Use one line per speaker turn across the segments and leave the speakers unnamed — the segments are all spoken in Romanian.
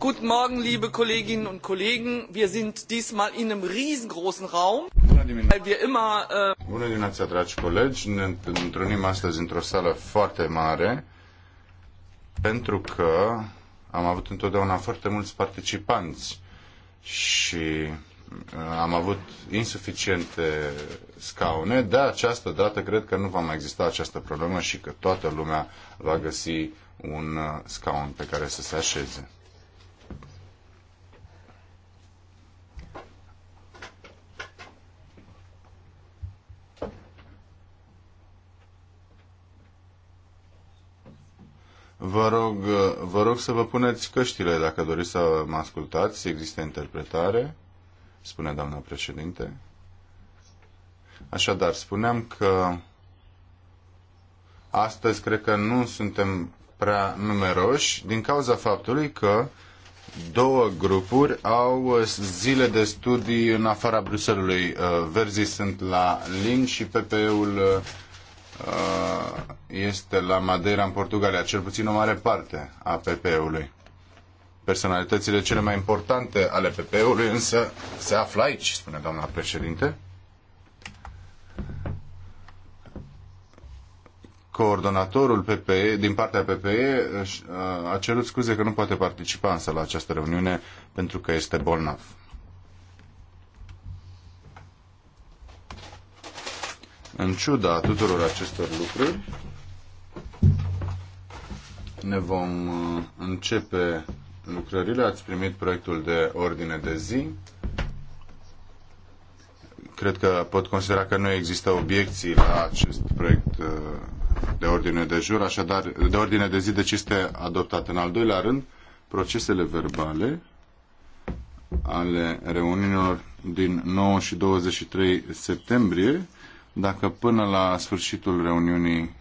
Guten Morgen, liebe Kolleginnen und Kollegen. Wir sind diesmal in einem riesengroßen Raum, weil wir immer... Uh...
Bună dimineața, dragi colegi. Ne întâlnim astăzi într-o sală foarte mare, pentru că am avut întotdeauna foarte mulți participanți și uh, am avut insuficiente scaune. De această dată cred că nu va mai exista această problemă și că toată lumea va găsi un uh, scaun pe care să se așeze. Vă rog, vă rog să vă puneți căștile dacă doriți să mă ascultați. Există interpretare, spune doamna președinte. Așadar, spuneam că astăzi cred că nu suntem prea numeroși din cauza faptului că două grupuri au zile de studii în afara Bruselului. Verzii sunt la Lin și PPE-ul Uh, este la Madeira, în Portugalia, cel puțin o mare parte a PP-ului. Personalitățile cele mai importante ale PP-ului însă se află aici, spune doamna președinte. Coordonatorul PPE, din partea PPE, uh, a cerut scuze că nu poate participa însă la această reuniune pentru că este bolnav. În ciuda tuturor acestor lucruri, ne vom uh, începe lucrările. Ați primit proiectul de ordine de zi. Cred că pot considera că nu există obiecții la acest proiect uh, de ordine de jur, așadar, de ordine de zi, deci este adoptat. În al doilea rând, procesele verbale ale reuniunilor din 9 și 23 septembrie dacă până la sfârșitul reuniunii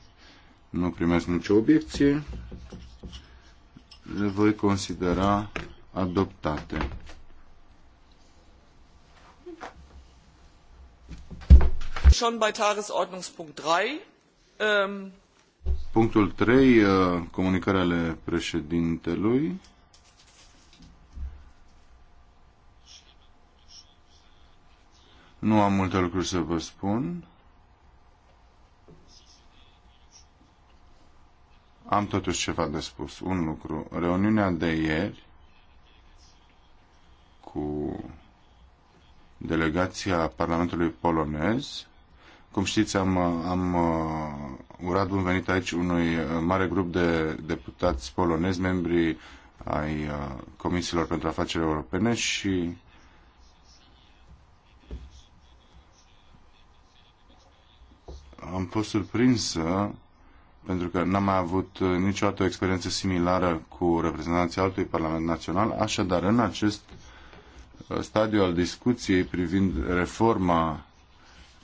nu primesc nicio obiecție, le voi considera adoptate.
Schon bei Tagesordnungspunkt 3. Um... Ähm,
Punctul 3, uh, comunicarea ale președintelui. Nu am multe lucruri să vă spun. Am totuși ceva de spus. Un lucru. Reuniunea de ieri cu delegația Parlamentului polonez. Cum știți, am, am uh, urat bun venit aici unui uh, mare grup de deputați polonezi, membri ai uh, Comisiilor pentru Afaceri Europene și am fost surprinsă pentru că n-am mai avut uh, niciodată o experiență similară cu reprezentanții altui Parlament Național. Așadar, în acest uh, stadiu al discuției privind reforma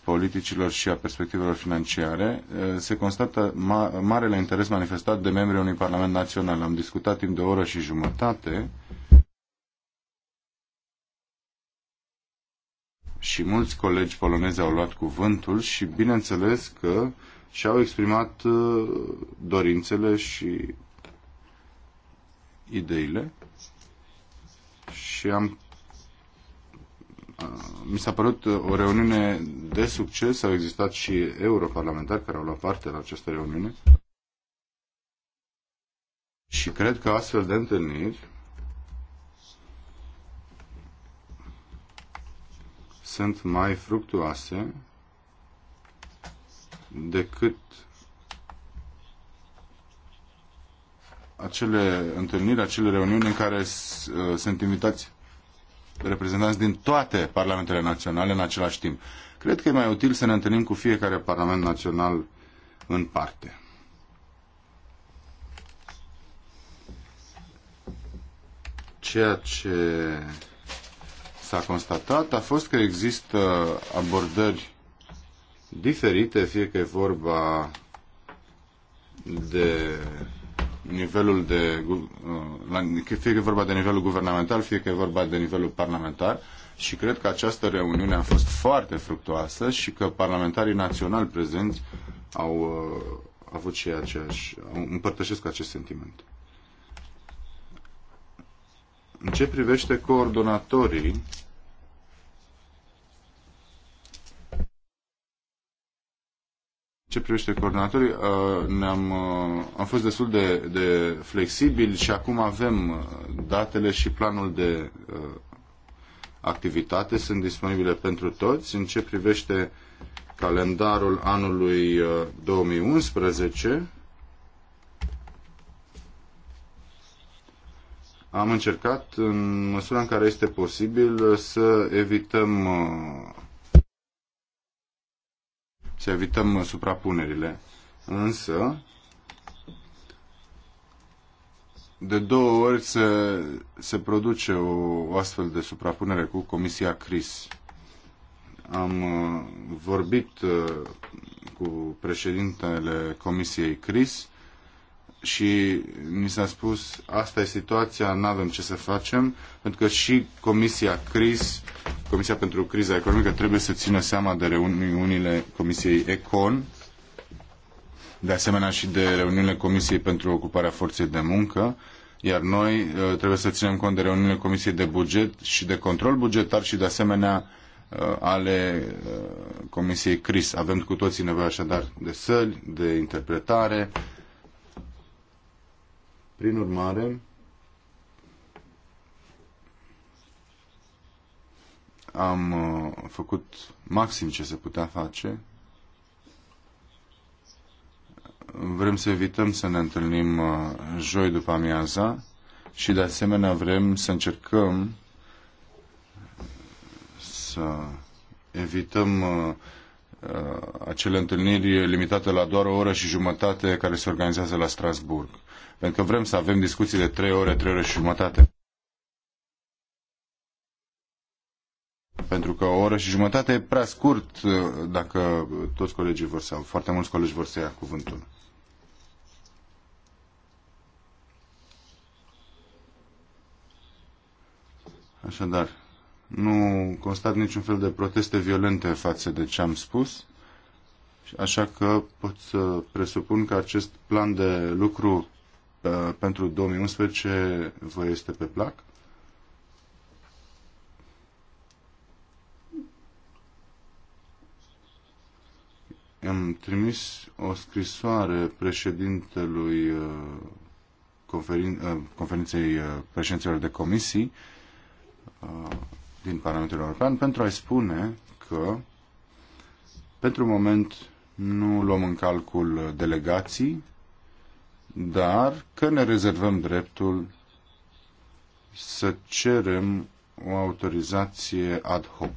politicilor și a perspectivelor financiare, uh, se constată ma- marele interes manifestat de membrii unui Parlament Național. Am discutat timp de o oră și jumătate și mulți colegi polonezi au luat cuvântul și bineînțeles că uh, și au exprimat uh, dorințele și ideile și am uh, mi s-a părut uh, o reuniune de succes, au existat și europarlamentari care au luat parte la această reuniune și cred că astfel de întâlniri sunt mai fructuoase decât acele întâlniri, acele reuniuni în care uh, sunt invitați reprezentanți din toate parlamentele naționale în același timp. Cred că e mai util să ne întâlnim cu fiecare parlament național în parte. Ceea ce s-a constatat a fost că există abordări diferite, fie că e vorba de nivelul de uh, fie că e vorba de nivelul guvernamental, fie că e vorba de nivelul parlamentar și cred că această reuniune a fost foarte fructuoasă și că parlamentarii naționali prezenți au uh, avut și aceeași, împărtășesc acest sentiment. În ce privește coordonatorii, ce privește coordonatorii, uh, ne-am, uh, am fost destul de, de flexibil și acum avem uh, datele și planul de activitate, sunt disponibile pentru toți. În ce privește calendarul anului 2011, am încercat, în măsura în care este posibil, să evităm să evităm suprapunerile. Însă, de două ori se, se produce o, o astfel de suprapunere cu Comisia CRIS. Am uh, vorbit uh, cu președintele Comisiei CRIS și mi s-a spus asta e situația, nu avem ce să facem, pentru că și Comisia CRIS Comisia pentru Criza Economică trebuie să țină seama de reuniunile Comisiei Econ, de asemenea și de reuniunile Comisiei pentru Ocuparea Forței de Muncă, iar noi uh, trebuie să ținem cont de reuniunile Comisiei de Buget și de Control Bugetar și de asemenea uh, ale uh, Comisiei CRIS. Avem cu toții nevoie așadar de săli, de interpretare. Prin urmare, am uh, făcut maxim ce se putea face. Vrem să evităm să ne întâlnim uh, joi după amiaza și de asemenea vrem să încercăm să evităm uh, acele întâlniri limitate la doar o oră și jumătate care se organizează la Strasburg. Pentru că vrem să avem discuții de trei ore, trei ore și jumătate. Pentru că o oră și jumătate e prea scurt uh, dacă toți colegii vor să, foarte mulți colegi vor să ia cuvântul. Așadar, nu constat niciun fel de proteste violente față de ce am spus, așa că pot să presupun că acest plan de lucru uh, pentru 2011 vă este pe plac. Am trimis o scrisoare președintelui uh, conferin, uh, conferinței uh, președinților de comisii din Parlamentul European pentru a-i spune că pentru moment nu luăm în calcul delegații, dar că ne rezervăm dreptul să cerem o autorizație ad hoc.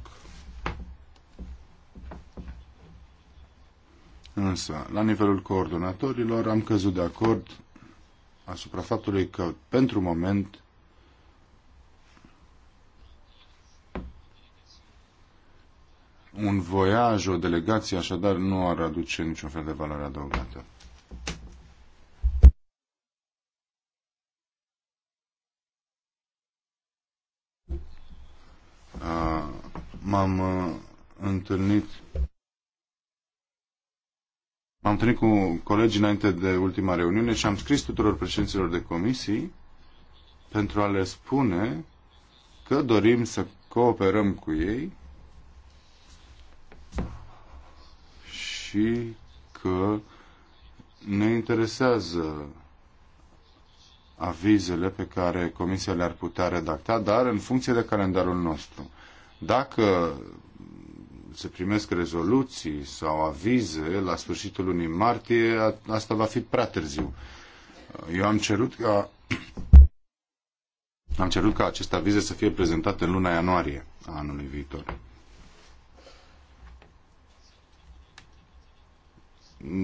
Însă, la nivelul coordonatorilor, am căzut de acord asupra faptului că, pentru moment, un voiaj, o delegație, așadar, nu ar aduce niciun fel de valoare adăugată. M-am uh, întâlnit m am întâlnit cu colegii înainte de ultima reuniune și am scris tuturor președinților de comisii pentru a le spune că dorim să cooperăm cu ei și că ne interesează avizele pe care Comisia le-ar putea redacta, dar în funcție de calendarul nostru. Dacă se primesc rezoluții sau avize la sfârșitul lunii martie, asta va fi prea târziu. Eu am cerut ca am cerut ca aceste avize să fie prezentate în luna ianuarie a anului viitor.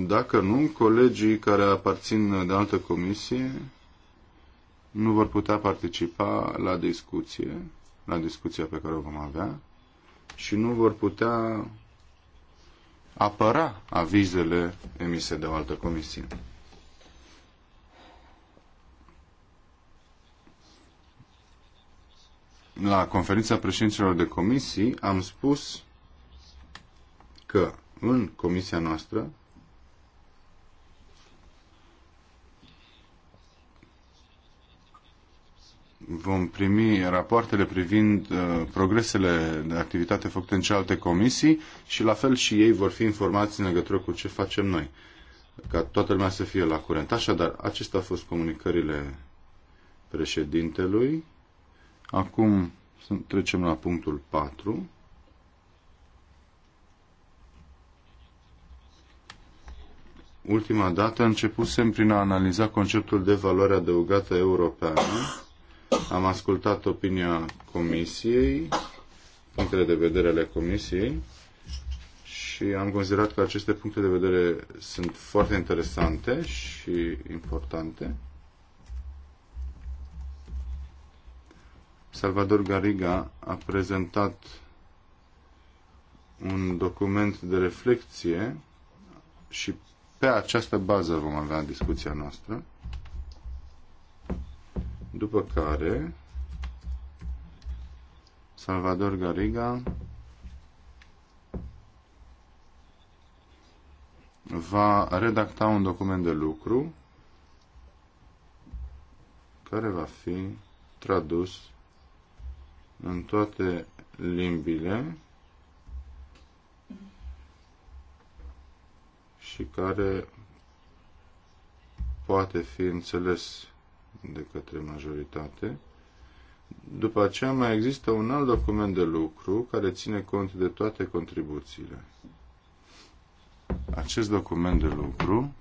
Dacă nu, colegii care aparțin de altă comisie nu vor putea participa la discuție, la discuția pe care o vom avea și nu vor putea apăra avizele emise de o altă comisie. La conferința președinților de comisii am spus că în comisia noastră vom primi rapoartele privind uh, progresele de activitate făcute în cealaltă comisii și la fel și ei vor fi informați în legătură cu ce facem noi, ca toată lumea să fie la curent. Așadar, acestea au fost comunicările președintelui. Acum trecem la punctul 4. Ultima dată începusem prin a analiza conceptul de valoare adăugată europeană am ascultat opinia comisiei, punctele de vedere ale comisiei și am considerat că aceste puncte de vedere sunt foarte interesante și importante. Salvador Gariga a prezentat un document de reflexie și pe această bază vom avea discuția noastră după care Salvador Gariga va redacta un document de lucru care va fi tradus în toate limbile și care poate fi înțeles de către majoritate. După aceea mai există un alt document de lucru care ține cont de toate contribuțiile. Acest document de lucru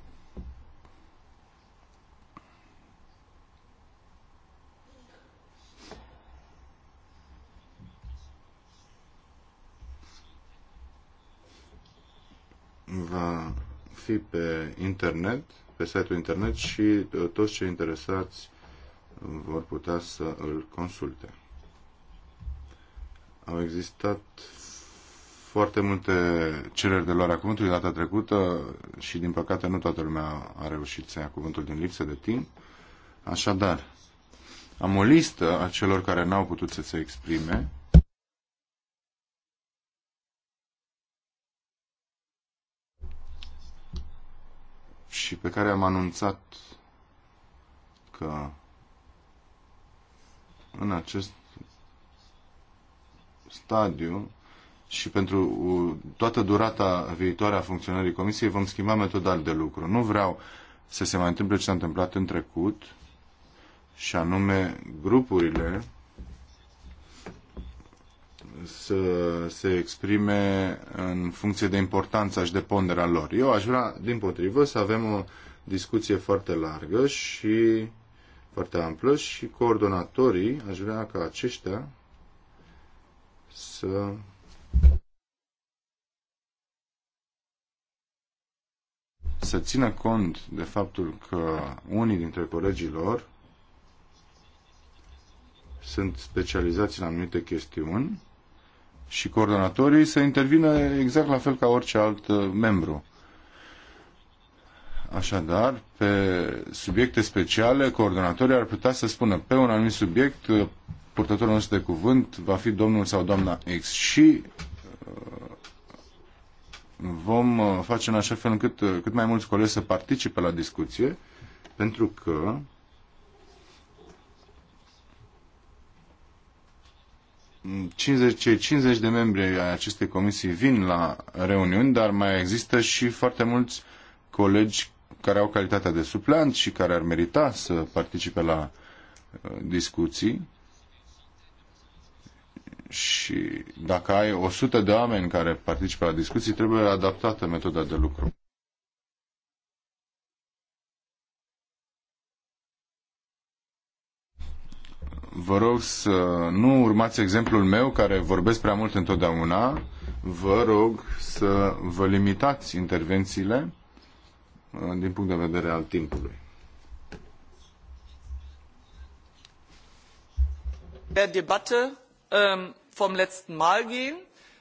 va fi pe internet, pe site-ul internet și toți cei interesați vor putea să îl consulte. Au existat foarte multe cereri de luarea cuvântului data trecută și, din păcate, nu toată lumea a reușit să ia cuvântul din lipsă de timp. Așadar, am o listă a celor care n-au putut să se exprime și pe care am anunțat că în acest stadiu și pentru toată durata viitoare a funcționării Comisiei vom schimba metodal de lucru. Nu vreau să se mai întâmple ce s-a întâmplat în trecut și anume grupurile să se exprime în funcție de importanța și de ponderea lor. Eu aș vrea, din potrivă, să avem o discuție foarte largă și foarte amplă și coordonatorii, aș vrea ca aceștia să să țină cont de faptul că unii dintre colegii lor sunt specializați în anumite chestiuni și coordonatorii să intervină exact la fel ca orice alt uh, membru. Așadar, pe subiecte speciale, coordonatorii ar putea să spună pe un anumit subiect, purtătorul nostru de cuvânt va fi domnul sau doamna X și uh, vom uh, face în așa fel încât uh, cât mai mulți colegi să participe la discuție, pentru că cei 50 de membri ai acestei comisii vin la reuniuni, dar mai există și foarte mulți colegi care au calitatea de suplant și care ar merita să participe la uh, discuții și dacă ai 100 de oameni care participă la discuții, trebuie adaptată metoda de lucru. Vă rog să nu urmați exemplul meu, care vorbesc prea mult întotdeauna. Vă rog să vă limitați intervențiile Uh, din punct de vedere al timpului.
Der Debatte ähm, vom letzten Mal gehen.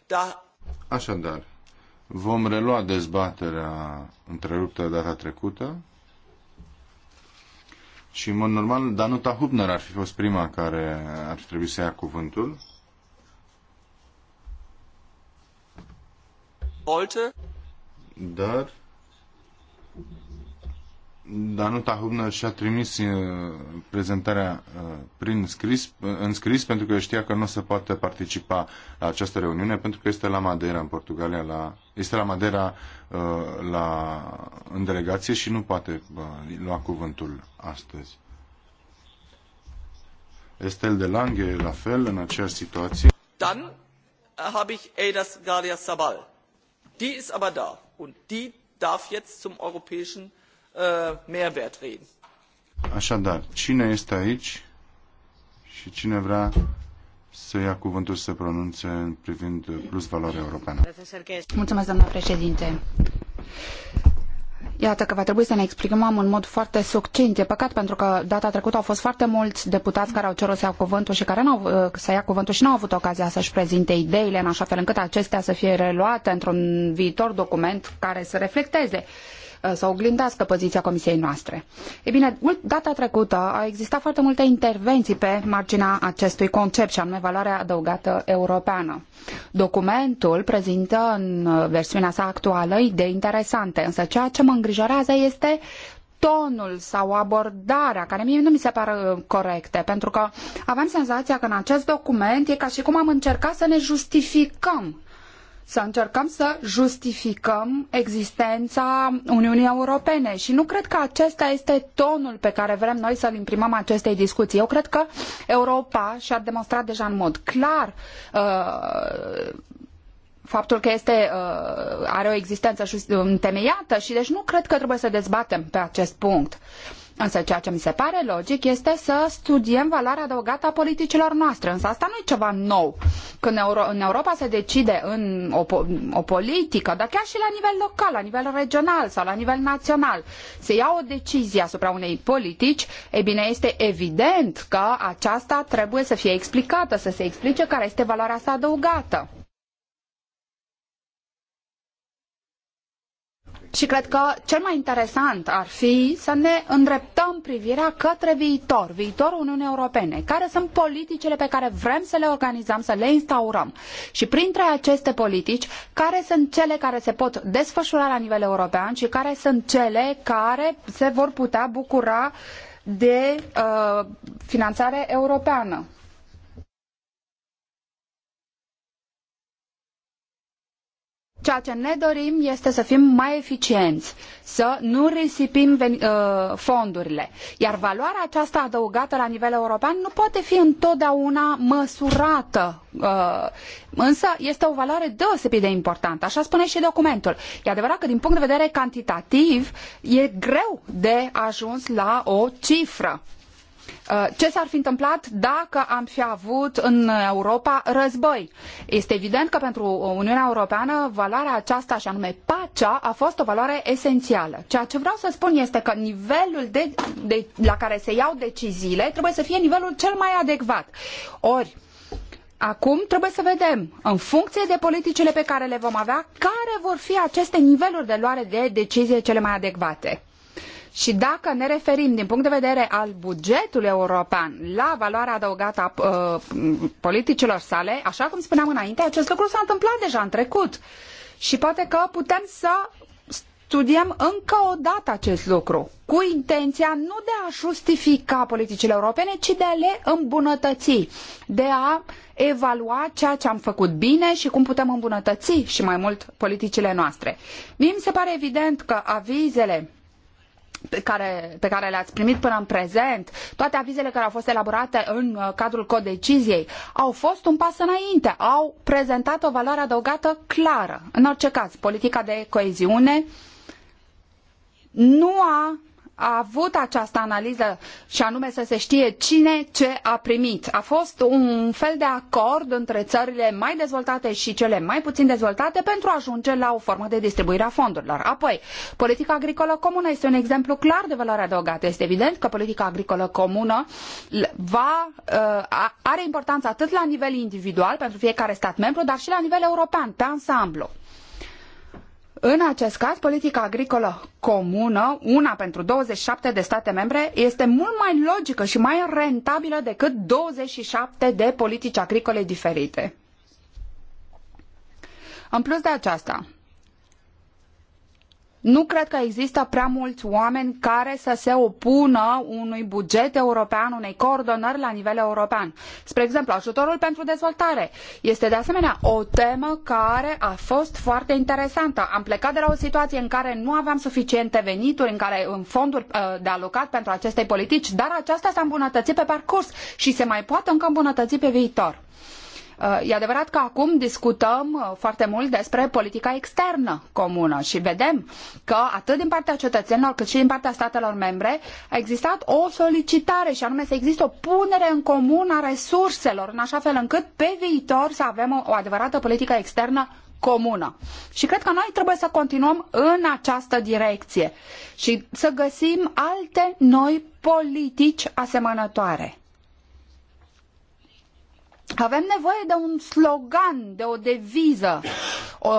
Da
Așadar, vom relua dezbaterea întreruptă data trecută și, în mod normal, Danuta Hubner ar fi fost prima care ar fi trebuit să ia cuvântul. Volte. Dar Danuta Hubner și-a trimis prezentarea prin scris, în scris pentru că știa că nu se poate participa la această reuniune pentru că este la Madeira în Portugalia, la, este la Madeira la, în delegație și nu poate lua cuvântul astăzi. Estelle de Lange, la fel, în aceeași situație.
Dann habe ich Edas Galia Sabal. Die ist aber da und die darf jetzt zum europäischen äh, Mehrwert reden.
Așadar, cine este aici și cine vrea să ia cuvântul să se pronunțe privind plus valoarea europeană?
Mulțumesc, doamna președinte. Iată că va trebui să ne exprimăm în mod foarte succint. E păcat pentru că data trecută au fost foarte mulți deputați care au cerut să ia cuvântul și care nu au uh, să ia cuvântul și nu au avut ocazia să-și prezinte ideile în așa fel încât acestea să fie reluate într-un viitor document care să reflecteze Uh, să oglindească poziția comisiei noastre. E bine, data trecută au existat foarte multe intervenții pe marginea acestui concept și anume valoarea adăugată europeană. Documentul prezintă în uh, versiunea sa actuală idei interesante, însă ceea ce mă îngrijorează este tonul sau abordarea, care mie nu mi se pară uh, corecte, pentru că aveam senzația că în acest document e ca și cum am încercat să ne justificăm să încercăm să justificăm existența Uniunii Europene și nu cred că acesta este tonul pe care vrem noi să-l imprimăm acestei discuții. Eu cred că Europa și-a demonstrat deja în mod clar uh, faptul că este, uh, are o existență întemeiată și deci nu cred că trebuie să dezbatem pe acest punct. Uh, Însă ceea ce mi se pare logic este să studiem valoarea adăugată a politicilor noastre. Însă asta nu e ceva nou. Când în Europa se decide în o, o politică, dar chiar și la nivel local, la nivel regional sau la nivel național, se ia o decizie asupra unei politici, e bine, este evident că aceasta trebuie să fie explicată, să se explice care este valoarea sa adăugată. și cred că cel mai interesant ar fi să ne îndreptăm privirea către viitor, viitorul Uniunii Europene, care sunt politicile pe care vrem să le organizăm, să le instaurăm. Și printre aceste politici, care sunt cele care se pot desfășura la nivel european și care sunt cele care se vor putea bucura de uh, finanțare europeană. Ceea ce ne dorim este să fim mai eficienți, să nu risipim uh, fondurile. Iar valoarea aceasta adăugată la nivel european nu poate fi întotdeauna măsurată, uh, însă este o valoare deosebit de importantă. Așa spune și documentul. E adevărat că din punct de vedere cantitativ e greu de ajuns la o cifră. Uh, ce s-ar fi întâmplat dacă am fi avut în Europa război. Este evident că pentru Uniunea Europeană valoarea aceasta, și anume pacea, a fost o valoare esențială. Ceea ce vreau să spun este că nivelul de, de, la care se iau deciziile trebuie să fie nivelul cel mai adecvat. Ori, Acum trebuie să vedem, în funcție de politicile pe care le vom avea, care vor fi aceste niveluri de luare de decizie cele mai adecvate. Și dacă ne referim din punct de vedere al bugetului european la valoarea adăugată a uh, politicilor sale, așa cum spuneam înainte, acest lucru s-a întâmplat deja în trecut. Și poate că putem să studiem încă o dată acest lucru, cu intenția nu de a justifica politicile europene, ci de a le îmbunătăți, de a evalua ceea ce am făcut bine și cum putem îmbunătăți și mai mult politicile noastre. Mie mi se pare evident că avizele pe care, pe care le-ați primit până în prezent, toate avizele care au fost elaborate în uh, cadrul codeciziei, au fost un pas înainte, au prezentat o valoare adăugată clară. În orice caz, politica de coeziune nu a a avut această analiză și anume să se știe cine ce a primit. A fost un fel de acord între țările mai dezvoltate și cele mai puțin dezvoltate pentru a ajunge la o formă de distribuire a fondurilor. Apoi, politica agricolă comună este un exemplu clar de valoare adăugată. Este evident că politica agricolă comună va, uh, are importanță atât la nivel individual pentru fiecare stat membru, dar și la nivel european, pe ansamblu. În acest caz, politica agricolă comună, una pentru 27 de state membre, este mult mai logică și mai rentabilă decât 27 de politici agricole diferite. În plus de aceasta, nu cred că există prea mulți oameni care să se opună unui buget european, unei coordonări la nivel european. Spre exemplu, ajutorul pentru dezvoltare este de asemenea o temă care a fost foarte interesantă. Am plecat de la o situație în care nu aveam suficiente venituri, în care în fonduri uh, de alocat pentru aceste politici, dar aceasta s-a îmbunătăit pe parcurs și se mai poate încă îmbunătăi pe viitor. Uh, e adevărat că acum discutăm uh, foarte mult despre politica externă comună și vedem că atât din partea cetățenilor cât și din partea statelor membre a existat o solicitare și anume să existe o punere în comun a resurselor în așa fel încât pe viitor să avem o adevărată politică externă comună. Și cred că noi trebuie să continuăm în această direcție și să găsim alte noi politici asemănătoare. Avem nevoie de un slogan, de o deviză. O,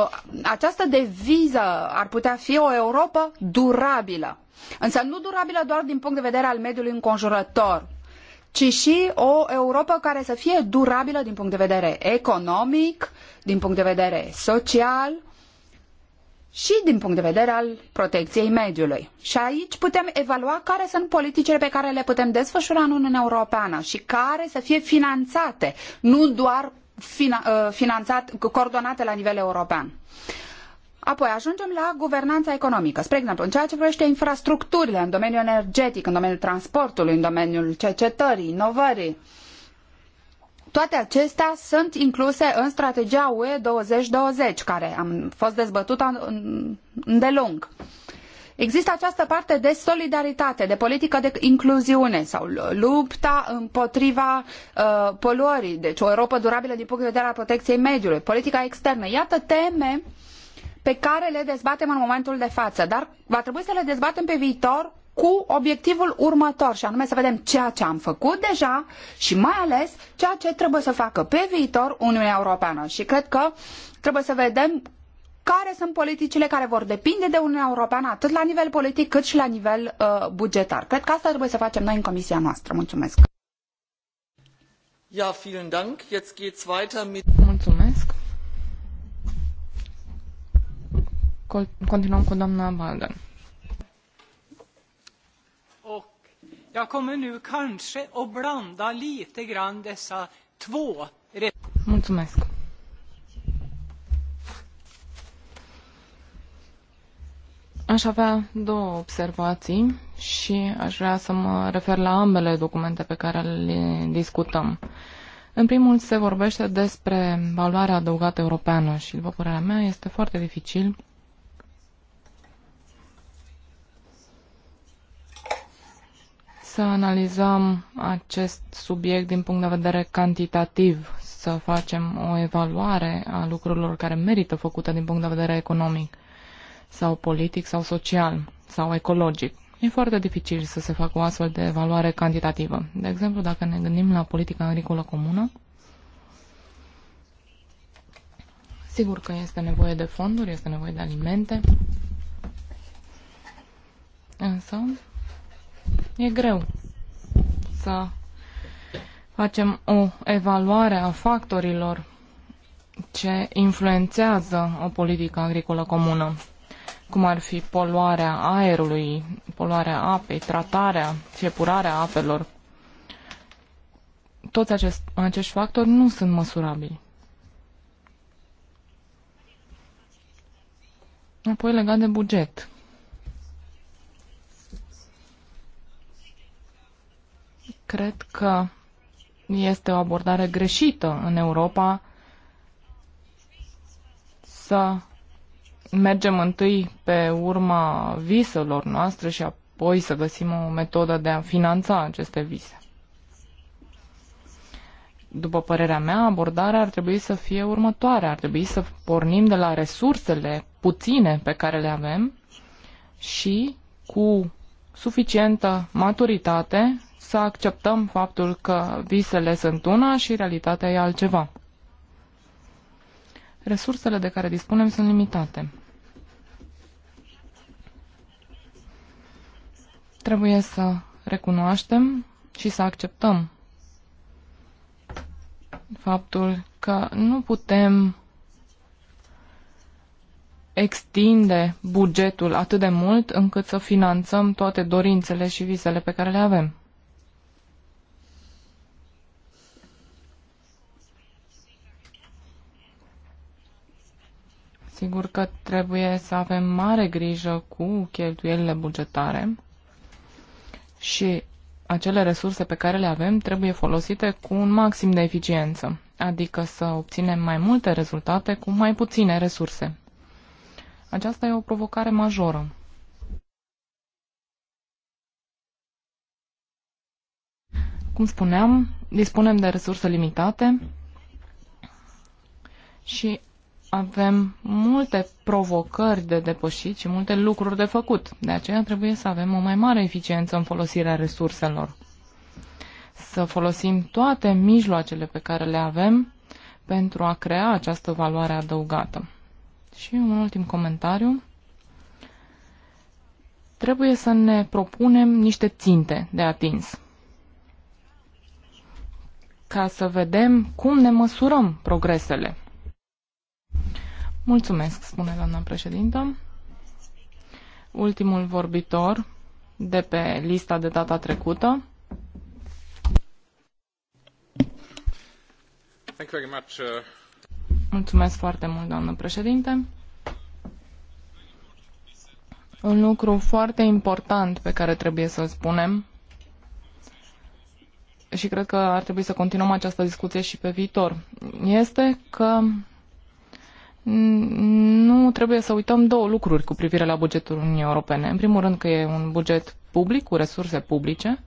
această deviză ar putea fi o Europa durabilă. Însă nu durabilă doar din punct de vedere al mediului înconjurător, ci și o Europa care să fie durabilă din punct de vedere economic, din punct de vedere social, uh, și din punct de vedere al protecției mediului. Și aici putem evalua care sunt politicile pe care le putem desfășura în Uniunea Europeană și care să fie finanțate, nu doar uh, finanțat, coordonate la nivel european. Apoi ajungem la guvernanța economică. Spre exemplu, în ceea ce privește infrastructurile în domeniul energetic, în domeniul transportului, în domeniul cercetării, inovării, uh, toate acestea sunt incluse în strategia UE 2020, care am fost dezbătută îndelung. Există această parte de solidaritate, de politică de incluziune sau lupta împotriva uh, poluării, deci o Europa durabilă din punct de vedere al protecției mediului, politica externă. Iată teme pe care le dezbatem în momentul de față, dar va trebui să le dezbatem pe viitor cu obiectivul următor și anume să vedem ceea ce am făcut deja și mai ales ceea ce trebuie să facă pe viitor Uniunea Europeană. Și cred că trebuie să vedem care sunt politicile care vor depinde de Uniunea Europeană atât la nivel politic cât și la nivel uh, bugetar. Cred că asta trebuie să facem noi în comisia noastră. Mulțumesc!
Ja, vielen Dank. Jetzt geht's weiter mit... Mulțumesc!
Continuăm cu doamna Balden. Jag kommer nu kanske att blanda lite grann dessa två. Mulțumesc. Aș avea două observații și aș vrea să mă refer la ambele documente pe care le discutăm. În primul se vorbește despre valoarea adăugată europeană și, după părerea mea, este foarte dificil să analizăm acest subiect din punct de vedere cantitativ, să facem o evaluare a lucrurilor care merită făcute din punct de vedere economic sau politic sau social sau ecologic. E foarte dificil să se facă o astfel de evaluare cantitativă. De exemplu, dacă ne gândim la politica agricolă comună, sigur că este nevoie de fonduri, este nevoie de alimente, însă E greu să facem o evaluare a factorilor ce influențează o politică agricolă comună, cum ar fi poluarea aerului, poluarea apei, tratarea, fiepurarea apelor. Toți acest, acești factori nu sunt măsurabili. Apoi legat de buget. Cred că este o abordare greșită în Europa să mergem întâi pe urma viselor noastre și apoi să găsim o metodă de a finanța aceste vise. După părerea mea, abordarea ar trebui să fie următoarea. Ar trebui să pornim de la resursele puține pe care le avem și cu suficientă maturitate să acceptăm faptul că visele sunt una și realitatea e altceva. Resursele de care dispunem sunt limitate. Trebuie să recunoaștem și să acceptăm faptul că nu putem extinde bugetul atât de mult încât să finanțăm toate dorințele și visele pe care le avem. Sigur că trebuie să avem mare grijă cu cheltuielile bugetare și acele resurse pe care le avem trebuie folosite cu un maxim de eficiență, adică să obținem mai multe rezultate cu mai puține resurse. Aceasta e o provocare majoră. Cum spuneam, dispunem de resurse limitate și avem multe provocări de depășit și multe lucruri de făcut. De aceea trebuie să avem o mai mare eficiență în folosirea resurselor. Să folosim toate mijloacele pe care le avem pentru a crea această valoare adăugată. Și un ultim comentariu. Trebuie să ne propunem niște ținte de atins ca să vedem cum ne măsurăm progresele Mulțumesc, spune doamna președintă. Ultimul vorbitor de pe lista de data trecută. Uh, Mulțumesc foarte mult, doamnă președinte. Un lucru foarte important pe care trebuie să-l spunem și cred că ar trebui să continuăm această discuție și pe viitor, este că nu trebuie să uităm două lucruri cu privire la bugetul Uniunii Europene. În primul rând că e un buget public, cu resurse publice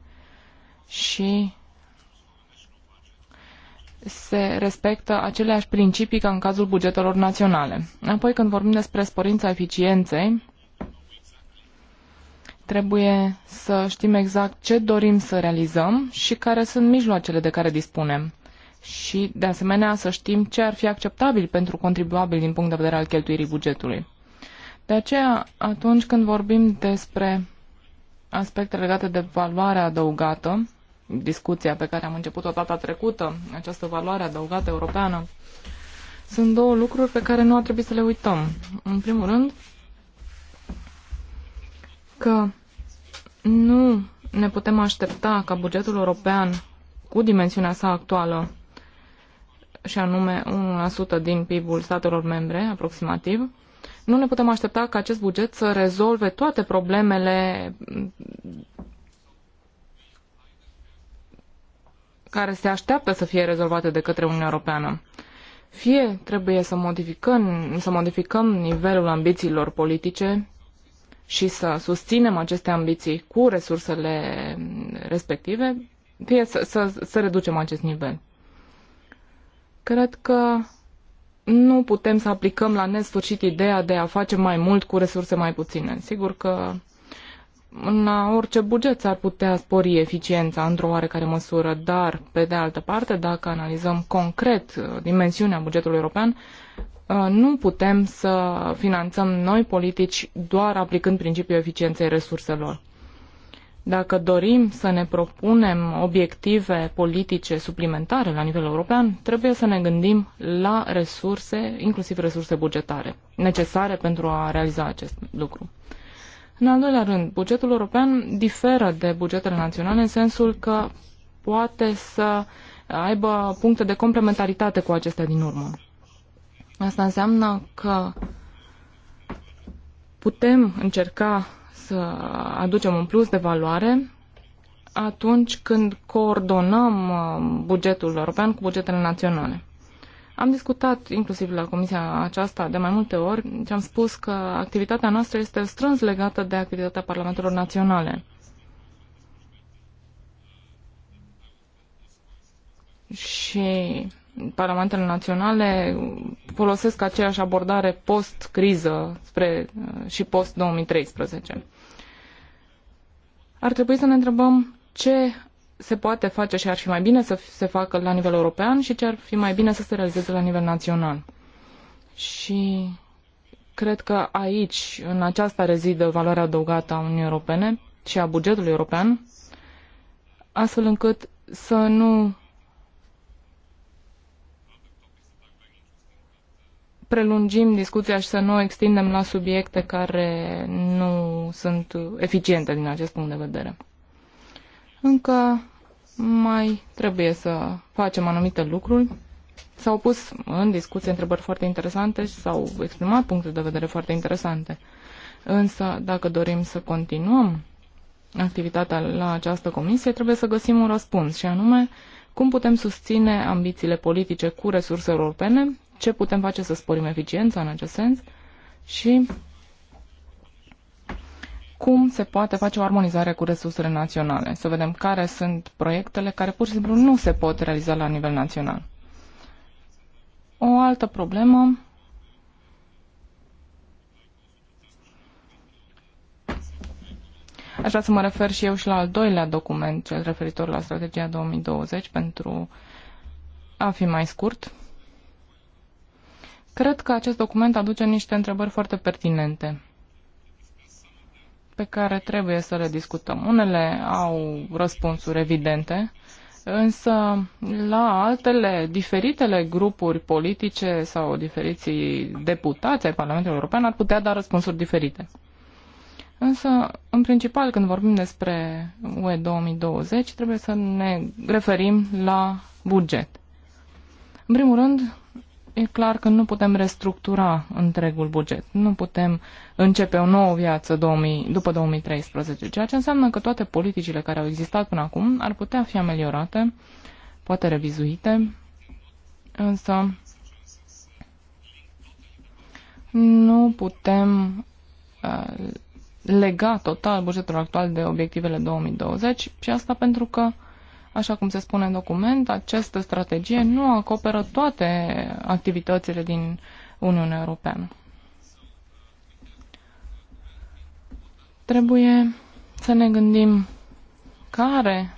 și se respectă aceleași principii ca în cazul bugetelor naționale. Apoi, când vorbim despre sporința eficienței, trebuie să știm exact ce dorim să realizăm și care sunt mijloacele de care dispunem și, de asemenea, să știm ce ar fi acceptabil pentru contribuabil din punct de vedere al cheltuirii bugetului. De aceea, atunci când vorbim despre aspecte legate de valoarea adăugată, discuția pe care am început-o data trecută, această valoare adăugată europeană, sunt două lucruri pe care nu ar trebui să le uităm. În primul rând, că nu ne putem aștepta ca bugetul european, cu dimensiunea sa actuală, și anume 1% din PIB-ul statelor membre, aproximativ, nu ne putem aștepta ca acest buget să rezolve toate problemele care se așteaptă să fie rezolvate de către Uniunea Europeană. Fie trebuie să modificăm, să modificăm nivelul ambițiilor politice și să susținem aceste ambiții cu resursele respective, fie să, să, să reducem acest nivel. Cred că nu putem să aplicăm la nesfârșit ideea de a face mai mult cu resurse mai puține. Sigur că în orice buget s-ar putea spori eficiența într-o oarecare măsură, dar, pe de altă parte, dacă analizăm concret uh, dimensiunea bugetului european, uh, nu putem să finanțăm noi politici doar aplicând principiul eficienței resurselor. Dacă dorim să ne propunem obiective politice suplimentare la nivel european, trebuie să ne gândim la resurse, inclusiv resurse bugetare, necesare pentru a realiza acest lucru. În al doilea rând, bugetul european diferă de bugetele naționale în sensul că poate să aibă puncte de complementaritate cu acestea din urmă. Asta înseamnă că putem încerca să aducem un plus de valoare atunci când coordonăm uh, bugetul european cu bugetele naționale. Am discutat inclusiv la comisia aceasta de mai multe ori și am spus că activitatea noastră este strâns legată de activitatea parlamentelor naționale. Și parlamentele naționale folosesc aceeași abordare post-criză spre, uh, și post-2013. Ar trebui să ne întrebăm ce se poate face și ar fi mai bine să se facă la nivel european și ce ar fi mai bine să se realizeze la nivel național. Și cred că aici, în aceasta rezidă valoarea adăugată a Uniunii Europene și a bugetului european, astfel încât să nu prelungim discuția și să nu o extindem la subiecte care nu sunt eficiente din acest punct de vedere. Încă mai trebuie să facem anumite lucruri. S-au pus în discuție întrebări foarte interesante și s-au exprimat puncte de vedere foarte interesante. Însă, dacă dorim să continuăm activitatea la această comisie, trebuie să găsim un răspuns, și anume cum putem susține ambițiile politice cu resurse europene ce putem face să sporim eficiența în acest sens și cum se poate face o armonizare cu resursele naționale, să vedem care sunt proiectele care pur și simplu nu se pot realiza la nivel național. O altă problemă Aș vrea să mă refer și eu și la al doilea document, cel referitor la strategia 2020, pentru a fi mai scurt. Cred că acest document aduce niște întrebări foarte pertinente pe care trebuie să le discutăm. Unele au răspunsuri evidente, însă la altele, diferitele grupuri politice sau diferiții deputați ai Parlamentului European ar putea da răspunsuri diferite. Însă, în principal, când vorbim despre UE 2020, trebuie să ne referim la buget. În primul rând, e clar că nu putem restructura întregul buget. Nu putem începe o nouă viață 2000, după 2013, ceea ce înseamnă că toate politicile care au existat până acum ar putea fi ameliorate, poate revizuite, însă nu putem uh, lega total bugetul actual de obiectivele 2020 și asta pentru că Așa cum se spune în document, această strategie nu acoperă toate activitățile din Uniunea Europeană. Trebuie să ne gândim care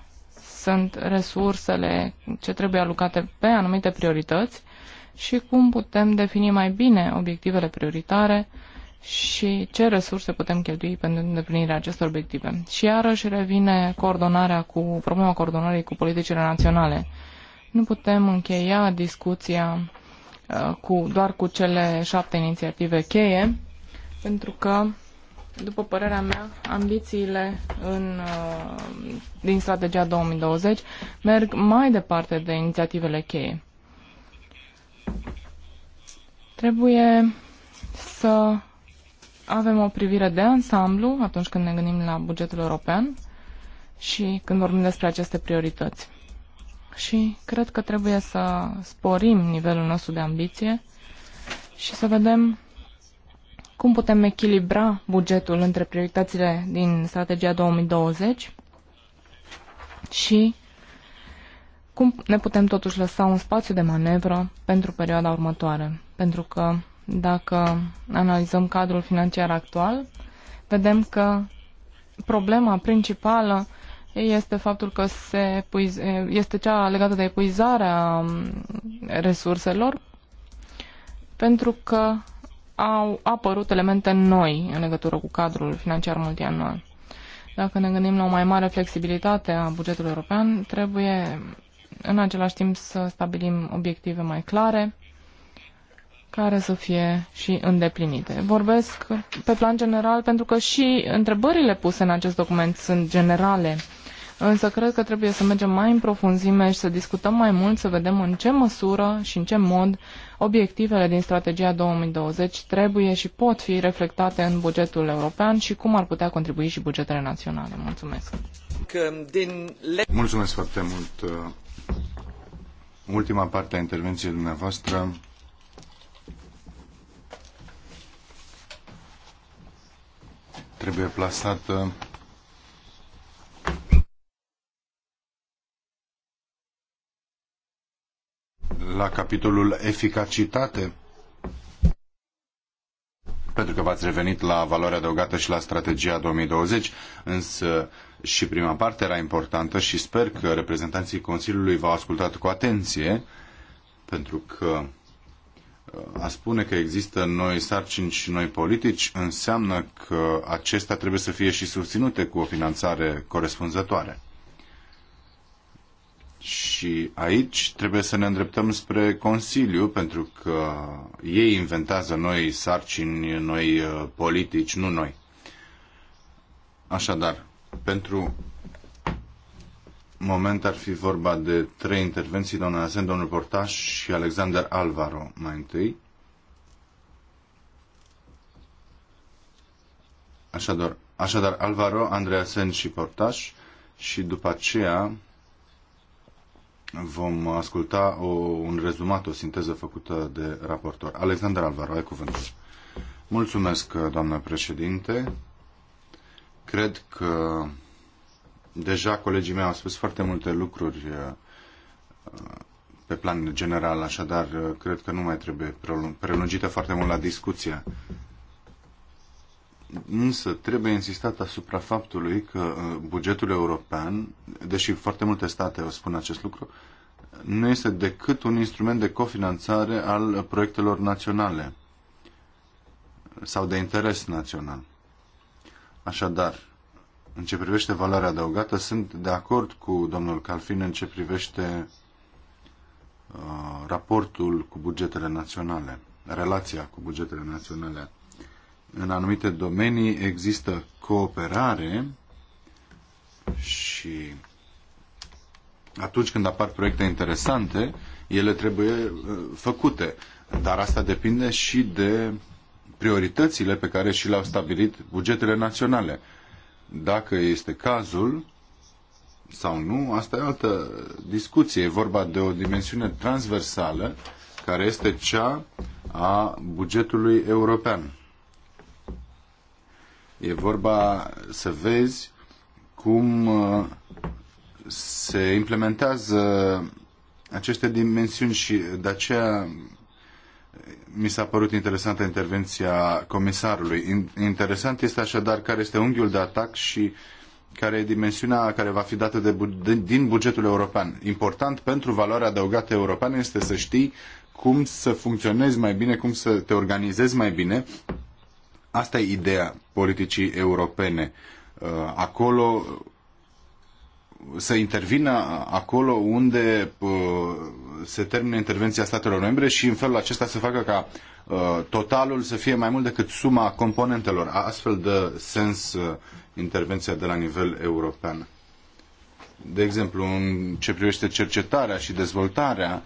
sunt resursele ce trebuie alocate pe anumite priorități și cum putem defini mai bine obiectivele prioritare și ce resurse putem cheltui pentru îndeplinirea acestor obiective. Și iarăși revine coordonarea cu, problema coordonării cu politicile naționale. Nu putem încheia discuția uh, cu, doar cu cele șapte inițiative cheie, pentru că, după părerea mea, ambițiile în, uh, din strategia 2020 merg mai departe de inițiativele cheie. Trebuie să avem o privire de ansamblu atunci când ne gândim la bugetul european și când vorbim despre aceste priorități. Și cred că trebuie să sporim nivelul nostru de ambiție și să vedem cum putem echilibra bugetul între prioritățile din strategia 2020 și cum ne putem totuși lăsa un spațiu de manevră pentru perioada următoare. Pentru că dacă analizăm cadrul financiar actual, vedem că problema principală este faptul că se este cea legată de epuizarea um, resurselor, pentru că au apărut elemente noi în legătură cu cadrul financiar multianual. Dacă ne gândim la o mai mare flexibilitate a bugetului european, trebuie în același timp să stabilim obiective mai clare care să fie și îndeplinite. Vorbesc pe plan general pentru că și întrebările puse în acest document sunt generale, însă cred că trebuie să mergem mai în profunzime și să discutăm mai mult, să vedem în ce măsură și în ce mod obiectivele din strategia 2020 trebuie și pot fi reflectate în bugetul european și cum ar putea contribui și bugetele naționale. Mulțumesc!
Mulțumesc foarte mult! Uh, ultima parte a intervenției dumneavoastră trebuie plasată la capitolul eficacitate pentru că v-ați revenit la valoarea adăugată și la strategia 2020, însă și prima parte era importantă și sper că reprezentanții Consiliului v-au ascultat cu atenție, pentru că a spune că există noi sarcini și noi politici înseamnă că acestea trebuie să fie și susținute cu o finanțare corespunzătoare. Și aici trebuie să ne îndreptăm spre Consiliu, pentru că ei inventează noi sarcini, noi uh, politici, nu noi. Așadar, pentru moment ar fi vorba de trei intervenții, doamna Azen, domnul Portaș și Alexander Alvaro mai întâi. Așadar, așadar Alvaro, Andreasen și Portaș și după aceea vom asculta o, un rezumat, o sinteză făcută de raportor. Alexander Alvaro, ai cuvântul. Mulțumesc, doamnă președinte. Cred că Deja colegii mei au spus foarte multe lucruri uh, pe plan general, așadar uh, cred că nu mai trebuie prelungită foarte mult la discuția. Însă trebuie insistat asupra faptului că uh, bugetul european, deși foarte multe state o spun acest lucru, nu este decât un instrument de cofinanțare al proiectelor naționale sau de interes național. Așadar, în ce privește valoarea adăugată, sunt de acord cu domnul Calfin în ce privește uh, raportul cu bugetele naționale, relația cu bugetele naționale. În anumite domenii există cooperare și atunci când apar proiecte interesante, ele trebuie uh, făcute. Dar asta depinde și de prioritățile pe care și le-au stabilit bugetele naționale dacă este cazul sau nu, asta e altă discuție. E vorba de o dimensiune transversală care este cea a bugetului european. E vorba să vezi cum uh, se implementează aceste dimensiuni și de aceea mi s-a părut interesantă intervenția comisarului. Interesant este așadar care este unghiul de atac și care e dimensiunea care va fi dată de, din bugetul european. Important pentru valoarea adăugată europeană este să știi cum să funcționezi mai bine, cum să te organizezi mai bine. Asta e ideea politicii europene. Uh, acolo să intervină acolo unde uh, se termină intervenția statelor membre și în felul acesta să facă ca uh, totalul să fie mai mult decât suma componentelor. Astfel dă sens uh, intervenția de la nivel european. De exemplu, în ce privește cercetarea și dezvoltarea,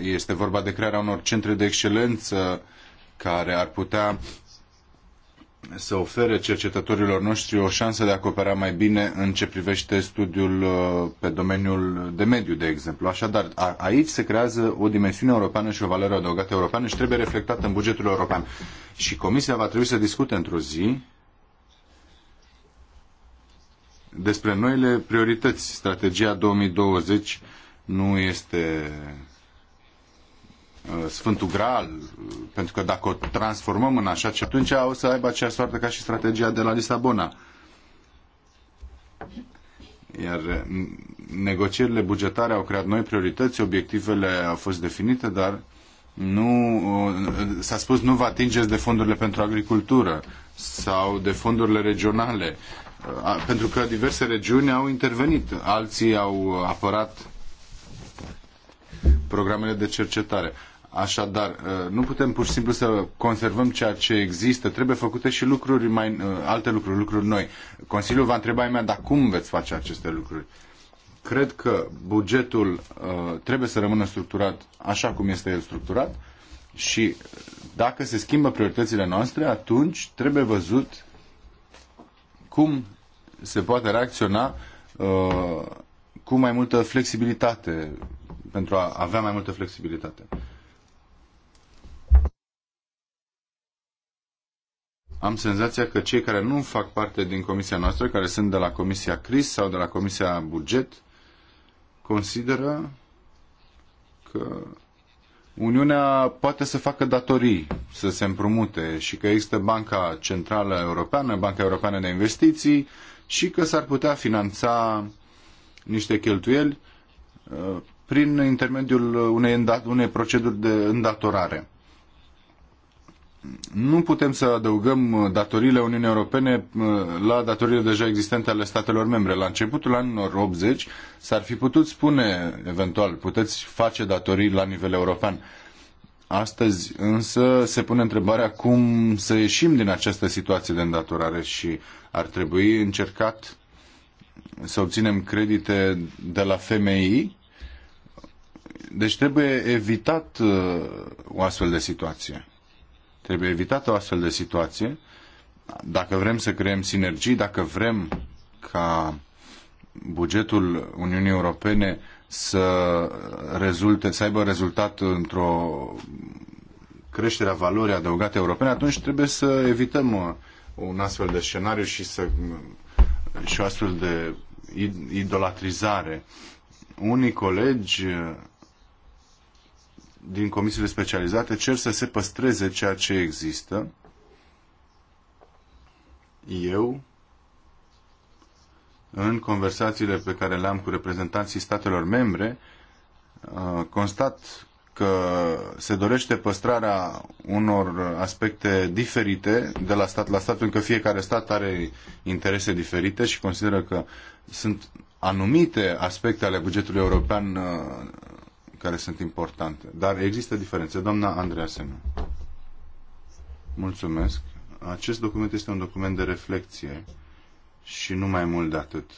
este vorba de crearea unor centre de excelență care ar putea să ofere cercetătorilor noștri o șansă de a coopera mai bine în ce privește studiul uh, pe domeniul de mediu, de exemplu. Așadar, a, aici se creează o dimensiune europeană și o valoare adăugată europeană și trebuie reflectată în bugetul european. Și Comisia va trebui să discute într-o zi despre noile priorități. Strategia 2020 nu este Uh, Sfântul Graal, uh, pentru că dacă o transformăm în așa ceva, atunci o să aibă aceeași soartă ca și strategia de la Lisabona. Iar uh, negocierile bugetare au creat noi priorități, obiectivele au fost definite, dar nu, s-a spus nu vă atingeți de fondurile pentru agricultură sau de fondurile regionale, pentru că diverse regiuni au intervenit, alții au apărat programele de cercetare. Așadar, uh, nu putem pur și simplu să conservăm ceea ce există, trebuie făcute și lucruri mai, uh, alte lucruri, lucruri noi. Consiliul va întreba mea, dar cum veți face aceste lucruri? Cred că bugetul uh, trebuie să rămână structurat așa cum este el structurat și dacă se schimbă prioritățile noastre, atunci trebuie văzut cum se poate reacționa uh, cu mai multă flexibilitate, pentru a avea mai multă flexibilitate. am senzația că cei care nu fac parte din comisia noastră, care sunt de la comisia CRIS sau de la comisia buget, consideră că Uniunea poate să facă datorii, să se împrumute și că există Banca Centrală Europeană, Banca Europeană de Investiții și că s-ar putea finanța niște cheltuieli uh, prin intermediul unei, unei proceduri de îndatorare nu putem să adăugăm uh, datoriile Uniunii Europene uh, la datoriile deja existente ale statelor membre. La începutul anilor 80 s-ar fi putut spune, eventual, puteți face datorii la nivel european. Astăzi însă se pune întrebarea cum să ieșim din această situație de îndatorare și ar trebui încercat să obținem credite de la FMI. Deci trebuie evitat uh, o astfel de situație. Trebuie evitată o astfel de situație. Dacă vrem să creăm sinergii, dacă vrem ca bugetul Uniunii Europene să rezulte, să aibă rezultat într-o creștere a valorii adăugate europene, atunci trebuie să evităm uh, un astfel de scenariu și, să, uh, și o astfel de idolatrizare. Unii colegi uh, din comisiile specializate cer să se păstreze ceea ce există. Eu, în conversațiile pe care le-am cu reprezentanții statelor membre, uh, constat că se dorește păstrarea unor aspecte diferite de la stat la stat, pentru că fiecare stat are interese diferite și consideră că sunt anumite aspecte ale bugetului european uh, care sunt importante. Dar există diferențe. Doamna Andreea Semen. Mulțumesc. Acest document este un document de reflexie și nu mai mult de atât.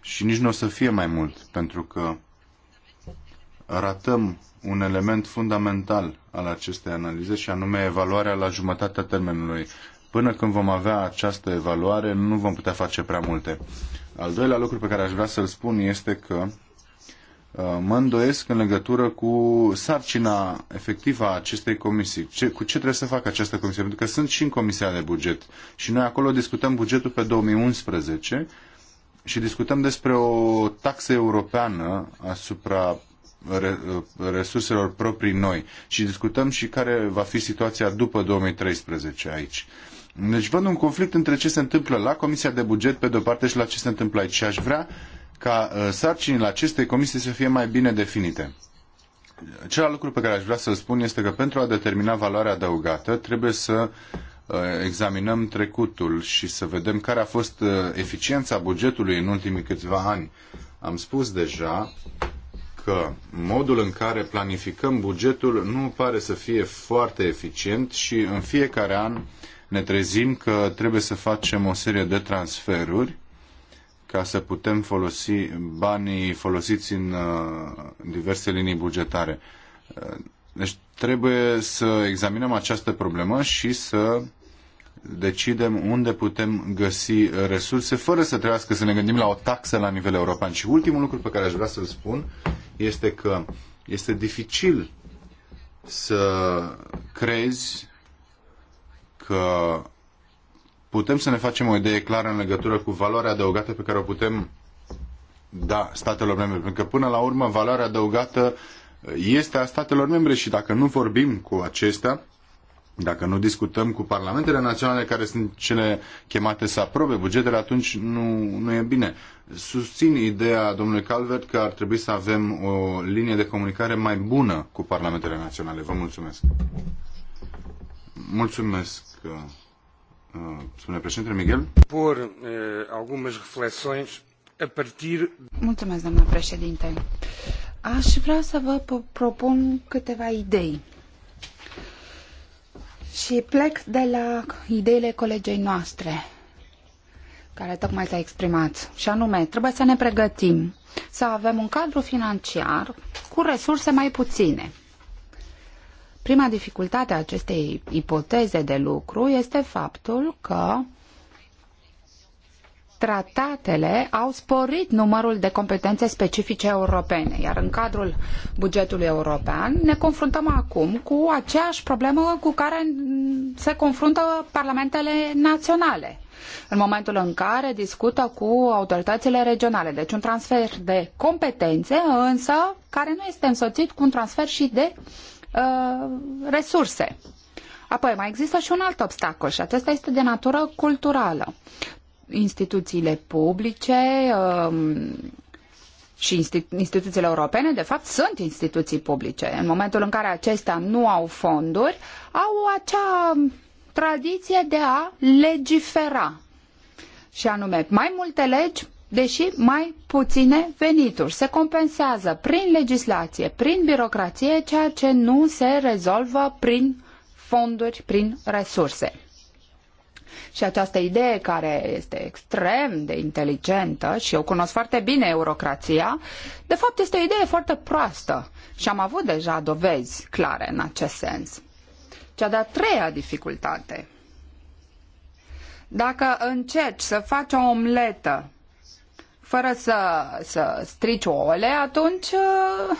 Și nici nu o să fie mai mult, pentru că ratăm un element fundamental al acestei analize și anume evaluarea la jumătatea termenului. Până când vom avea această evaluare, nu vom putea face prea multe. Al doilea lucru pe care aș vrea să-l spun este că Uh, mă îndoiesc în legătură cu sarcina efectivă a acestei comisii. Ce, cu ce trebuie să facă această comisie? Pentru că sunt și în Comisia de Buget și noi acolo discutăm bugetul pe 2011 și discutăm despre o taxă europeană asupra uh, resurselor proprii noi și discutăm și care va fi situația după 2013 aici. Deci văd un conflict între ce se întâmplă la Comisia de Buget pe de-o parte și la ce se întâmplă aici și aș vrea ca uh, sarcinile acestei comisii să fie mai bine definite. Celălalt lucru pe care aș vrea să-l spun este că pentru a determina valoarea adăugată trebuie să uh, examinăm trecutul și să vedem care a fost uh, eficiența bugetului în ultimii câțiva ani. Am spus deja că modul în care planificăm bugetul nu pare să fie foarte eficient și în fiecare an ne trezim că trebuie să facem o serie de transferuri ca să putem folosi banii folosiți în uh, diverse linii bugetare. Uh, deci trebuie să examinăm această problemă și să decidem unde putem găsi resurse fără să trebuiască să ne gândim la o taxă la nivel european. Și ultimul lucru pe care aș vrea să-l spun este că este dificil să crezi că putem să ne facem o idee clară în legătură cu valoarea adăugată pe care o putem da statelor membre. Pentru că până la urmă valoarea adăugată este a statelor membre și dacă nu vorbim cu acestea, dacă nu discutăm cu parlamentele naționale care sunt cele chemate să aprobe bugetele, atunci nu, nu e bine. Susțin ideea domnului Calvert că ar trebui să avem o linie de comunicare mai bună cu parlamentele naționale. Vă mulțumesc. Mulțumesc. Ah, spune președinte Miguel. Por uh, eh, algumas reflexões a partir...
Mulțumesc, doamna președinte. Aș vrea să vă propun câteva idei. Și plec de la ideile colegei noastre, care tocmai s-a exprimat. Și anume, trebuie să ne pregătim să avem un cadru financiar cu resurse mai puține. Prima dificultate a acestei ipoteze de lucru este faptul că tratatele au sporit numărul de competențe specifice europene, iar în cadrul bugetului european ne confruntăm acum cu aceeași problemă cu care se confruntă parlamentele naționale în momentul în care discută cu autoritățile regionale. Deci un transfer de competențe, însă, care nu este însoțit cu un transfer și de Uh, resurse. Apoi, mai există și un alt obstacol și acesta este de natură culturală. Instituțiile publice um, și instituțiile europene, de fapt, sunt instituții publice. În momentul în care acestea nu au fonduri, au acea tradiție de a legifera. Și anume, mai multe legi, deși mai puține venituri. Se compensează prin legislație, prin birocrație, ceea ce nu se rezolvă prin fonduri, prin resurse. Și această idee care este extrem de inteligentă și eu cunosc foarte bine eurocrația, de fapt este o idee foarte proastă și am avut deja dovezi clare în acest sens. Cea de-a treia dificultate. Dacă încerci să faci o omletă fără să, să strici ouăle, atunci uh,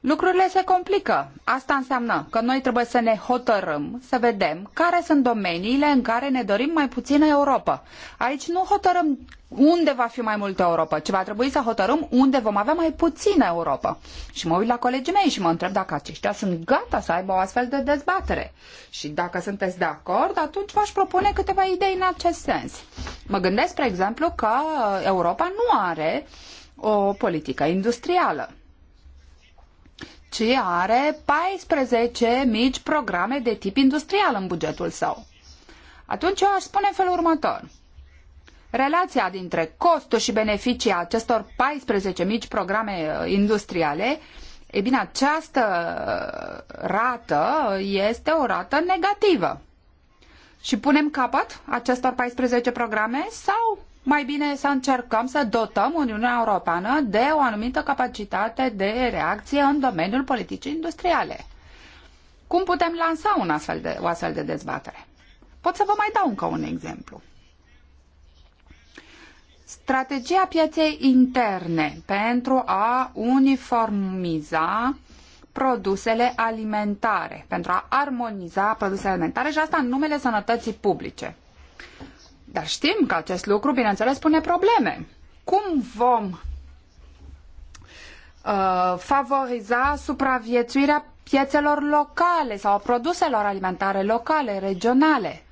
lucrurile se complică. Asta înseamnă că noi trebuie să ne hotărâm, să vedem care sunt domeniile în care ne dorim mai puțină Europa. Aici nu hotărâm unde va fi mai multă Europa, ci va trebui să hotărâm unde vom avea mai puțină Europa. Și mă uit la colegii mei și mă întreb dacă aceștia sunt gata să aibă o astfel de dezbatere. Și dacă sunteți de acord, atunci v-aș propune câteva idei în acest sens. Mă gândesc, spre exemplu, că Europa nu are o politică industrială ci are 14 mici programe de tip industrial în bugetul său. Atunci eu aș spune în felul următor. Relația dintre costul și beneficii acestor 14 mici programe uh, industriale, e bine, această uh, rată este o rată negativă. Și punem capăt acestor 14 programe sau mai bine să încercăm să dotăm Uniunea Europeană de o anumită capacitate de reacție în domeniul politicii industriale. Cum putem lansa un astfel de, o astfel de dezbatere? Pot să vă mai dau încă un exemplu. Strategia pieței interne pentru a uniformiza produsele alimentare, pentru a armoniza produsele alimentare și asta în numele sănătății publice. Dar știm că acest lucru, bineînțeles, pune probleme. Cum vom uh, favoriza supraviețuirea piețelor locale sau a produselor alimentare locale, regionale,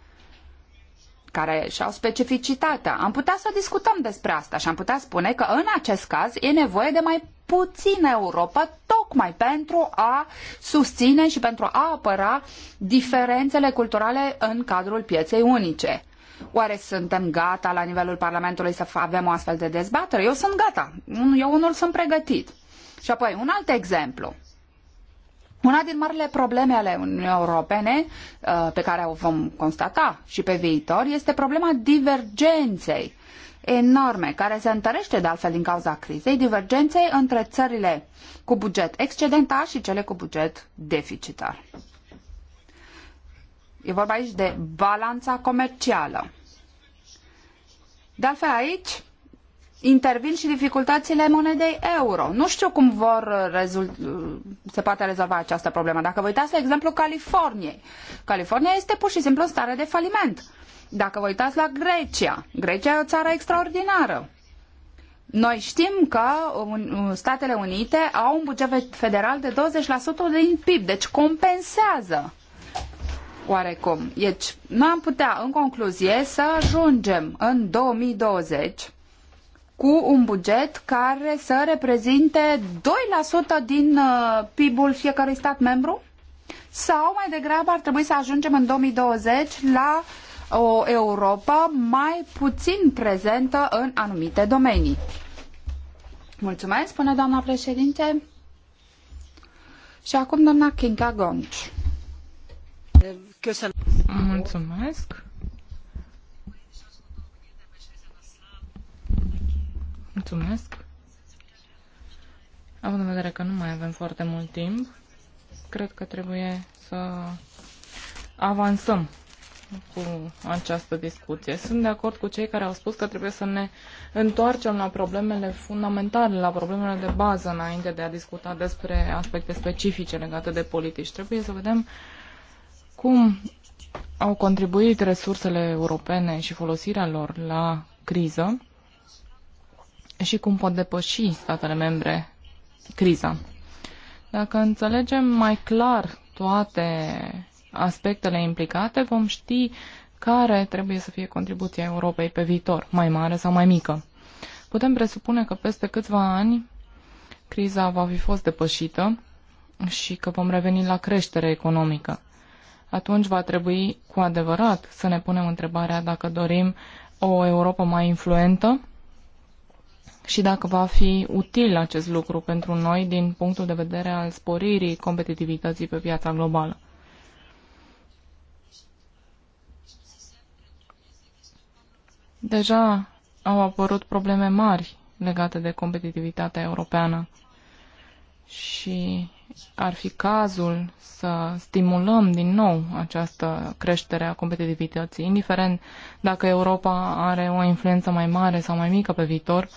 care și-au specificitatea. Am putea să discutăm despre asta și am putea spune că în acest caz e nevoie de mai puțină Europa tocmai pentru a susține și pentru a apăra diferențele culturale în cadrul pieței unice. Oare suntem gata la nivelul Parlamentului să avem o astfel de dezbatere? Eu sunt gata. Eu unul sunt pregătit. Și apoi, un alt exemplu. Una din marile probleme ale Uniunii Europene uh, pe care o vom constata și pe viitor este problema divergenței enorme, care se întărește de altfel din cauza crizei, divergenței între țările cu buget excedentar și cele cu buget deficitar. E vorba aici de balanța comercială. De altfel aici intervin și dificultățile monedei euro. Nu știu cum vor rezult... se poate rezolva această problemă. Dacă vă uitați la exemplu Californiei. California este pur și simplu în stare de faliment. Dacă vă uitați la Grecia, Grecia e o țară extraordinară. Noi știm că Statele Unite au un buget federal de 20% din PIB, deci compensează oarecum. Deci, noi am putea, în concluzie, să ajungem în 2020 cu un buget care să reprezinte 2% din uh, PIB-ul fiecărui stat membru? Sau mai degrabă ar trebui să ajungem în 2020 la o Europa mai puțin prezentă în anumite domenii? Mulțumesc, spune doamna președinte. Și acum doamna Kinga Gonci.
Mulțumesc. Mulțumesc. Având în vedere că nu mai avem foarte mult timp, cred că trebuie să avansăm cu această discuție. Sunt de acord cu cei care au spus că trebuie să ne întoarcem la problemele fundamentale, la problemele de bază, înainte de a discuta despre aspecte specifice legate de politici. Trebuie să vedem uh, cum au contribuit resursele europene și folosirea lor la criză și cum pot depăși statele membre criza. Dacă înțelegem mai clar toate aspectele implicate, vom ști care trebuie să fie contribuția Europei pe viitor, mai mare sau mai mică. Putem presupune că peste câțiva ani criza va fi fost depășită și că vom reveni la creștere economică atunci va trebui cu adevărat să ne punem întrebarea dacă dorim o Europa mai influentă și dacă va fi util acest lucru pentru noi din punctul de vedere al sporirii competitivității pe piața globală. Deja au apărut probleme mari legate de competitivitatea europeană și ar fi cazul să stimulăm din nou această creștere a competitivității, indiferent dacă Europa are o influență mai mare sau mai mică pe viitor.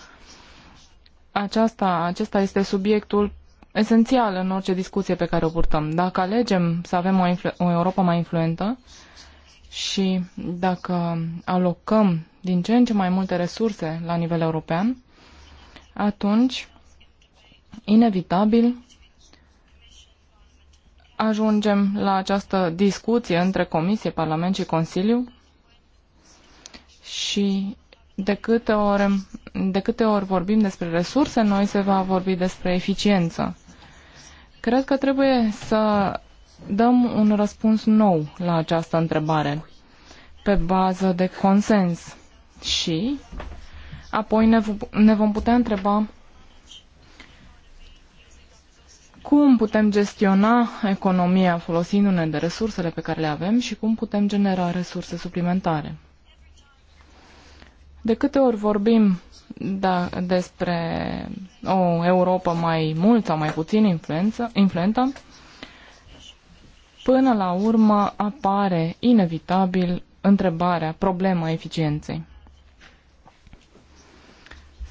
Aceasta, acesta este subiectul esențial în orice discuție pe care o purtăm. Dacă alegem să avem o, o Europa mai influentă și dacă alocăm din ce în ce mai multe resurse la nivel european, atunci, inevitabil, ajungem la această discuție între Comisie, Parlament și Consiliu și de câte, ori, de câte ori vorbim despre resurse noi, se va vorbi despre eficiență. Cred că trebuie să dăm un răspuns nou la această întrebare, pe bază de consens. Și apoi ne, ne vom putea întreba cum putem gestiona economia folosindu-ne de resursele pe care le avem și cum putem genera resurse suplimentare. De câte ori vorbim da, despre o Europa mai mult sau mai puțin influență, influentă, până la urmă apare inevitabil întrebarea, problema eficienței.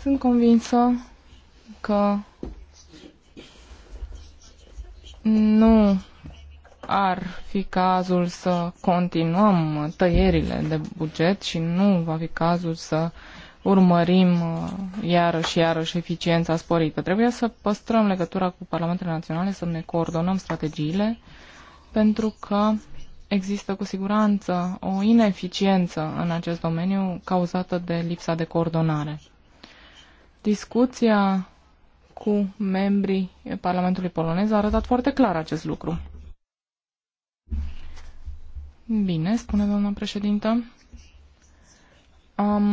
Sunt convinsă că nu ar fi cazul să continuăm tăierile de buget și nu va fi cazul să urmărim uh, iarăși, iarăși eficiența sporită. Trebuie să păstrăm legătura cu Parlamentele Naționale, să ne coordonăm strategiile, pentru că există cu siguranță o ineficiență în acest domeniu cauzată de lipsa de coordonare. Discuția cu membrii Parlamentului polonez a arătat foarte clar acest lucru. Bine, spune doamna președintă. Am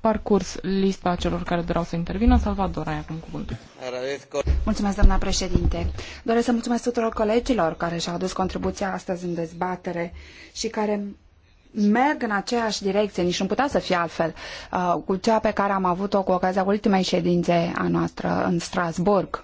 parcurs lista celor care doreau să intervină. Salvador, ai acum cuvântul.
Mulțumesc, doamna președinte. Doresc să mulțumesc tuturor colegilor care și-au adus contribuția astăzi în dezbatere și care merg în aceeași direcție, nici nu putea să fie altfel, uh, cu cea pe care am avut-o cu ocazia ultimei ședințe a noastră în Strasbourg.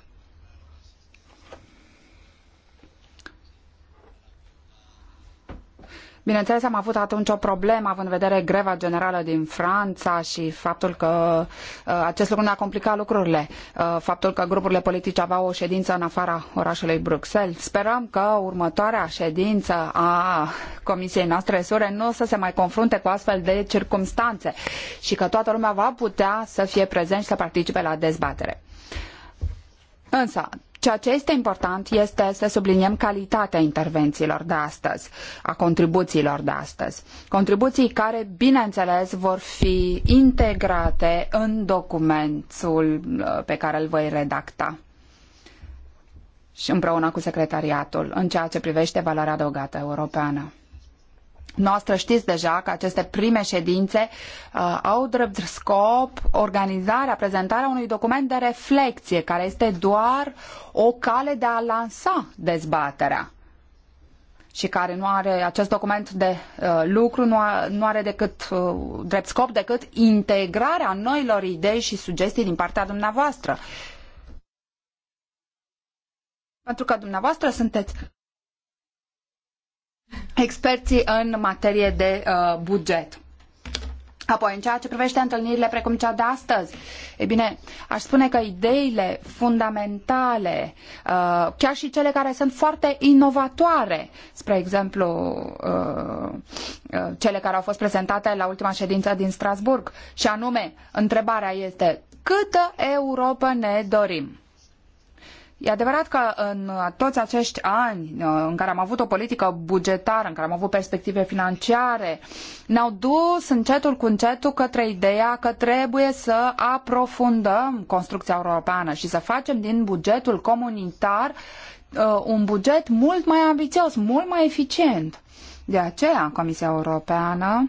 Bineînțeles, am avut atunci o problemă, având în vedere greva generală din Franța și faptul că uh, acest lucru ne-a complicat lucrurile, uh, faptul că grupurile politice aveau o ședință în afara orașului Bruxelles. Sperăm că următoarea ședință a Comisiei noastre sure nu o să se mai confrunte cu astfel de circumstanțe și că toată lumea va putea să fie prezent și să participe la dezbatere. Însă, Ceea ce este important este să subliniem calitatea intervențiilor de astăzi, a contribuțiilor de astăzi. Contribuții care, bineînțeles, vor fi integrate în documentul uh, pe care îl voi redacta și împreună cu secretariatul în ceea ce privește valoarea adăugată europeană. Noastră știți deja că aceste prime ședințe uh, au drept scop organizarea, prezentarea unui document de reflexie, care este doar o cale de a lansa dezbaterea și care nu are acest document de uh, lucru, nu, a, nu are decât uh, drept scop decât integrarea noilor idei și sugestii din partea dumneavoastră. Pentru că dumneavoastră sunteți experții în materie de uh, buget. Apoi, în ceea ce privește întâlnirile precum cea de astăzi, e bine, aș spune că ideile fundamentale, uh, chiar și cele care sunt foarte inovatoare, spre exemplu, uh, uh, cele care au fost prezentate la ultima ședință din Strasbourg, și anume, întrebarea este câtă Europa ne dorim? E adevărat că în uh, toți acești ani uh, în care am avut o politică bugetară, în care am avut perspective financiare, ne-au dus încetul cu încetul către ideea că trebuie să aprofundăm construcția europeană și să facem din bugetul comunitar uh, un buget mult mai ambițios, mult mai eficient. De aceea, Comisia Europeană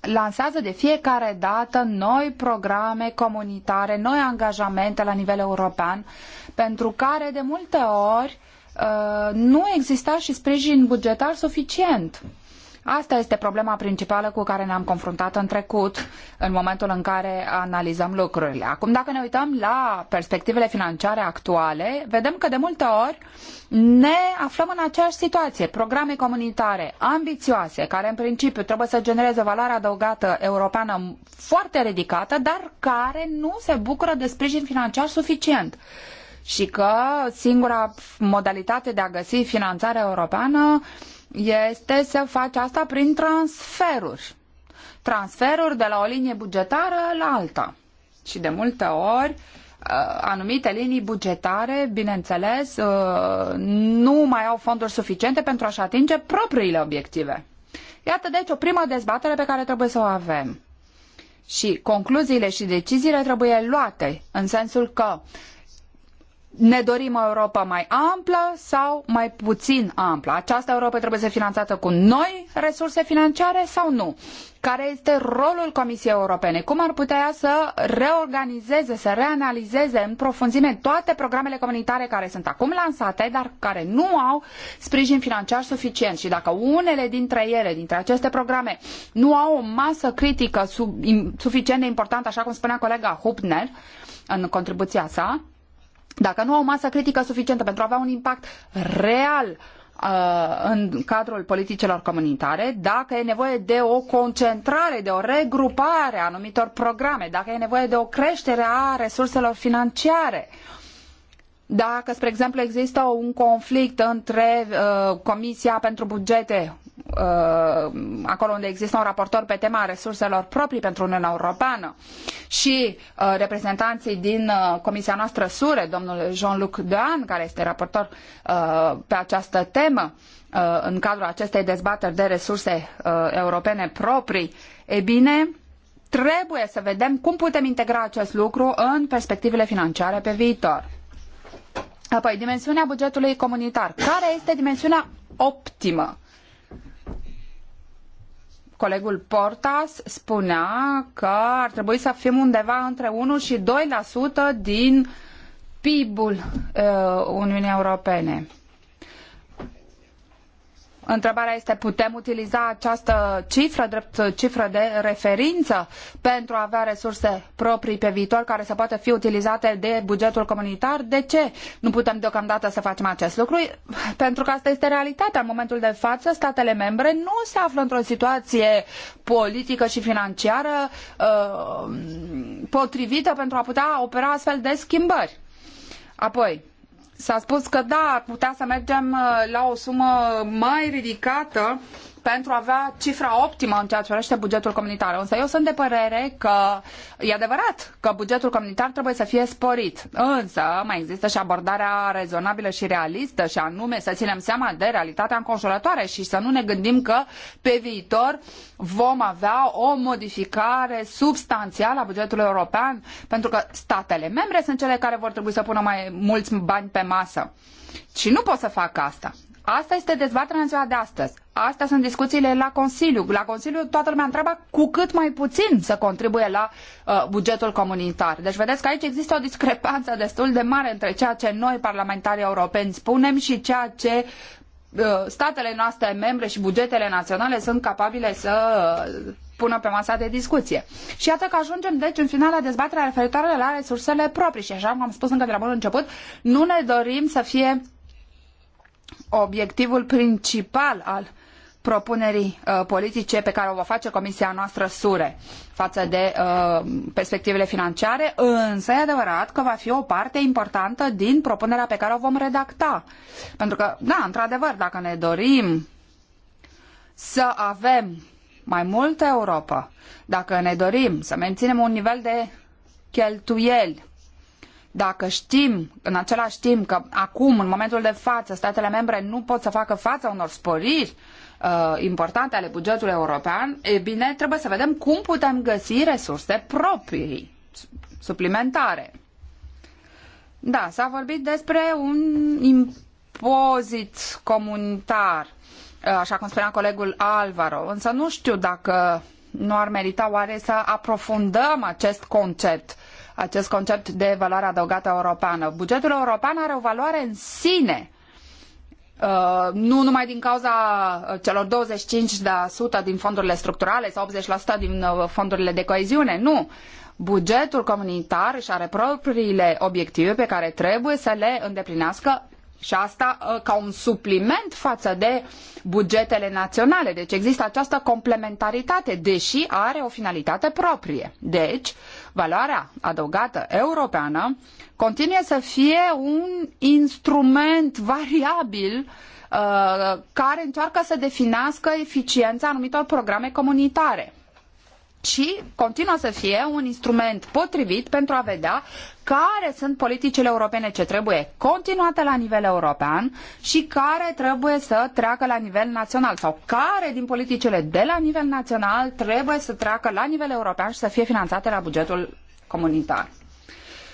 lansează de fiecare dată noi programe comunitare, noi angajamente la nivel european, pentru care de multe ori uh, nu exista și sprijin bugetar suficient. Asta este problema principală cu care ne-am confruntat în trecut, în momentul în care analizăm lucrurile. Acum, dacă ne uităm la perspectivele financiare actuale, vedem că de multe ori ne aflăm în aceeași situație. Programe comunitare ambițioase, care în principiu trebuie să genereze valoare adăugată europeană foarte ridicată, dar care nu se bucură de sprijin financiar suficient și că singura modalitate de a găsi finanțare europeană este să faci asta prin transferuri. Transferuri de la o linie bugetară la alta. Și de multe ori uh, anumite linii bugetare, bineînțeles, uh, nu mai au fonduri suficiente pentru a-și atinge propriile obiective. Iată deci o primă dezbatere pe care trebuie să o avem. Și concluziile și deciziile trebuie luate, în sensul că ne dorim o Europa mai amplă sau mai puțin amplă? Această Europa trebuie să fie finanțată cu noi resurse financiare sau nu? Care este rolul Comisiei Europene? Cum ar putea să reorganizeze, să reanalizeze în profunzime toate programele comunitare care sunt acum lansate, dar care nu au sprijin financiar suficient? Și dacă unele dintre ele, dintre aceste programe, nu au o masă critică sub, suficient de importantă, așa cum spunea colega Hubner în contribuția sa, dacă nu au o masă critică suficientă pentru a avea un impact real uh, în cadrul politicilor comunitare, dacă e nevoie de o concentrare, de o regrupare a anumitor programe, dacă e nevoie de o creștere a resurselor financiare, dacă, spre exemplu, există un conflict între uh, Comisia pentru Bugete Uh, acolo unde există un raportor pe tema resurselor proprii pentru Uniunea Europeană și uh, reprezentanții din uh, comisia noastră SURE, domnul Jean-Luc Dean, care este raportor pe această temă în cadrul acestei dezbateri de resurse europene proprii, e bine, trebuie să vedem cum putem integra acest lucru în perspectivele financiare pe viitor. Apoi, dimensiunea bugetului comunitar. Care este dimensiunea optimă? Colegul Portas spunea că ar trebui să fim undeva între 1 și 2% din PIB-ul uh, Uniunii Europene. Întrebarea este, putem utiliza această cifră drept cifră de referință pentru a avea resurse proprii pe viitor care să poată fi utilizate de bugetul comunitar? De ce nu putem deocamdată să facem acest lucru? Pentru că asta este realitatea. În momentul de față, statele membre nu se află într-o situație politică și financiară uh, potrivită pentru a putea opera astfel de schimbări. Apoi, S-a spus că da, ar putea să mergem uh, la o sumă mai ridicată pentru a avea cifra optimă în ceea ce privește bugetul comunitar. Însă eu sunt de părere că e adevărat că bugetul comunitar trebuie să fie sporit. Însă mai există și abordarea rezonabilă și realistă și anume să ținem seama de realitatea înconjurătoare și să nu ne gândim că pe viitor vom avea o modificare substanțială a bugetului european pentru că statele membre sunt cele care vor trebui să pună mai mulți bani pe masă. Și nu pot să fac asta. Asta este dezbaterea în ziua de astăzi. Astea sunt discuțiile la Consiliu. La Consiliu toată lumea întreabă cu cât mai puțin să contribuie la uh, bugetul comunitar. Deci vedeți că aici există o discrepanță destul de mare între ceea ce noi, parlamentarii europeni, spunem și ceea ce uh, statele noastre membre și bugetele naționale sunt capabile să uh, pună pe masa de discuție. Și iată că ajungem, deci, în final la dezbaterea referitoare la resursele proprii. Și așa cum am spus încă de la bun început, nu ne dorim să fie obiectivul principal al propunerii uh, politice pe care o va face Comisia noastră SURE față de uh, perspectivele financiare, însă e adevărat că va fi o parte importantă din propunerea pe care o vom redacta. Pentru că, da, într-adevăr, dacă ne dorim să avem mai multă Europa, dacă ne dorim să menținem un nivel de cheltuieli dacă știm în același timp că acum, în momentul de față, statele membre nu pot să facă față unor sporiri uh, importante ale bugetului european, e bine, trebuie să vedem cum putem găsi resurse proprii, suplimentare. Da, s-a vorbit despre un impozit comunitar, uh, așa cum spunea colegul Alvaro, însă nu știu dacă nu ar merita oare să aprofundăm acest concept uh, acest concept de valoare adăugată europeană. Bugetul european are o valoare în sine, uh, nu numai din cauza uh, celor 25% din fondurile structurale sau 80% din uh, fondurile de coeziune, nu. Bugetul comunitar își are propriile obiective pe care trebuie să le îndeplinească și asta uh, ca un supliment față de bugetele naționale. Deci există această complementaritate, deși are o finalitate proprie. Deci, valoarea adăugată europeană continuă să fie un instrument variabil uh, care încearcă să definească eficiența anumitor programe comunitare ci continuă să fie un instrument potrivit pentru a vedea care sunt politicile europene ce trebuie continuate la nivel european și care trebuie să treacă la nivel național sau care din politicile de la nivel național trebuie să treacă la nivel european și să fie finanțate la bugetul comunitar.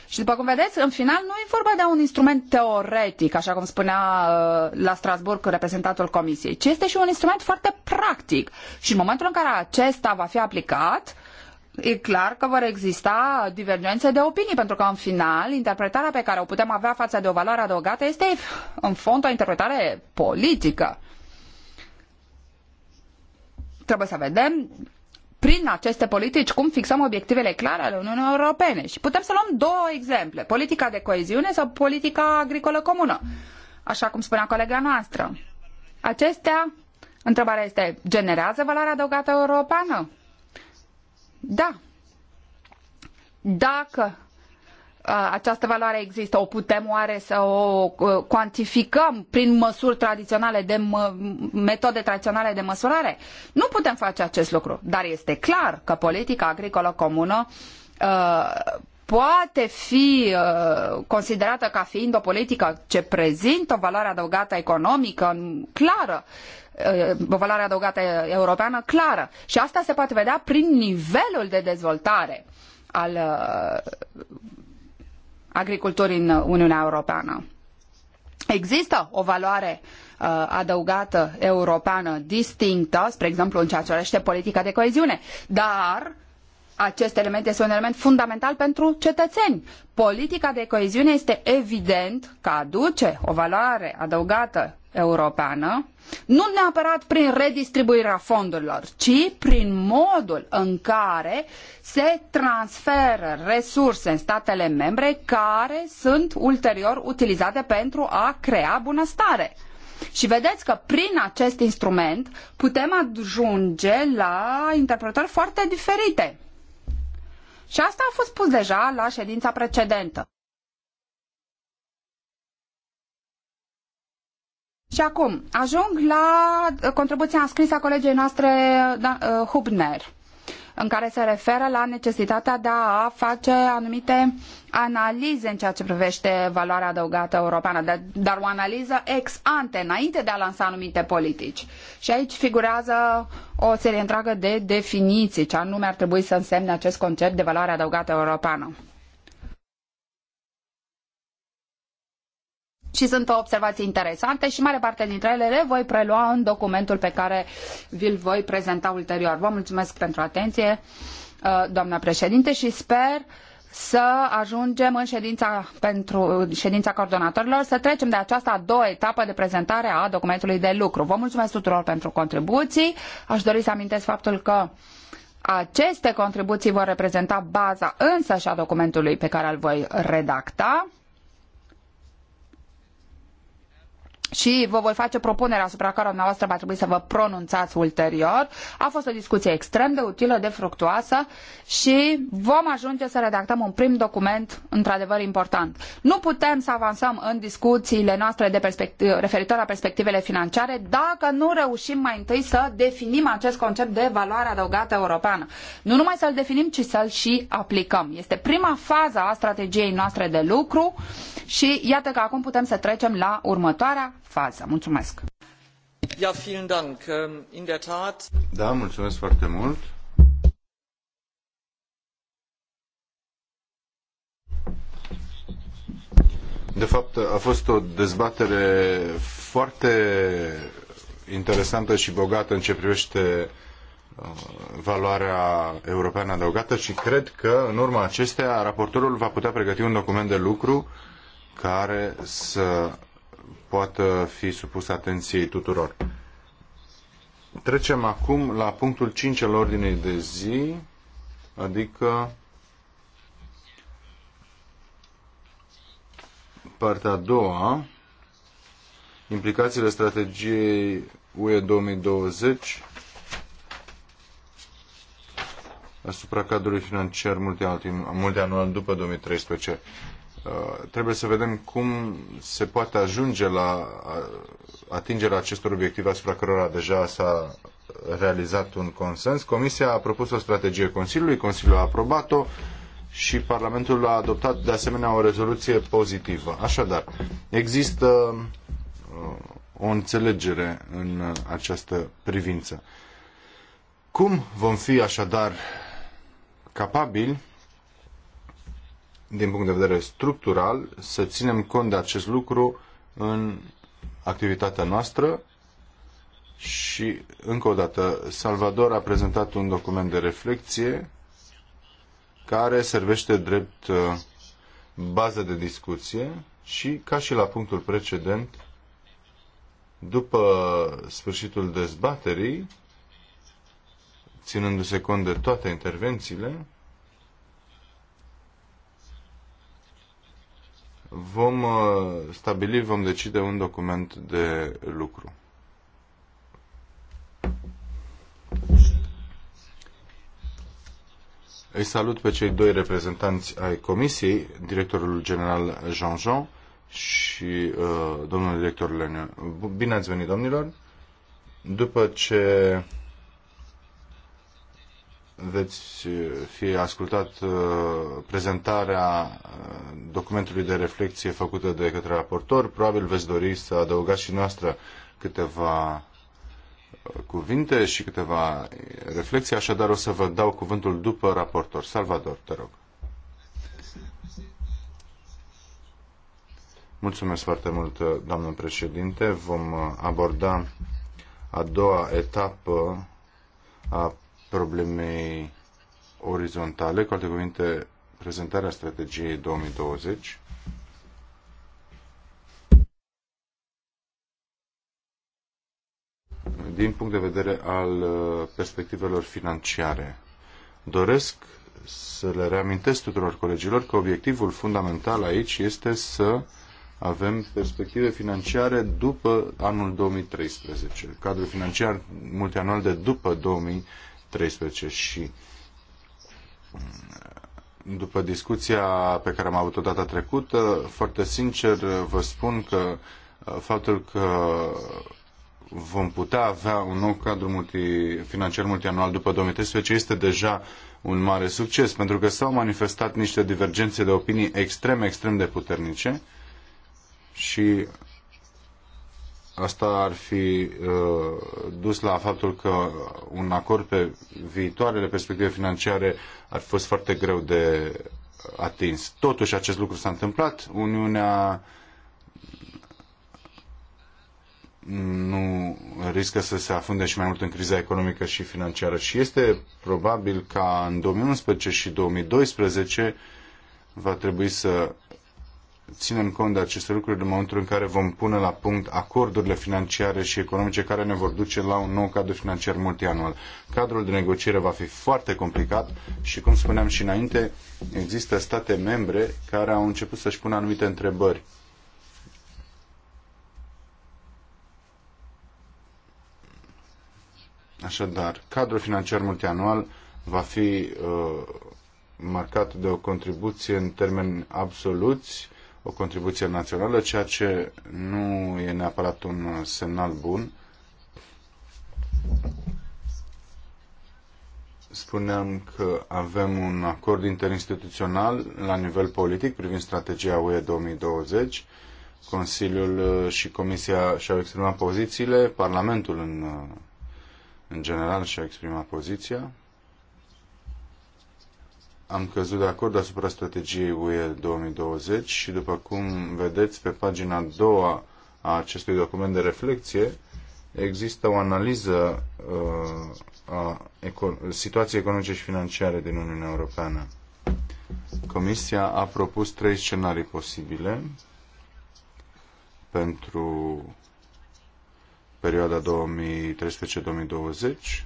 Și după cum vedeți, în final nu e vorba de un instrument teoretic, așa cum spunea uh, la Strasbourg reprezentantul Comisiei, ci este și un instrument foarte practic. Și în momentul în care acesta va fi aplicat, e clar că vor exista divergențe de opinii, pentru că în final interpretarea pe care o putem avea față de o valoare adăugată este în fond o interpretare politică. Trebuie să vedem prin aceste politici cum fixăm obiectivele clare ale Uniunii Europene. Și putem să luăm două exemple, politica de coeziune sau politica agricolă comună, așa cum spunea colega noastră. Acestea, întrebarea este, generează valoarea adăugată europeană? Da. Dacă Uh, această valoare există, o putem oare să o uh, cuantificăm prin măsuri tradiționale, de metode tradiționale de măsurare? Nu putem face acest lucru, dar este clar că politica agricolă comună uh, poate fi uh, considerată ca fiind o politică ce prezintă o valoare adăugată economică clară, uh, o valoare adăugată europeană clară. Și asta se poate vedea prin nivelul de dezvoltare al agriculturii în Uniunea Europeană. Există o valoare uh, adăugată europeană distinctă, spre exemplu în ceea ce privește politica de coeziune, dar acest element este un element fundamental pentru cetățeni. Politica de coeziune este evident că aduce o valoare adăugată europeană, nu neapărat prin redistribuirea fondurilor, ci prin modul în care se transferă resurse în statele membre care sunt ulterior utilizate pentru a crea bunăstare. Și vedeți că prin acest instrument putem ajunge la interpretări foarte diferite. Și asta a fost spus deja la ședința precedentă. Și acum, ajung la uh, contribuția înscrisă a colegei noastre da, uh, Hubner, în care se referă la necesitatea de a face anumite analize în ceea ce privește valoarea adăugată europeană, dar o analiză ex ante, înainte de a lansa anumite politici. Și aici figurează o serie întreagă de definiții, ce anume ar trebui să însemne acest concept de valoare adăugată europeană. și sunt observații interesante și mare parte dintre ele le voi prelua în documentul pe care vi-l voi prezenta ulterior. Vă mulțumesc pentru atenție, uh, doamna președinte, și sper să ajungem în ședința, pentru, ședința coordonatorilor, să trecem de aceasta a doua etapă de prezentare a documentului de lucru. Vă mulțumesc tuturor pentru contribuții. Aș dori să amintesc faptul că aceste contribuții vor reprezenta baza și a documentului pe care îl voi redacta și vă voi face propunerea asupra care dumneavoastră va trebui să vă pronunțați ulterior. A fost o discuție extrem de utilă, de fructuoasă și vom ajunge să redactăm un prim document într-adevăr important. Nu putem să avansăm în discuțiile noastre de referitor la perspectivele financiare dacă nu reușim mai întâi să definim acest concept de valoare adăugată europeană. Nu numai să-l definim, ci să-l și aplicăm. Este prima fază a strategiei noastre de lucru și iată că acum putem să trecem la următoarea fază. Mulțumesc!
Ja, vielen Dank. Ähm, in der Tat.
Da, mulțumesc foarte mult. De fapt, a fost o dezbatere foarte interesantă și bogată în ce privește uh, valoarea europeană adăugată și cred că în urma acestea raportorul va putea pregăti un document de lucru care să poată fi supus atenției tuturor. Trecem acum la punctul 5 al ordinei de zi, adică partea a doua, implicațiile strategiei UE 2020 asupra cadrului financiar multianual după 2013. Uh, trebuie să vedem cum se poate ajunge la atingerea acestor obiective asupra cărora deja s-a realizat un consens. Comisia a propus o strategie Consiliului, Consiliul a aprobat-o și Parlamentul a adoptat de asemenea o rezoluție pozitivă. Așadar, există uh, o înțelegere în această privință. Cum vom fi așadar capabili din punct de vedere structural, să ținem cont de acest lucru în activitatea noastră și, încă o dată, Salvador a prezentat un document de reflexie care servește drept uh, bază de discuție și, ca și la punctul precedent, după sfârșitul dezbaterii, ținându-se cont de toate intervențiile, vom uh, stabili, vom decide un document de lucru. Îi salut pe cei doi reprezentanți ai Comisiei, directorul general Jean-Jean și uh, domnul director Lene. Bine ați venit, domnilor! După ce veți fi ascultat uh, prezentarea uh, documentului de reflexie făcută de către raportor. Probabil veți dori să adăugați și noastră câteva uh, cuvinte și câteva reflexii, așadar o să vă dau cuvântul după raportor. Salvador, te rog. Mulțumesc foarte mult, doamnă președinte. Vom aborda a doua etapă a problemei orizontale, cu alte cuvinte, prezentarea strategiei 2020. Din punct de vedere al uh, perspectivelor financiare, doresc să le reamintesc tuturor colegilor că obiectivul fundamental aici este să avem perspective financiare după anul 2013, cadrul financiar multianual de după 2013. 13 și mm, după discuția pe care am avut-o data trecută, foarte sincer vă spun că uh, faptul că vom putea avea un nou cadru multi, financiar multianual după 2013 este deja un mare succes, pentru că s-au manifestat niște divergențe de opinii extrem, extrem de puternice și Asta ar fi uh, dus la faptul că un acord pe viitoarele perspective financiare ar fi fost foarte greu de atins. Totuși, acest lucru s-a întâmplat. Uniunea nu riscă să se afunde și mai mult în criza economică și financiară și este probabil ca în 2011 și 2012 va trebui să ținem cont de aceste lucruri în momentul în care vom pune la punct acordurile financiare și economice care ne vor duce la un nou cadru financiar multianual. Cadrul de negociere va fi foarte complicat și, cum spuneam și înainte, există state membre care au început să-și pună anumite întrebări. Așadar, cadrul financiar multianual va fi uh, marcat de o contribuție în termeni absoluți o contribuție națională, ceea ce nu e neapărat un semnal bun. Spuneam că avem un acord interinstituțional la nivel politic privind strategia UE 2020. Consiliul și Comisia și-au exprimat pozițiile, Parlamentul în, în general și-a exprimat poziția am căzut de acord asupra strategiei UE 2020 și după cum vedeți pe pagina a doua a acestui document de reflexie există o analiză uh, a eco- situației economice și financiare din Uniunea Europeană. Comisia a propus trei scenarii posibile pentru perioada 2013-2020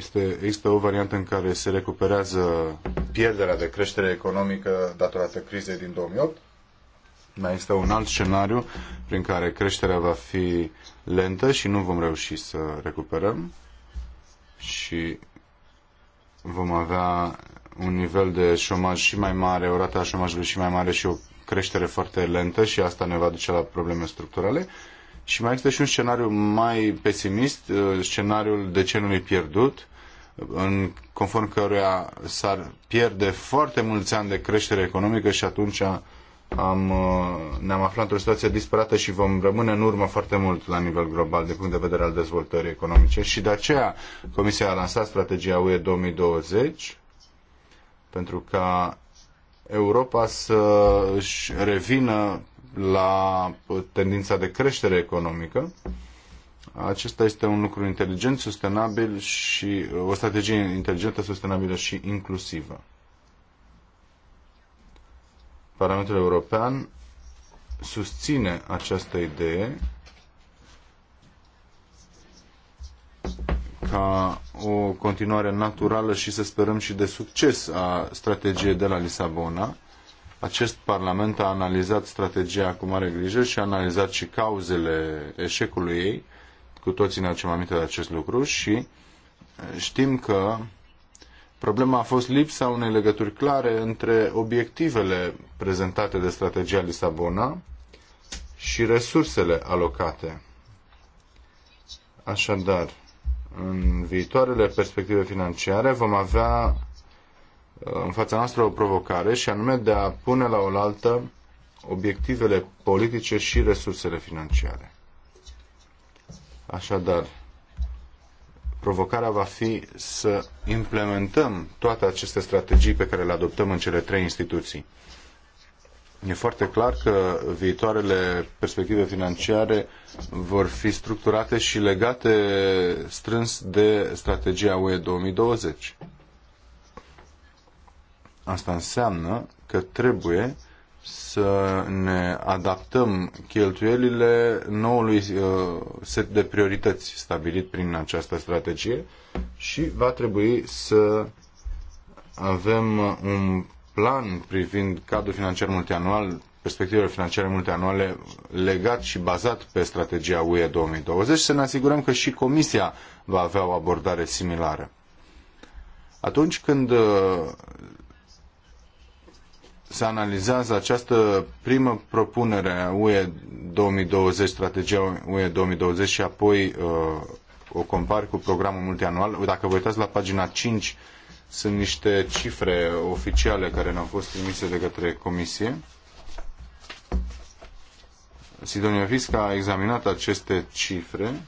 este, există o variantă în care se recuperează pierderea de creștere economică datorată crizei din 2008. Mai este un alt scenariu prin care creșterea va fi lentă și nu vom reuși să recuperăm și vom avea un nivel de șomaj și mai mare, o rată a șomajului și mai mare și o creștere foarte lentă și asta ne va duce la probleme structurale. Și mai există și un scenariu mai pesimist, uh, scenariul decenului pierdut, în conform căruia s-ar pierde foarte mulți ani de creștere economică și atunci am, uh, ne-am aflat într-o situație disperată și vom rămâne în urmă foarte mult la nivel global de punct de vedere al dezvoltării economice și de aceea Comisia a lansat strategia UE 2020 pentru ca Europa să își revină la tendința de creștere economică. Acesta este un lucru inteligent, sustenabil și o strategie inteligentă, sustenabilă și inclusivă. Parlamentul European susține această idee ca o continuare naturală și să sperăm și de succes a strategiei de la Lisabona acest Parlament a analizat strategia cu mare grijă și a analizat și cauzele eșecului ei. Cu toții ne aducem aminte de acest lucru și eh, știm că problema a fost lipsa unei legături clare între obiectivele prezentate de strategia Lisabona și resursele alocate. Așadar, în viitoarele perspective financiare vom avea Uh, în fața noastră o provocare și anume de a pune la oaltă obiectivele politice și resursele financiare. Așadar, provocarea va fi să implementăm toate aceste strategii pe care le adoptăm în cele trei instituții. E foarte clar că viitoarele perspective financiare vor fi structurate și legate strâns de strategia UE 2020. Asta înseamnă că trebuie să ne adaptăm cheltuielile noului uh, set de priorități stabilit prin această strategie și va trebui să avem un plan privind cadrul financiar multianual, perspectivele financiare multianuale legat și bazat pe strategia UE 2020 și să ne asigurăm că și Comisia va avea o abordare similară. Atunci când uh, se analizează această primă propunere a UE 2020, strategia UE 2020 și apoi uh, o compar cu programul multianual. Dacă vă uitați la pagina 5, sunt niște cifre oficiale care ne-au fost trimise de către Comisie. Sidonia Visca a examinat aceste cifre.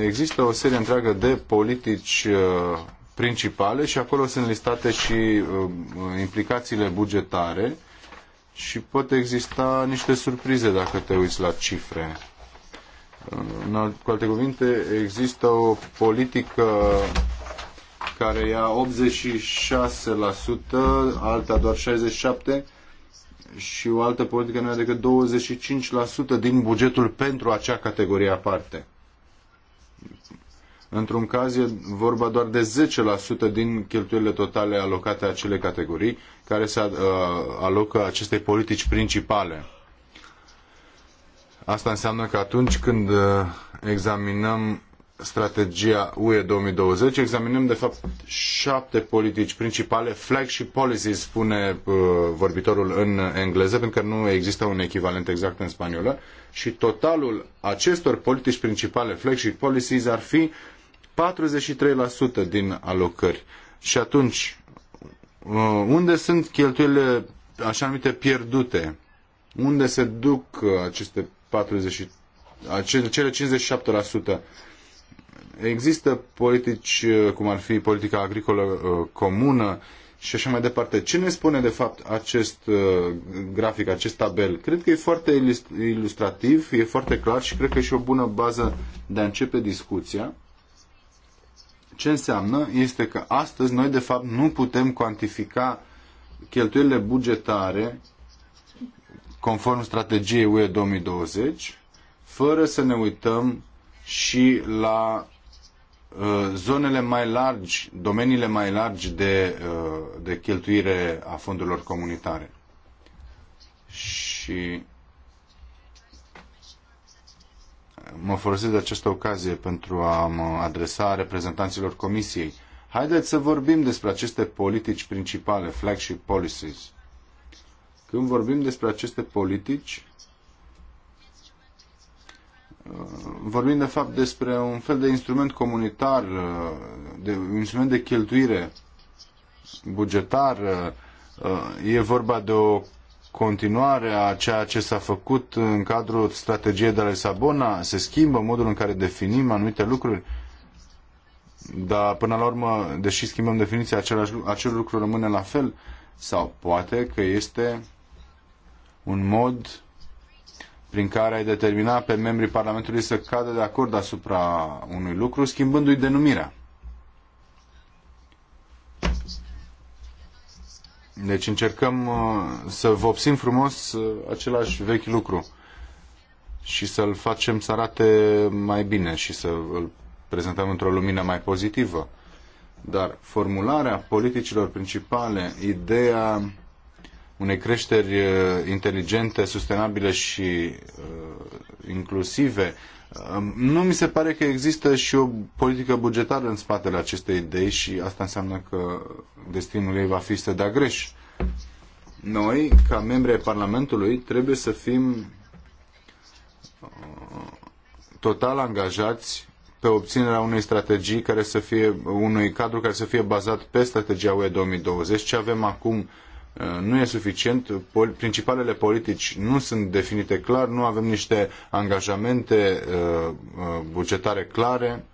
Există o serie întreagă de politici uh, principale și acolo sunt listate și uh, implicațiile bugetare și pot exista niște surprize dacă te uiți la cifre. Uh, cu alte cuvinte, există o politică care ia 86%, alta doar 67% și o altă politică nu ia decât 25% din bugetul pentru acea categorie aparte. Într-un caz e vorba doar de 10% din cheltuielile totale alocate acelei categorii, care se uh, alocă acestei politici principale. Asta înseamnă că atunci când uh, examinăm strategia UE 2020, examinăm de fapt șapte politici principale, flagship policies spune uh, vorbitorul în engleză, pentru că nu există un echivalent exact în spaniolă, și totalul acestor politici principale, flagship policies, ar fi 43% din alocări. Și atunci, uh, unde sunt cheltuielile așa numite pierdute? Unde se duc uh, aceste 40, cele 57%? Există politici, uh, cum ar fi politica agricolă comună și așa mai departe. Ce ne spune, de fapt, acest grafic, acest tabel? Cred că e foarte ilustrativ, e foarte clar și cred că e și o bună bază de a începe discuția. Ce înseamnă este că astăzi noi de fapt nu putem cuantifica cheltuielile bugetare conform strategiei UE 2020 fără să ne uităm și la uh, zonele mai largi, domeniile mai largi de, uh, de cheltuire a fondurilor comunitare. Și mă folosesc de această ocazie pentru a mă adresa reprezentanților Comisiei. Haideți să vorbim despre aceste politici principale, flagship policies. Când vorbim despre aceste politici, uh, vorbim de fapt despre un fel de instrument comunitar, uh, de un instrument de cheltuire bugetar. Uh, e vorba de o continuare a ceea ce s-a făcut în cadrul strategiei de la Lisabona? Se schimbă modul în care definim anumite lucruri? Dar până la urmă, deși schimbăm definiția, același, acel lucru rămâne la fel? Sau poate că este un mod prin care ai determina pe membrii Parlamentului să cadă de acord asupra unui lucru, schimbându-i denumirea. Deci încercăm uh, să vopsim frumos uh, același vechi lucru și să-l facem să arate mai bine și să îl prezentăm într-o lumină mai pozitivă. Dar formularea politicilor principale, ideea unei creșteri uh, inteligente, sustenabile și uh, inclusive, nu mi se pare că există și o politică bugetară în spatele acestei idei și asta înseamnă că destinul ei va fi să dea greș. Noi, ca membri ai Parlamentului, trebuie să fim uh, total angajați pe obținerea unei strategii care să fie, unui cadru care să fie bazat pe strategia UE 2020. Ce avem acum Uh, nu e suficient. Principalele politici nu sunt definite clar, nu avem niște angajamente uh, uh, bugetare clare.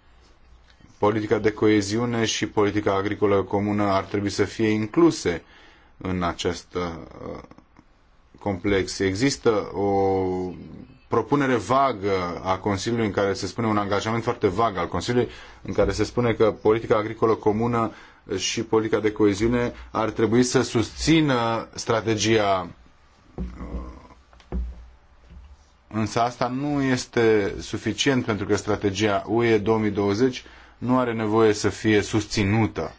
Politica de coeziune și politica agricolă comună ar trebui să fie incluse în acest complex. Există o propunere vagă a Consiliului în care se spune un angajament foarte vag al Consiliului în care se spune că politica agricolă comună și politica de coeziune ar trebui să susțină strategia uh, Însă asta nu este suficient pentru că strategia UE 2020 nu are nevoie să fie susținută.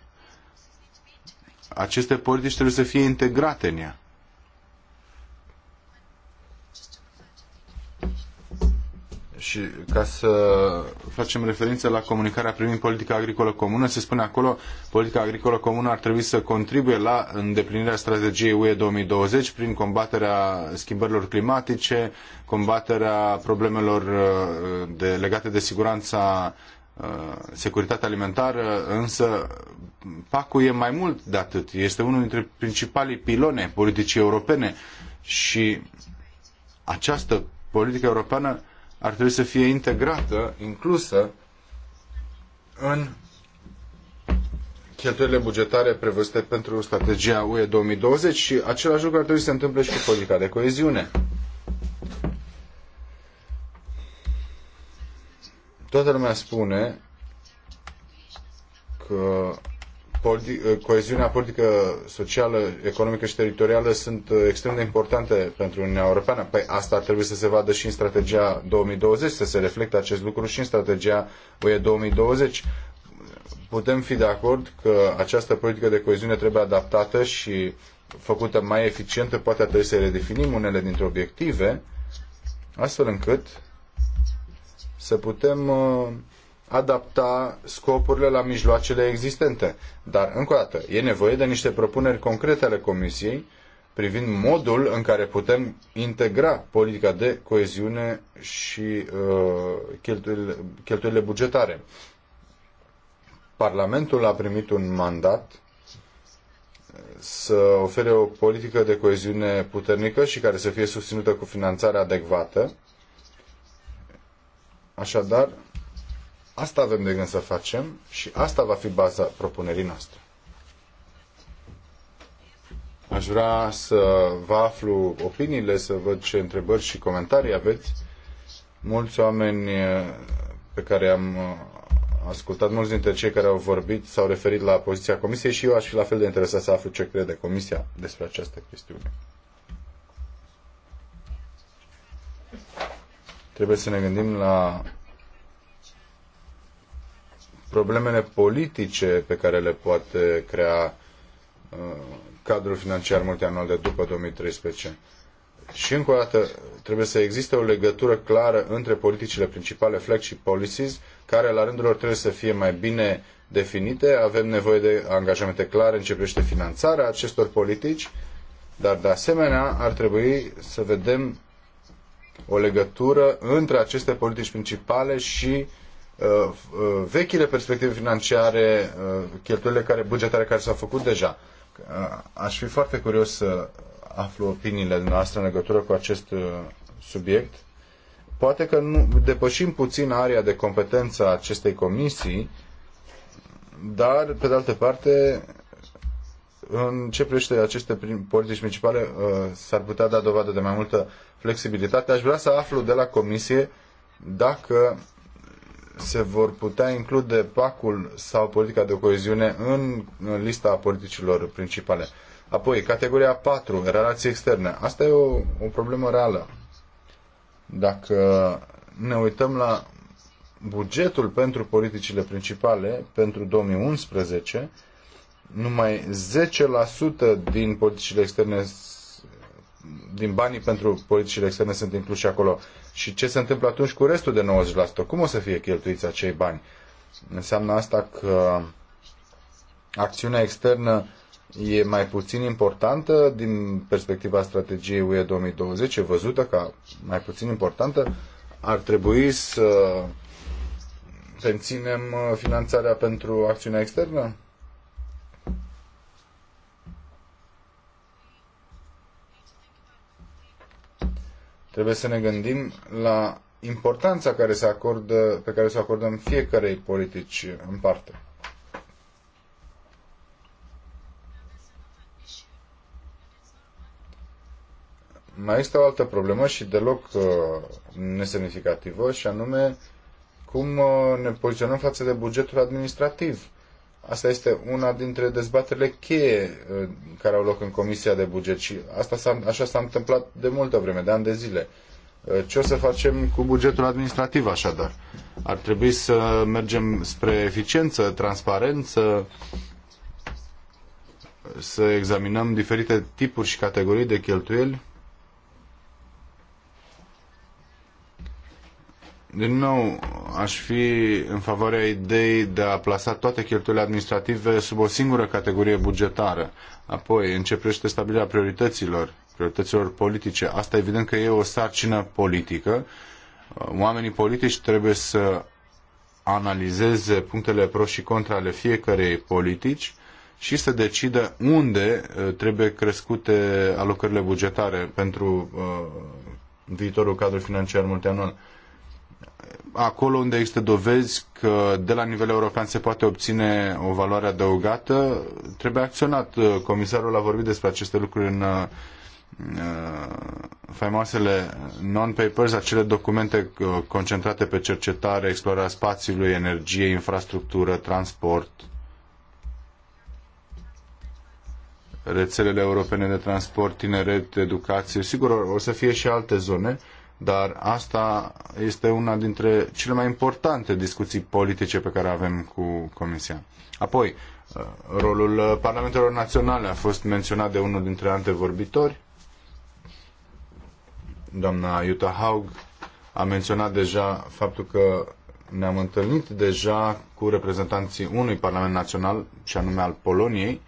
Aceste politici trebuie să fie integrate în ea. Deci, ca să facem referință la comunicarea privind politica agricolă comună, se spune acolo, politica agricolă comună ar trebui să contribuie la îndeplinirea strategiei UE 2020 prin combaterea schimbărilor climatice, combaterea problemelor uh, de, legate de siguranța uh, securitatea alimentară, însă pac e mai mult de atât. Este unul dintre principalii pilone politicii europene și această politică europeană ar trebui să fie integrată, inclusă în cheltuielile bugetare prevăzute pentru strategia UE 2020 și același lucru ar trebui să se întâmple și cu politica de coeziune. Toată lumea spune că politi- eh, coeziunea politică, socială, economică și teritorială sunt eh, extrem de importante pentru Uniunea Europeană. Păi asta ar trebui să se vadă și în strategia 2020, să se reflecte acest lucru și în strategia UE 2020. Putem fi de acord că această politică de coeziune trebuie adaptată și făcută mai eficientă, poate ar trebui să redefinim unele dintre obiective, astfel încât să putem eh, adapta scopurile la mijloacele existente. Dar, încă o dată, e nevoie de niște propuneri concrete ale Comisiei privind modul în care putem integra politica de coeziune și uh, cheltuielile, cheltuielile bugetare. Parlamentul a primit un mandat uh, să ofere o politică de coeziune puternică și care să fie susținută cu finanțare adecvată. Așadar, Asta avem de gând să facem și asta va fi baza propunerii noastre. Aș vrea să vă aflu opiniile, să văd ce întrebări și comentarii aveți. Mulți oameni eh, pe care am eh, ascultat, mulți dintre cei care au vorbit s-au referit la poziția Comisiei și eu aș fi la fel de interesat să aflu ce crede Comisia despre această chestiune. Trebuie să ne gândim la problemele politice pe care le poate crea uh, cadrul financiar multianual de după 2013. Și încă o dată, trebuie să existe o legătură clară între politicile principale, flagship policies, care la rândul lor trebuie să fie mai bine definite. Avem nevoie de angajamente clare în ce privește finanțarea acestor politici, dar de asemenea ar trebui să vedem o legătură între aceste politici principale și Uh, uh, vechile perspective financiare, uh, cheltuielile care, bugetare care s-au făcut deja. Aș fi foarte curios să aflu opiniile noastre în legătură cu acest subiect. Poate că nu, depășim puțin area de competență a acestei comisii, dar, pe de altă parte, în ce privește aceste politici principale, s-ar putea da dovadă de mai multă flexibilitate. Aș vrea să aflu de la comisie dacă se vor putea include pacul sau politica de coeziune în lista politicilor principale. Apoi, categoria 4, relații externe. Asta e o, o problemă reală. Dacă ne uităm la bugetul pentru politicile principale pentru 2011, numai 10% din politicile externe din banii pentru politicile externe sunt incluși acolo. Și ce se întâmplă atunci cu restul de 90%? Cum o să fie cheltuiți acei bani? Înseamnă asta că acțiunea externă e mai puțin importantă din perspectiva strategiei UE 2020, e văzută ca mai puțin importantă, ar trebui să menținem uh, finanțarea pentru acțiunea externă? Trebuie să ne gândim la importanța care se acordă, pe care o acordăm fiecarei politici în parte. Mai este o altă problemă și deloc uh, nesemnificativă și anume cum uh, ne poziționăm față de bugetul administrativ Asta este una dintre dezbaterile cheie uh, care au loc în Comisia de Buget și asta așa s-a întâmplat de multă vreme, de ani de zile. Uh, ce o să facem cu bugetul administrativ așadar? Ar trebui să mergem spre eficiență, transparență, să examinăm diferite tipuri și categorii de cheltuieli Din nou, aș fi în favoarea ideii de a plasa toate cheltuielile administrative sub o singură categorie bugetară. Apoi, începește stabilirea priorităților, priorităților politice. Asta evident că e o sarcină politică. Oamenii politici trebuie să analizeze punctele pro și contra ale fiecarei politici și să decidă unde uh, trebuie crescute alocările bugetare pentru uh, viitorul cadru financiar multianual acolo unde există dovezi că de la nivel european se poate obține o valoare adăugată, trebuie acționat. Comisarul a vorbit despre aceste lucruri în uh, faimoasele non-papers, acele documente uh, concentrate pe cercetare, explorarea spațiului, energie, infrastructură, transport, rețelele europene de transport, tineret, educație. Sigur, o să fie și alte zone. Uh, dar asta este una dintre cele mai importante discuții politice pe care avem cu Comisia. Apoi, uh, rolul Parlamentelor Naționale a fost menționat de unul dintre antevorbitori. Doamna Jutta Haug a menționat deja faptul că ne-am întâlnit deja cu reprezentanții unui Parlament Național, și anume al Poloniei,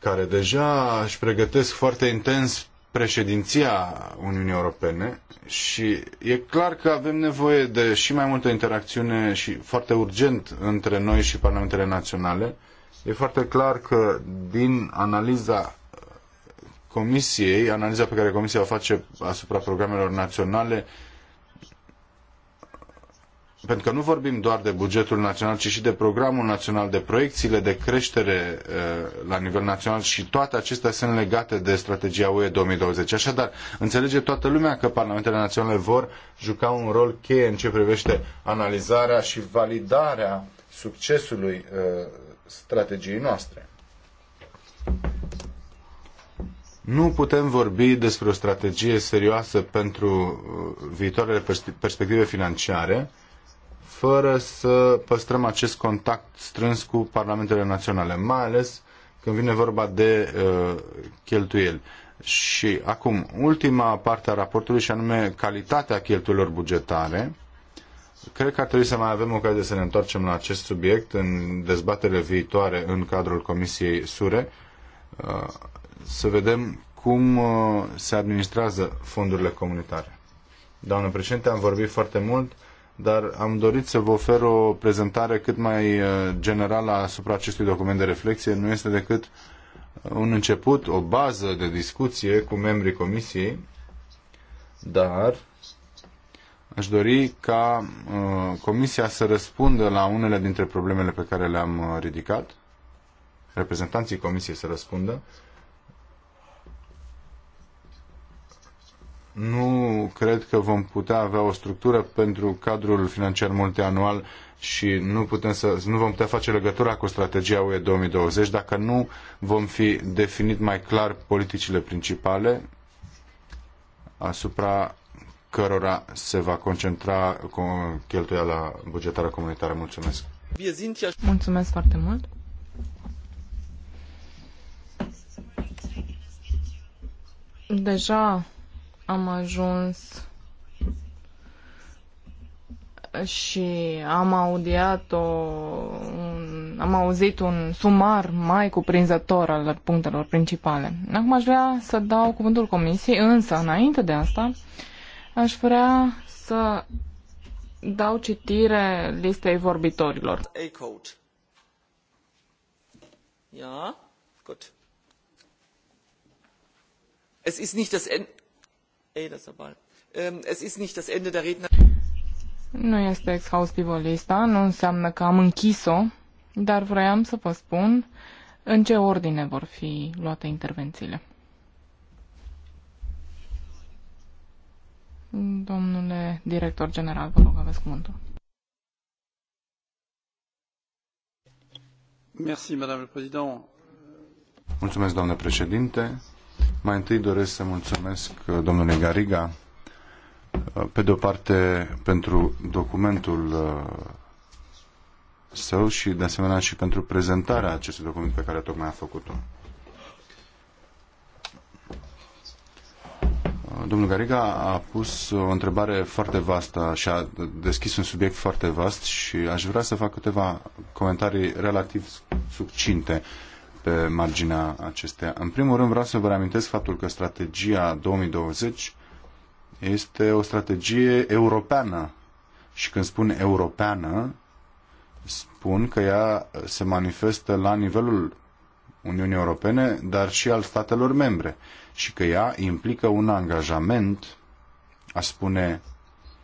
care deja își pregătesc foarte intens președinția Uniunii Europene și e clar că avem nevoie de și mai multă interacțiune și foarte urgent între noi și parlamentele naționale. E foarte clar că din analiza Comisiei, analiza pe care Comisia o face asupra programelor naționale, pentru că nu vorbim doar de bugetul național, ci și de programul național, de proiecțiile de creștere uh, la nivel național și toate acestea sunt legate de strategia UE 2020. Așadar, înțelege toată lumea că parlamentele naționale vor juca un rol cheie în ce privește analizarea și validarea succesului uh, strategiei noastre. Nu putem vorbi despre o strategie serioasă pentru uh, viitoarele perspective financiare fără să păstrăm acest contact strâns cu parlamentele naționale, mai ales când vine vorba de uh, cheltuieli. Și acum, ultima parte a raportului și anume calitatea cheltuielor bugetare. Cred că ar trebui să mai avem ocazie să ne întoarcem la acest subiect în dezbatere viitoare în cadrul Comisiei SURE, uh, să vedem cum uh, se administrează fondurile comunitare. Doamnă președinte, am vorbit foarte mult dar am dorit să vă ofer o prezentare cât mai uh, generală asupra acestui document de reflexie. Nu este decât uh, un început, o bază de discuție cu membrii comisiei, dar aș dori ca uh, comisia să răspundă la unele dintre problemele pe care le-am ridicat, reprezentanții comisiei să răspundă nu cred că vom putea avea o structură pentru cadrul financiar multianual și nu, putem să, nu vom putea face legătura cu strategia UE 2020 dacă nu vom fi definit mai clar politicile principale asupra cărora se va concentra cheltuiala bugetară comunitară. Mulțumesc!
Mulțumesc foarte mult!
Deja am ajuns și am audiat o, un, am auzit un sumar mai cuprinzător al punctelor principale. Acum aș vrea să dau cuvântul comisiei, însă înainte de asta aș vrea să dau citire listei
vorbitorilor. A Es ist nicht das Ende. Ähm,
nu este exhaustivă lista, nu înseamnă că am închis-o, dar vroiam să vă spun în ce ordine vor fi luate intervențiile. Domnule director general, vă rog, aveți cuvântul.
Mulțumesc, doamnă președinte. Mai întâi doresc să mulțumesc uh, domnului Gariga, uh, pe de-o parte pentru documentul uh, său și de asemenea și pentru prezentarea acestui document pe care tocmai a făcut-o. Domnul Gariga a pus o întrebare foarte vastă și a deschis un subiect foarte vast și aș vrea să fac câteva comentarii relativ succinte pe marginea acesteia. În primul rând vreau să vă reamintesc faptul că strategia 2020 este o strategie europeană. Și când spun europeană, spun că ea se manifestă la nivelul Uniunii Europene, dar și al statelor membre. Și că ea implică un angajament, a spune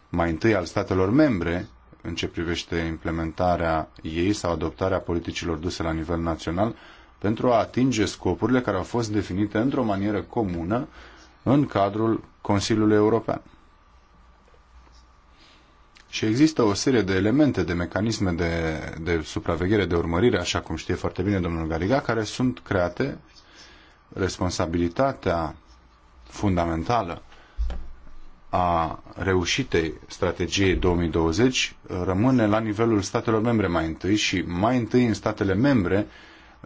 mai întâi al statelor membre, în ce privește implementarea ei sau adoptarea politicilor duse la nivel național, pentru a atinge scopurile care au fost definite într-o manieră comună în cadrul Consiliului European. Și există o serie de elemente, de mecanisme de, de supraveghere, de urmărire, așa cum știe foarte bine domnul Gariga, care sunt create. Responsabilitatea fundamentală a reușitei strategiei 2020 rămâne la nivelul statelor membre mai întâi și mai întâi în statele membre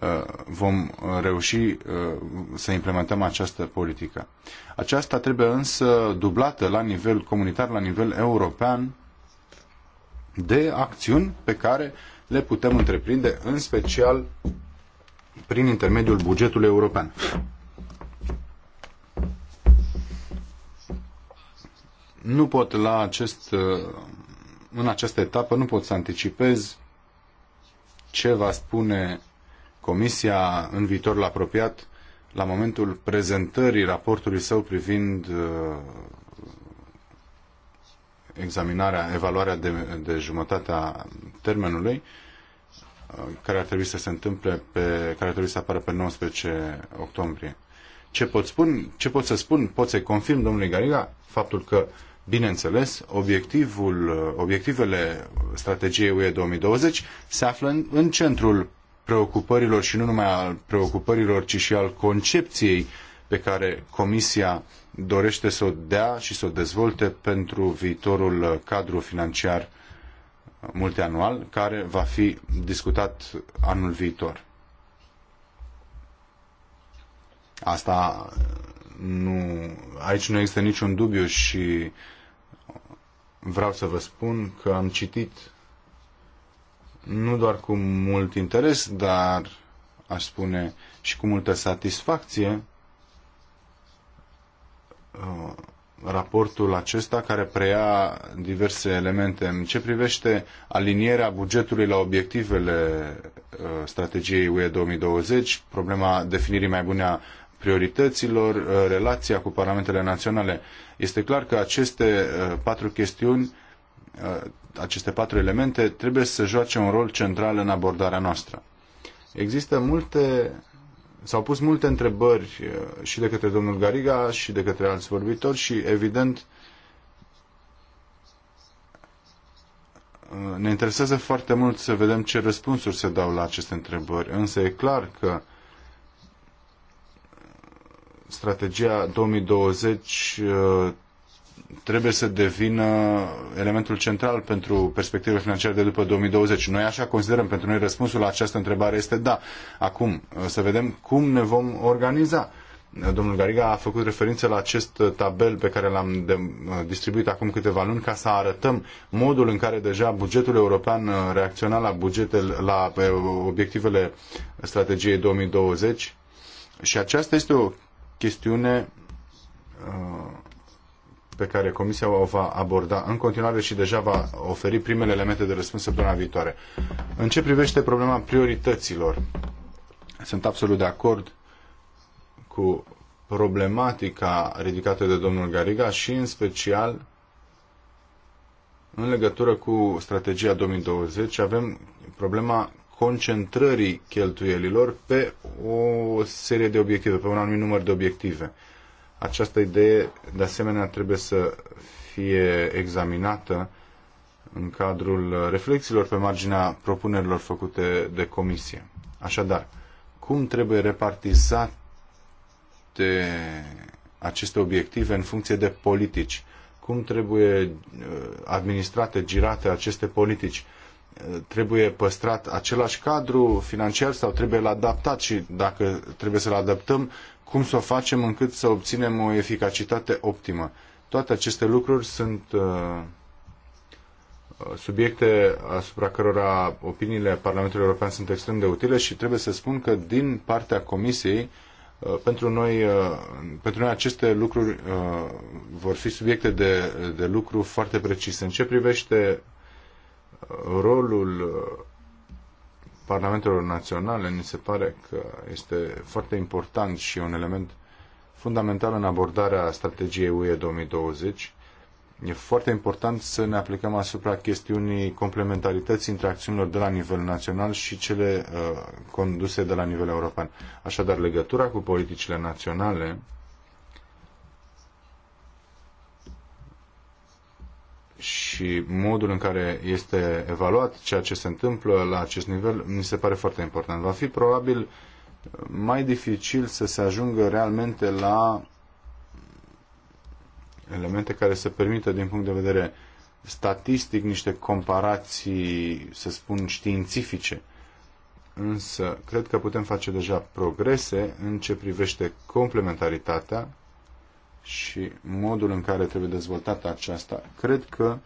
Uh, vom uh, reuși uh, să implementăm această politică. Aceasta trebuie însă dublată la nivel comunitar, la nivel european, de acțiuni pe care le putem întreprinde, în special prin intermediul bugetului european. Nu pot la acest, în această etapă, nu pot să anticipez ce va spune Comisia în viitorul apropiat, la momentul prezentării raportului său privind uh, examinarea, evaluarea de, de jumătatea termenului, uh, care ar trebui să se întâmple pe, care ar trebui să apară pe 19 octombrie. Ce pot, spun, ce pot să spun? Pot să-i confirm domnului Gariga faptul că, bineînțeles, obiectivul, obiectivele strategiei UE 2020 se află în, în centrul preocupărilor și nu numai al preocupărilor, ci și al concepției pe care Comisia dorește să o dea și să o dezvolte pentru viitorul cadru financiar multianual, care va fi discutat anul viitor. Asta nu, aici nu există niciun dubiu și vreau să vă spun că am citit nu doar cu mult interes, dar aș spune și cu multă satisfacție uh, raportul acesta care preia diverse elemente în ce privește alinierea bugetului la obiectivele uh, strategiei UE 2020, problema definirii mai bune a priorităților, uh, relația cu parlamentele naționale. Este clar că aceste patru chestiuni Uh, aceste patru elemente trebuie să joace un rol central în abordarea noastră. Există multe, s-au pus multe întrebări uh, și de către domnul Gariga și de către alți vorbitori și evident uh, ne interesează foarte mult să vedem ce răspunsuri se dau la aceste întrebări, însă e clar că strategia 2020 trebuie să devină elementul central pentru perspectivele financiare de după 2020. Noi așa considerăm, pentru noi răspunsul la această întrebare este da. Acum, să vedem cum ne vom organiza. Domnul Gariga a făcut referință la acest tabel pe care l-am uh, distribuit acum câteva luni ca să arătăm modul în care deja bugetul european uh, reacționa la, bugetele, la uh, obiectivele strategiei 2020 și aceasta este o chestiune uh, pe care Comisia o va aborda în continuare și deja va oferi primele elemente de răspuns săptămâna viitoare. În ce privește problema priorităților, sunt absolut de acord cu problematica ridicată de domnul Gariga și în special în legătură cu strategia 2020 avem problema concentrării cheltuielilor pe o serie de obiective, pe un anumit număr de obiective. Această idee, de asemenea, trebuie să fie examinată în cadrul reflexiilor pe marginea propunerilor făcute de comisie. Așadar, cum trebuie repartizate aceste obiective în funcție de politici? Cum trebuie uh, administrate, girate aceste politici? Uh, trebuie păstrat același cadru financiar sau trebuie l adaptat și dacă trebuie să-l adaptăm, cum să o facem încât să obținem o eficacitate optimă. Toate aceste lucruri sunt uh, uh, subiecte asupra cărora opiniile Parlamentului European sunt extrem de utile și trebuie să spun că din partea Comisiei uh, pentru noi, pentru noi aceste lucruri vor fi subiecte de, de lucru foarte precise. În ce privește rolul Parlamentelor Naționale, mi se pare că este foarte important și un element fundamental în abordarea strategiei UE 2020. E foarte important să ne aplicăm asupra chestiunii complementarității între acțiunilor de la nivel național și cele uh, conduse de la nivel european. Așadar, legătura cu politicile naționale și modul în care este evaluat ceea ce se întâmplă la acest nivel, mi se pare foarte important. Va fi probabil uh, mai dificil să se ajungă realmente la elemente care să permită, din punct de vedere statistic, niște comparații, să spun, științifice. Însă, cred că putem face deja progrese în ce privește complementaritatea și modul în care trebuie dezvoltată aceasta, cred că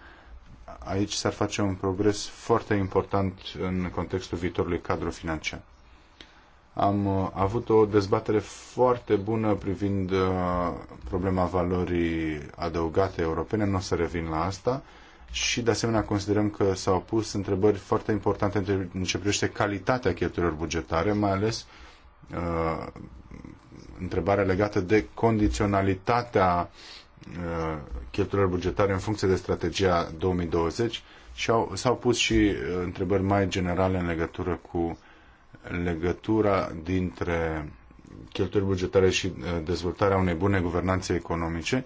aici s-ar face un progres foarte important în contextul viitorului cadru financiar. Am uh, avut o dezbatere foarte bună privind uh, problema valorii adăugate europene, nu o să revin la asta, și de asemenea considerăm că s-au pus întrebări foarte importante în ce privește calitatea cheltuielor bugetare, mai ales uh, întrebare legată de condiționalitatea uh, cheltuielor bugetare în funcție de strategia 2020 și au, s-au pus și uh, întrebări mai generale în legătură cu legătura dintre cheltuieli bugetare și uh, dezvoltarea unei bune guvernanțe economice.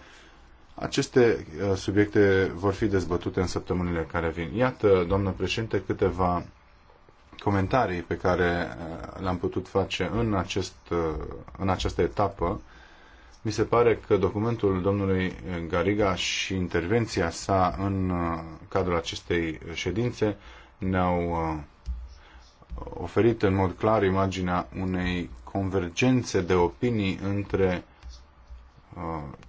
Aceste subiecte vor fi dezbătute în săptămânile care vin. Iată, doamnă președinte, câteva comentarii pe care uh, le-am putut face în, acest, uh, în această etapă. Mi se pare că documentul domnului Gariga și intervenția sa în uh, cadrul acestei ședințe ne-au oferit în mod clar imaginea unei convergențe de opinii între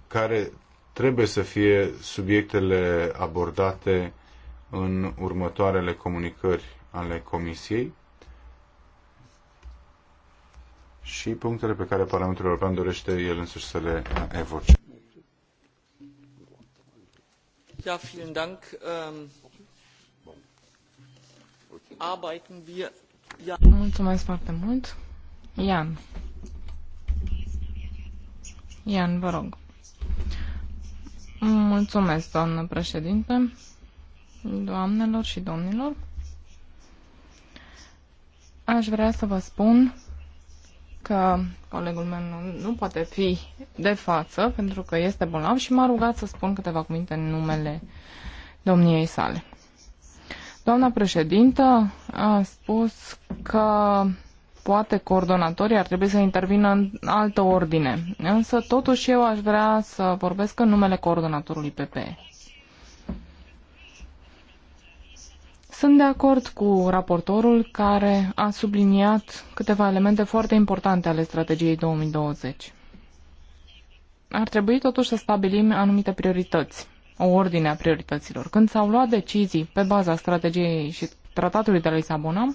care trebuie să fie subiectele abordate în următoarele comunicări ale Comisiei și punctele pe care Parlamentul European dorește el însuși să le evoce.
Ja, vielen Dank. Ähm, arbeiten wir. Ja.
Mulțumesc
foarte mult. Ian. Ian, vă rog. Mulțumesc, doamnă președinte, doamnelor și domnilor. Aș vrea să vă spun că colegul meu nu, nu poate fi de față pentru că este bolnav și m-a rugat să spun câteva cuvinte în numele domniei sale. Doamna președintă a spus că poate coordonatorii ar trebui să intervină în altă ordine, însă totuși eu aș vrea să vorbesc în numele coordonatorului PPE. Sunt de acord cu raportorul care a subliniat câteva elemente foarte importante ale strategiei 2020. Ar trebui totuși să stabilim anumite priorități, o ordine a priorităților. Când s-au luat decizii pe baza strategiei și tratatului de la Lisabona,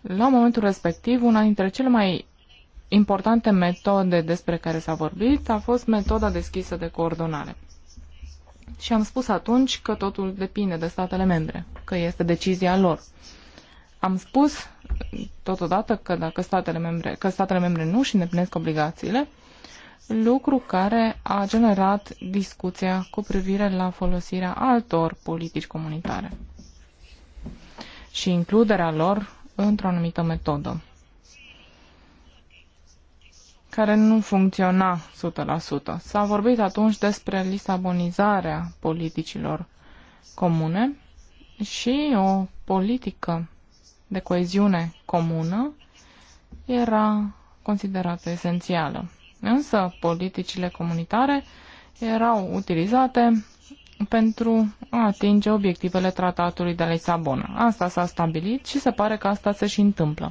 la momentul respectiv, una dintre cele mai importante metode despre care s-a vorbit a fost metoda deschisă de coordonare. Și am spus atunci că totul depinde de statele membre, că este decizia lor. Am spus totodată că dacă statele membre, că statele membre nu și îndeplinesc obligațiile, lucru care a generat discuția cu privire la folosirea altor politici comunitare și includerea lor într-o anumită metodă care nu funcționa 100%. S-a vorbit atunci despre lisabonizarea politicilor comune și o politică de coeziune comună era considerată esențială. Însă politicile comunitare erau utilizate pentru a atinge obiectivele tratatului de la Lisabona. Asta s-a stabilit și se pare că asta se și întâmplă.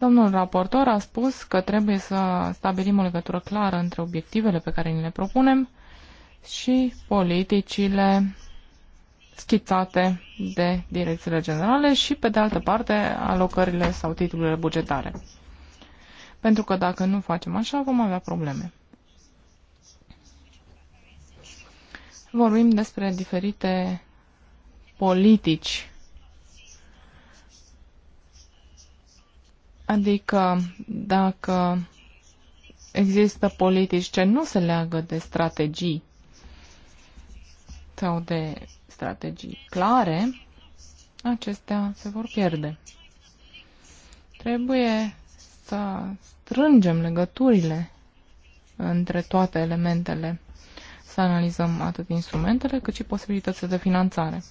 Domnul raportor a spus că trebuie să stabilim o legătură clară între obiectivele pe care ni le propunem și politicile schițate de direcțiile generale și, pe de altă parte, alocările sau titlurile bugetare. Pentru că dacă nu facem așa, vom avea probleme. Vorbim despre diferite politici Adică dacă există politici ce nu se leagă de strategii sau de strategii clare, acestea se vor pierde. Trebuie să strângem legăturile între toate elementele, să analizăm atât instrumentele cât și posibilitățile de finanțare.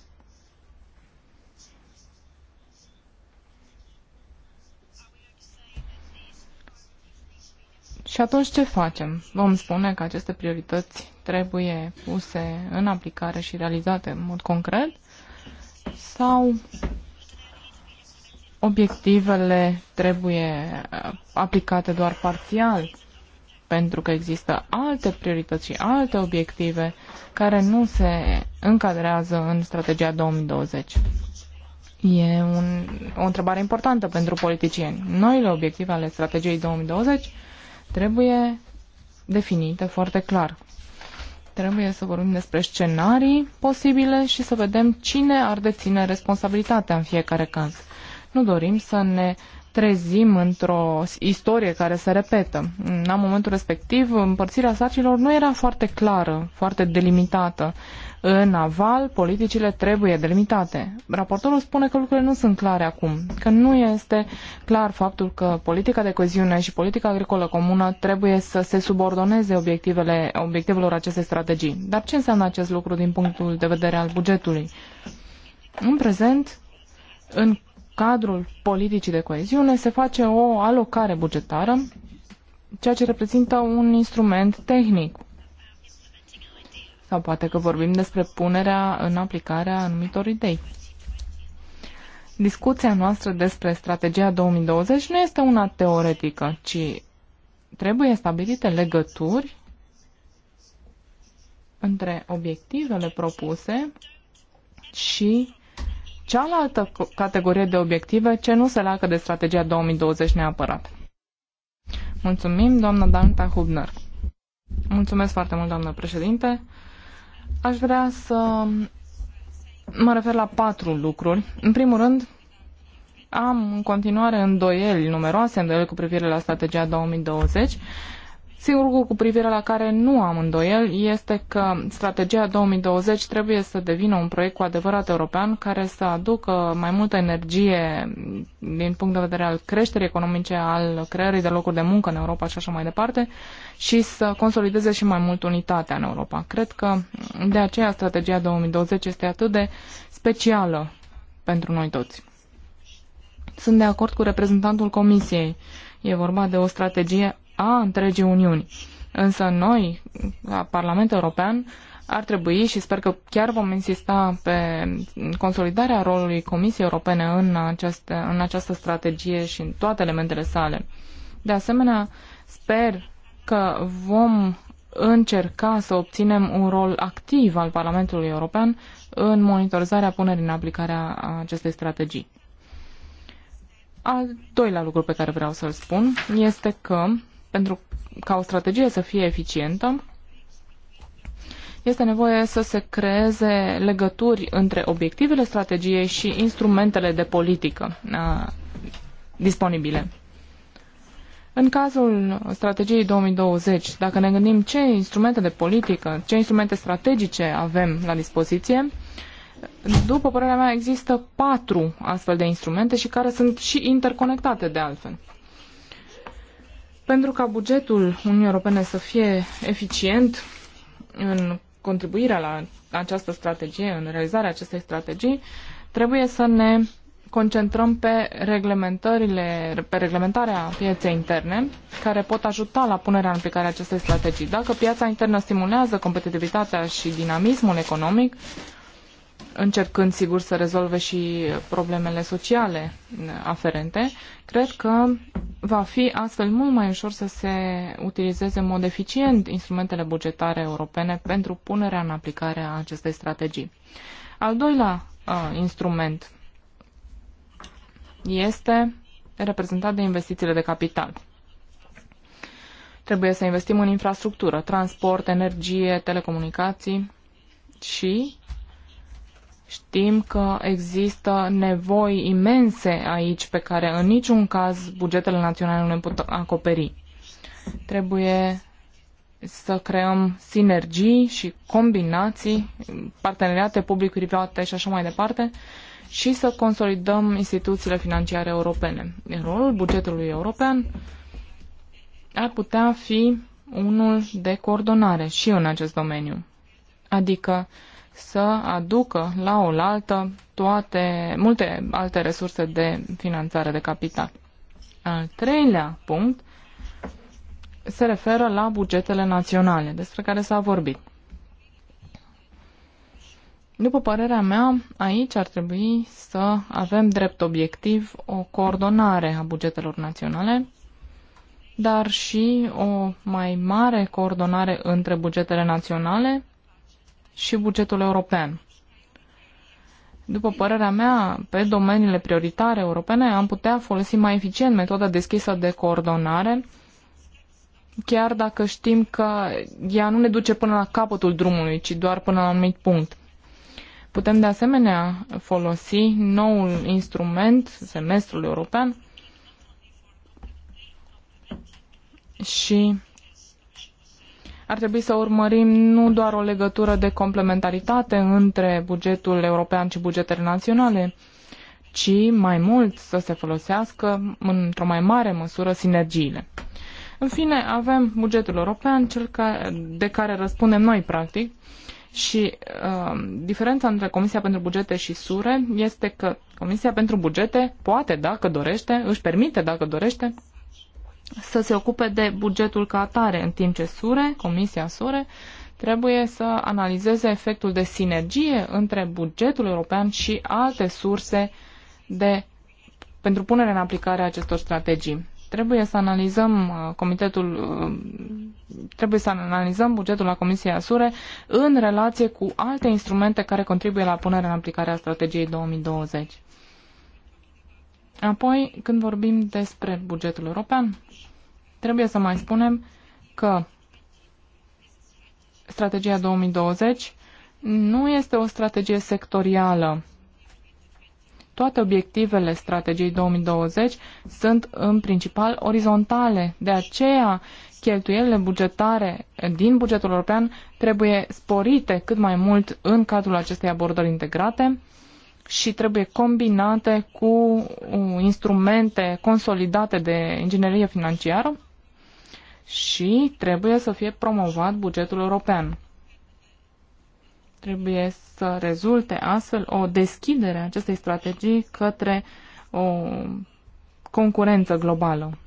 Și atunci ce facem? Vom spune că aceste priorități trebuie puse în aplicare și realizate în mod concret? Sau obiectivele trebuie uh, aplicate doar parțial? Pentru că există alte priorități și alte obiective care nu se încadrează în strategia 2020. E un, o întrebare importantă pentru politicieni. Noile obiective ale strategiei 2020 trebuie definită foarte clar. Trebuie să vorbim despre scenarii posibile și să vedem cine ar deține responsabilitatea în fiecare caz. Nu dorim să ne uh, trezim într-o istorie care se repetă. La momentul respectiv, împărțirea sarcinilor nu era foarte clară, foarte delimitată. În aval, politicile trebuie delimitate. Raportorul spune că lucrurile nu sunt clare acum, că nu este clar faptul că politica de coeziune și politica agricolă comună trebuie să se subordoneze obiectivele, obiectivelor acestei strategii. Dar ce înseamnă acest lucru din punctul de vedere al bugetului? În prezent, în cadrul politicii de coeziune se face o alocare bugetară, ceea ce reprezintă un instrument tehnic. Sau poate că vorbim despre punerea în aplicare a anumitor idei. Discuția noastră despre strategia 2020 nu este una teoretică, ci trebuie stabilite legături între obiectivele propuse și cealaltă categorie de obiective ce nu se leagă de strategia 2020 neapărat. Mulțumim, doamna Danta Hubner. Mulțumesc foarte mult, doamnă președinte. Aș vrea să mă refer la patru lucruri. În primul rând, am în continuare îndoieli, numeroase îndoieli cu privire la strategia 2020 Singurul lucru cu privire la care nu am îndoiel este că strategia 2020 trebuie să devină un proiect cu adevărat european care să aducă mai multă energie din punct de vedere al creșterii economice, al creării de locuri de muncă în Europa și așa mai departe și să consolideze și mai mult unitatea în Europa. Cred că de aceea strategia 2020 este atât de specială pentru noi toți. Sunt de acord cu reprezentantul Comisiei. E vorba de o strategie a întregii Uniuni. Însă noi, la Parlamentul European, ar trebui și sper că chiar vom insista pe consolidarea rolului Comisiei Europene în, aceste, în această strategie și în toate elementele sale. De asemenea, sper că vom încerca să obținem un rol activ al Parlamentului European în monitorizarea punerii în aplicare a acestei strategii. Al doilea lucru pe care vreau să-l spun este că pentru ca o strategie să fie eficientă, este nevoie să se creeze legături între obiectivele strategiei și instrumentele de politică a, uh, disponibile. În cazul strategiei 2020, dacă ne gândim ce instrumente de politică, ce instrumente strategice avem la dispoziție, după părerea mea există patru astfel de instrumente și care sunt și interconectate de altfel. Pentru ca bugetul Uniunii Europene să fie eficient în contribuirea la această strategie, în realizarea acestei strategii, trebuie să ne concentrăm pe reglementările, pe reglementarea pieței interne, care pot ajuta la punerea în aplicare a acestei strategii. Dacă piața internă stimulează competitivitatea și dinamismul economic, încercând sigur să rezolve și problemele sociale aferente, cred că va fi astfel mult mai ușor să se utilizeze în mod eficient instrumentele bugetare europene pentru punerea în aplicare a acestei strategii. Al doilea uh, instrument este reprezentat de investițiile de capital. Trebuie să investim în infrastructură, transport, energie, telecomunicații și Știm că există nevoi imense aici pe care în niciun caz bugetele naționale nu le pot acoperi. Trebuie să creăm sinergii și combinații, parteneriate public-private și așa mai departe, și să consolidăm instituțiile financiare europene. Rolul bugetului european ar putea fi unul de coordonare și în acest domeniu. Adică să aducă la oaltă toate, multe alte resurse de finanțare de capital. Al treilea punct se referă la bugetele naționale, despre care s-a vorbit. După părerea mea, aici ar trebui să avem drept obiectiv o coordonare a bugetelor naționale, dar și o mai mare coordonare între bugetele naționale și bugetul european. După părerea mea, pe domeniile prioritare europene am putea folosi mai eficient metoda deschisă de coordonare, chiar dacă știm că ea nu ne duce până la capătul drumului, ci doar până la un anumit punct. Putem de asemenea folosi noul instrument, semestrul european, și ar trebui să urmărim nu doar o legătură de complementaritate între bugetul european și bugetele naționale, ci mai mult să se folosească într-o mai mare măsură sinergiile. În fine, avem bugetul european, cel ca, de care răspundem noi, practic, și uh, diferența între Comisia pentru Bugete și SURE este că Comisia pentru Bugete poate, dacă dorește, își permite, dacă dorește, să se ocupe de bugetul ca atare, în timp ce SURE, Comisia SURE, trebuie să analizeze efectul de sinergie între bugetul european și alte surse de, pentru punerea în aplicare a acestor strategii. Trebuie să analizăm uh, comitetul, uh, trebuie să analizăm bugetul la Comisia Sure în relație cu alte instrumente care contribuie la punerea în aplicare a strategiei 2020. Apoi, când vorbim despre bugetul european, trebuie să mai spunem că strategia 2020 nu este o strategie sectorială. Toate obiectivele strategiei 2020 sunt în principal orizontale, de aceea cheltuielile bugetare din bugetul european trebuie sporite cât mai mult în cadrul acestei abordări integrate și trebuie combinate cu uh, instrumente consolidate de inginerie financiară și trebuie să fie promovat bugetul european. Trebuie să rezulte astfel o deschidere a acestei strategii către o concurență globală.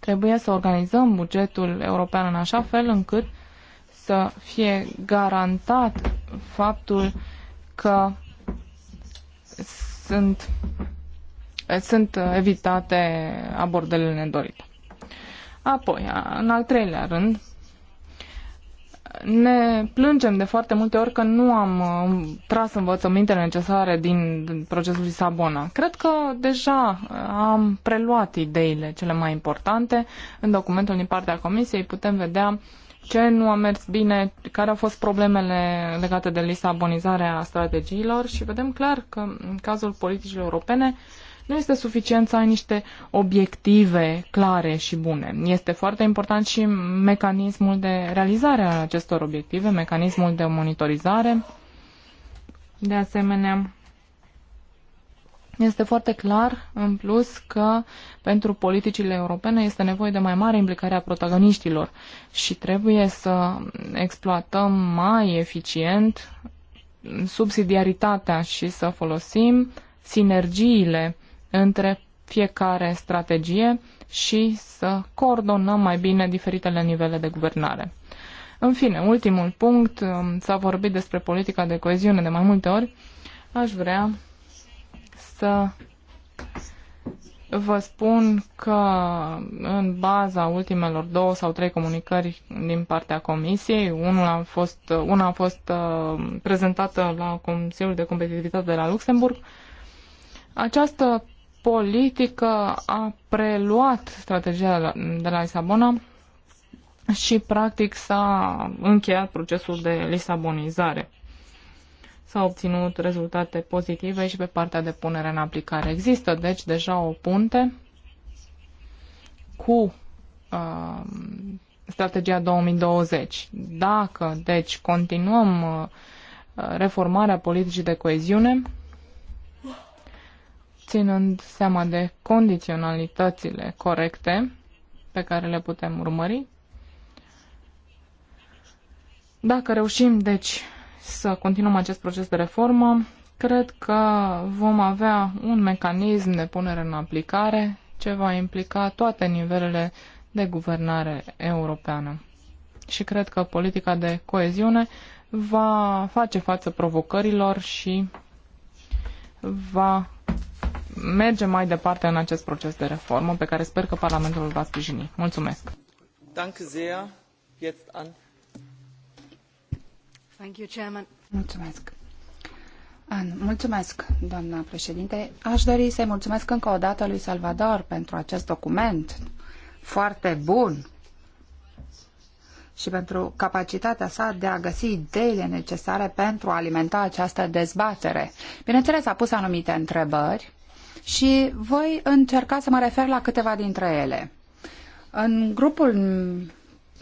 Trebuie să organizăm bugetul european în așa fel încât să fie garantat faptul că sunt, sunt evitate abordările nedorite. Apoi, în al treilea rând, ne plângem de foarte multe ori că nu am um, tras învățămintele necesare din procesul Lisabona. Cred că deja uh, am preluat ideile cele mai importante. În documentul din partea Comisiei putem vedea uh, ce nu a mers bine, care au fost problemele legate de lisabonizarea strategiilor și vedem clar că în cazul politicilor europene nu este suficient să ai niște obiective clare și bune. Este foarte important și mecanismul de realizare a acestor obiective, mecanismul de monitorizare. De asemenea, este foarte clar, în plus, că pentru politicile europene este nevoie de mai mare implicare a protagoniștilor și trebuie să exploatăm mai eficient subsidiaritatea și să folosim sinergiile între fiecare strategie și să coordonăm mai bine diferitele nivele de guvernare. În fine, ultimul punct, s-a vorbit despre politica de coeziune de mai multe ori, aș vrea să vă spun că în baza ultimelor două sau trei comunicări din partea Comisiei, una a fost, una a fost uh, prezentată la Consiliul de Competitivitate de la Luxemburg, această politică a preluat strategia de la Lisabona și practic s-a încheiat procesul de lisabonizare s-au obținut rezultate pozitive și pe partea de punere în aplicare. Există, deci, deja o punte cu uh, strategia 2020. Dacă, deci, continuăm uh, reformarea politicii de coeziune, ținând seama de condiționalitățile corecte pe care le putem urmări, dacă reușim, deci, să continuăm acest proces de reformă, cred că vom avea un mecanism de punere în aplicare ce va implica toate nivelele de guvernare europeană. Și cred că politica de coeziune va face față provocărilor și va merge mai departe în acest proces de reformă pe care sper că Parlamentul îl va sprijini. Mulțumesc!
Danke sehr. Jetzt an
Mulțumesc. președinte. Aș dori să-i mulțumesc încă o dată lui Salvador pentru acest document foarte bun și pentru capacitatea sa de a găsi ideile necesare pentru a alimenta această dezbatere. Bineînțeles, a pus anumite întrebări și voi încerca să mă refer la câteva dintre ele. În grupul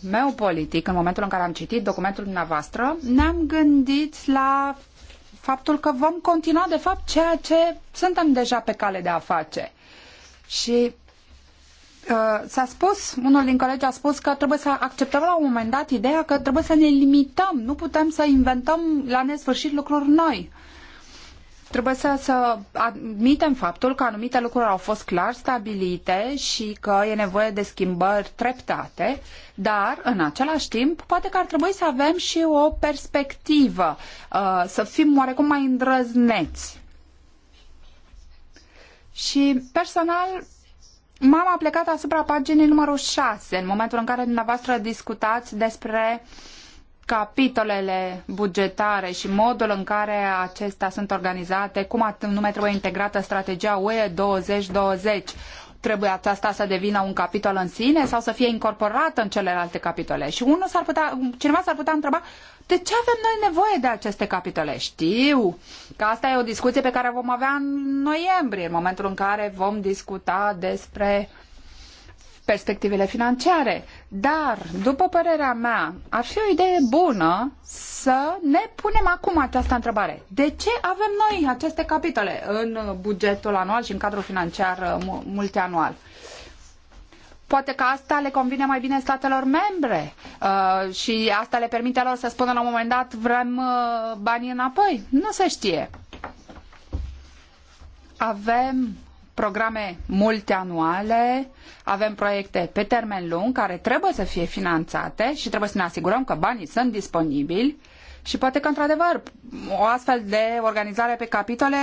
meu politic, în momentul în care am citit documentul dumneavoastră, ne-am gândit la faptul că vom continua, de fapt, ceea ce suntem deja pe cale de a face. Și uh, s-a spus, unul din colegi a spus că trebuie să acceptăm la un moment dat ideea că trebuie să ne limităm, nu putem să inventăm la nesfârșit lucruri noi. Uh, trebuie să, să admitem faptul că anumite lucruri au fost clar stabilite și că e nevoie de schimbări treptate, dar în același timp poate că ar trebui să avem și o perspectivă, uh, să fim oarecum mai îndrăzneți. Și personal m-am aplicat asupra paginii numărul 6, în momentul în care dumneavoastră discutați despre uh, capitolele bugetare și modul în care acestea sunt organizate, cum anume trebuie integrată strategia UE 2020, trebuie aceasta să devină un capitol în sine sau să fie incorporată în celelalte capitole. Și unul s-ar putea, cineva s-ar putea întreba de ce avem noi nevoie de aceste capitole? Știu că asta e o discuție pe care vom avea în noiembrie, în momentul în care vom discuta despre uh, perspectivele financiare. Dar, după părerea mea, ar fi o idee bună să ne punem acum această întrebare. De ce avem noi aceste capitole în bugetul anual și în cadrul financiar uh, multianual? Poate că asta le convine mai bine statelor membre uh, și asta le permite lor să spună la un moment dat vrem uh, banii înapoi. Nu se știe. Avem programe multianuale, avem proiecte pe termen lung care trebuie să fie finanțate și trebuie să ne asigurăm că banii sunt disponibili și poate că, într-adevăr, o astfel de organizare pe capitole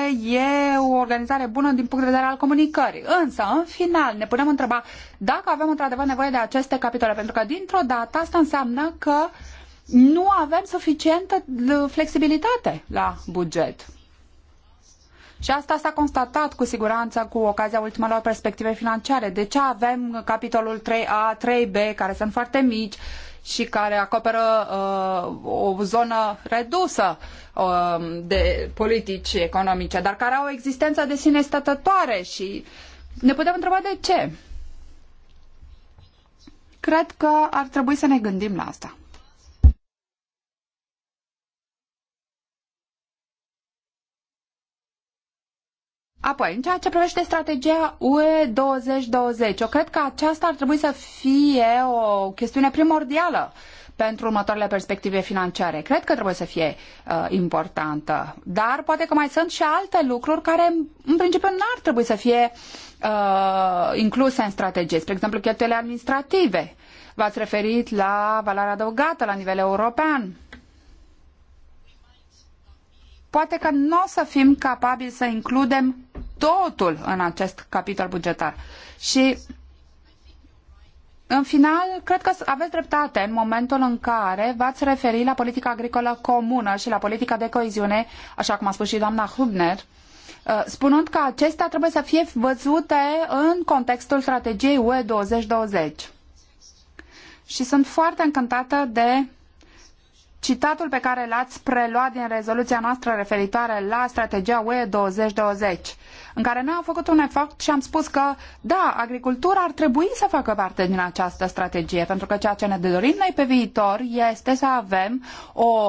e o organizare bună din punct de vedere al comunicării. Însă, în final, ne putem întreba dacă avem într-adevăr nevoie de aceste capitole, pentru că, dintr-o dată, asta înseamnă că nu avem suficientă flexibilitate la buget. Și asta s-a constatat cu siguranță cu ocazia ultimelor perspective financiare. De ce avem capitolul 3A, 3B, care sunt foarte mici și care acoperă uh, o zonă redusă uh, de politici economice, dar care au o existență de sine stătătoare și ne putem întreba de ce. Cred că ar trebui să ne gândim la asta. Apoi, în ceea ce privește strategia UE 2020, eu cred că aceasta ar trebui să fie o chestiune primordială pentru următoarele perspective financiare. Cred că trebuie să fie uh, importantă. Dar poate că mai sunt și alte lucruri care, în principiu, nu ar trebui să fie uh, incluse în strategie. Spre exemplu, cheltuielile administrative. V-ați referit la valoarea adăugată la nivel european poate că nu o să fim capabili să includem totul în acest capitol bugetar. Și în final, cred că aveți dreptate în momentul în care v-ați referit la politica agricolă comună și la politica de coeziune, așa cum a spus și doamna Hubner, uh, spunând că acestea trebuie să fie văzute în contextul strategiei UE 2020. Și sunt foarte încântată de citatul pe care l-ați preluat din rezoluția noastră referitoare la strategia UE 2020 în care noi am făcut un efort și am spus că, da, agricultura ar trebui să facă parte din această strategie, pentru că ceea ce ne dorim noi pe viitor este să avem o,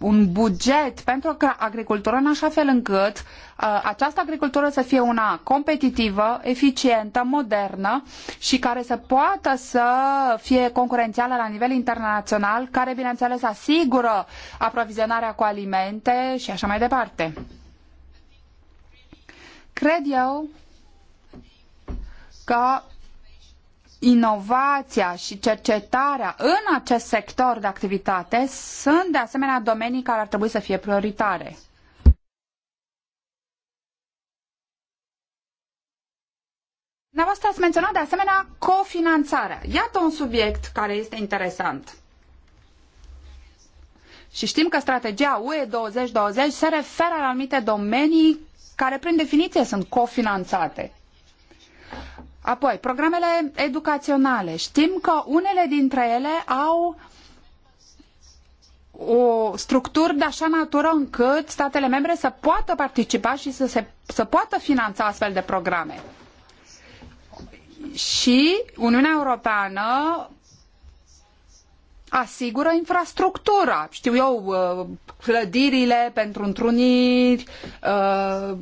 un buget pentru agricultură în așa fel încât uh, această agricultură să fie una competitivă, eficientă, modernă și care să poată să fie concurențială la nivel internațional, care, bineînțeles, asigură aprovizionarea cu alimente și așa mai departe. Cred eu că inovația și cercetarea în acest sector de activitate sunt de asemenea domenii care ar trebui să fie prioritare. Dumneavoastră ați menționat de asemenea cofinanțarea. Iată un subiect care este interesant. Și știm că strategia UE 2020 se referă la anumite domenii care prin definiție sunt cofinanțate. Apoi, programele educaționale. Știm că unele dintre ele au o structură de așa natură încât statele membre să poată participa și să, se, să poată finanța astfel de programe. Și Uniunea Europeană asigură infrastructura, știu eu, uh, clădirile pentru întruniri, uh,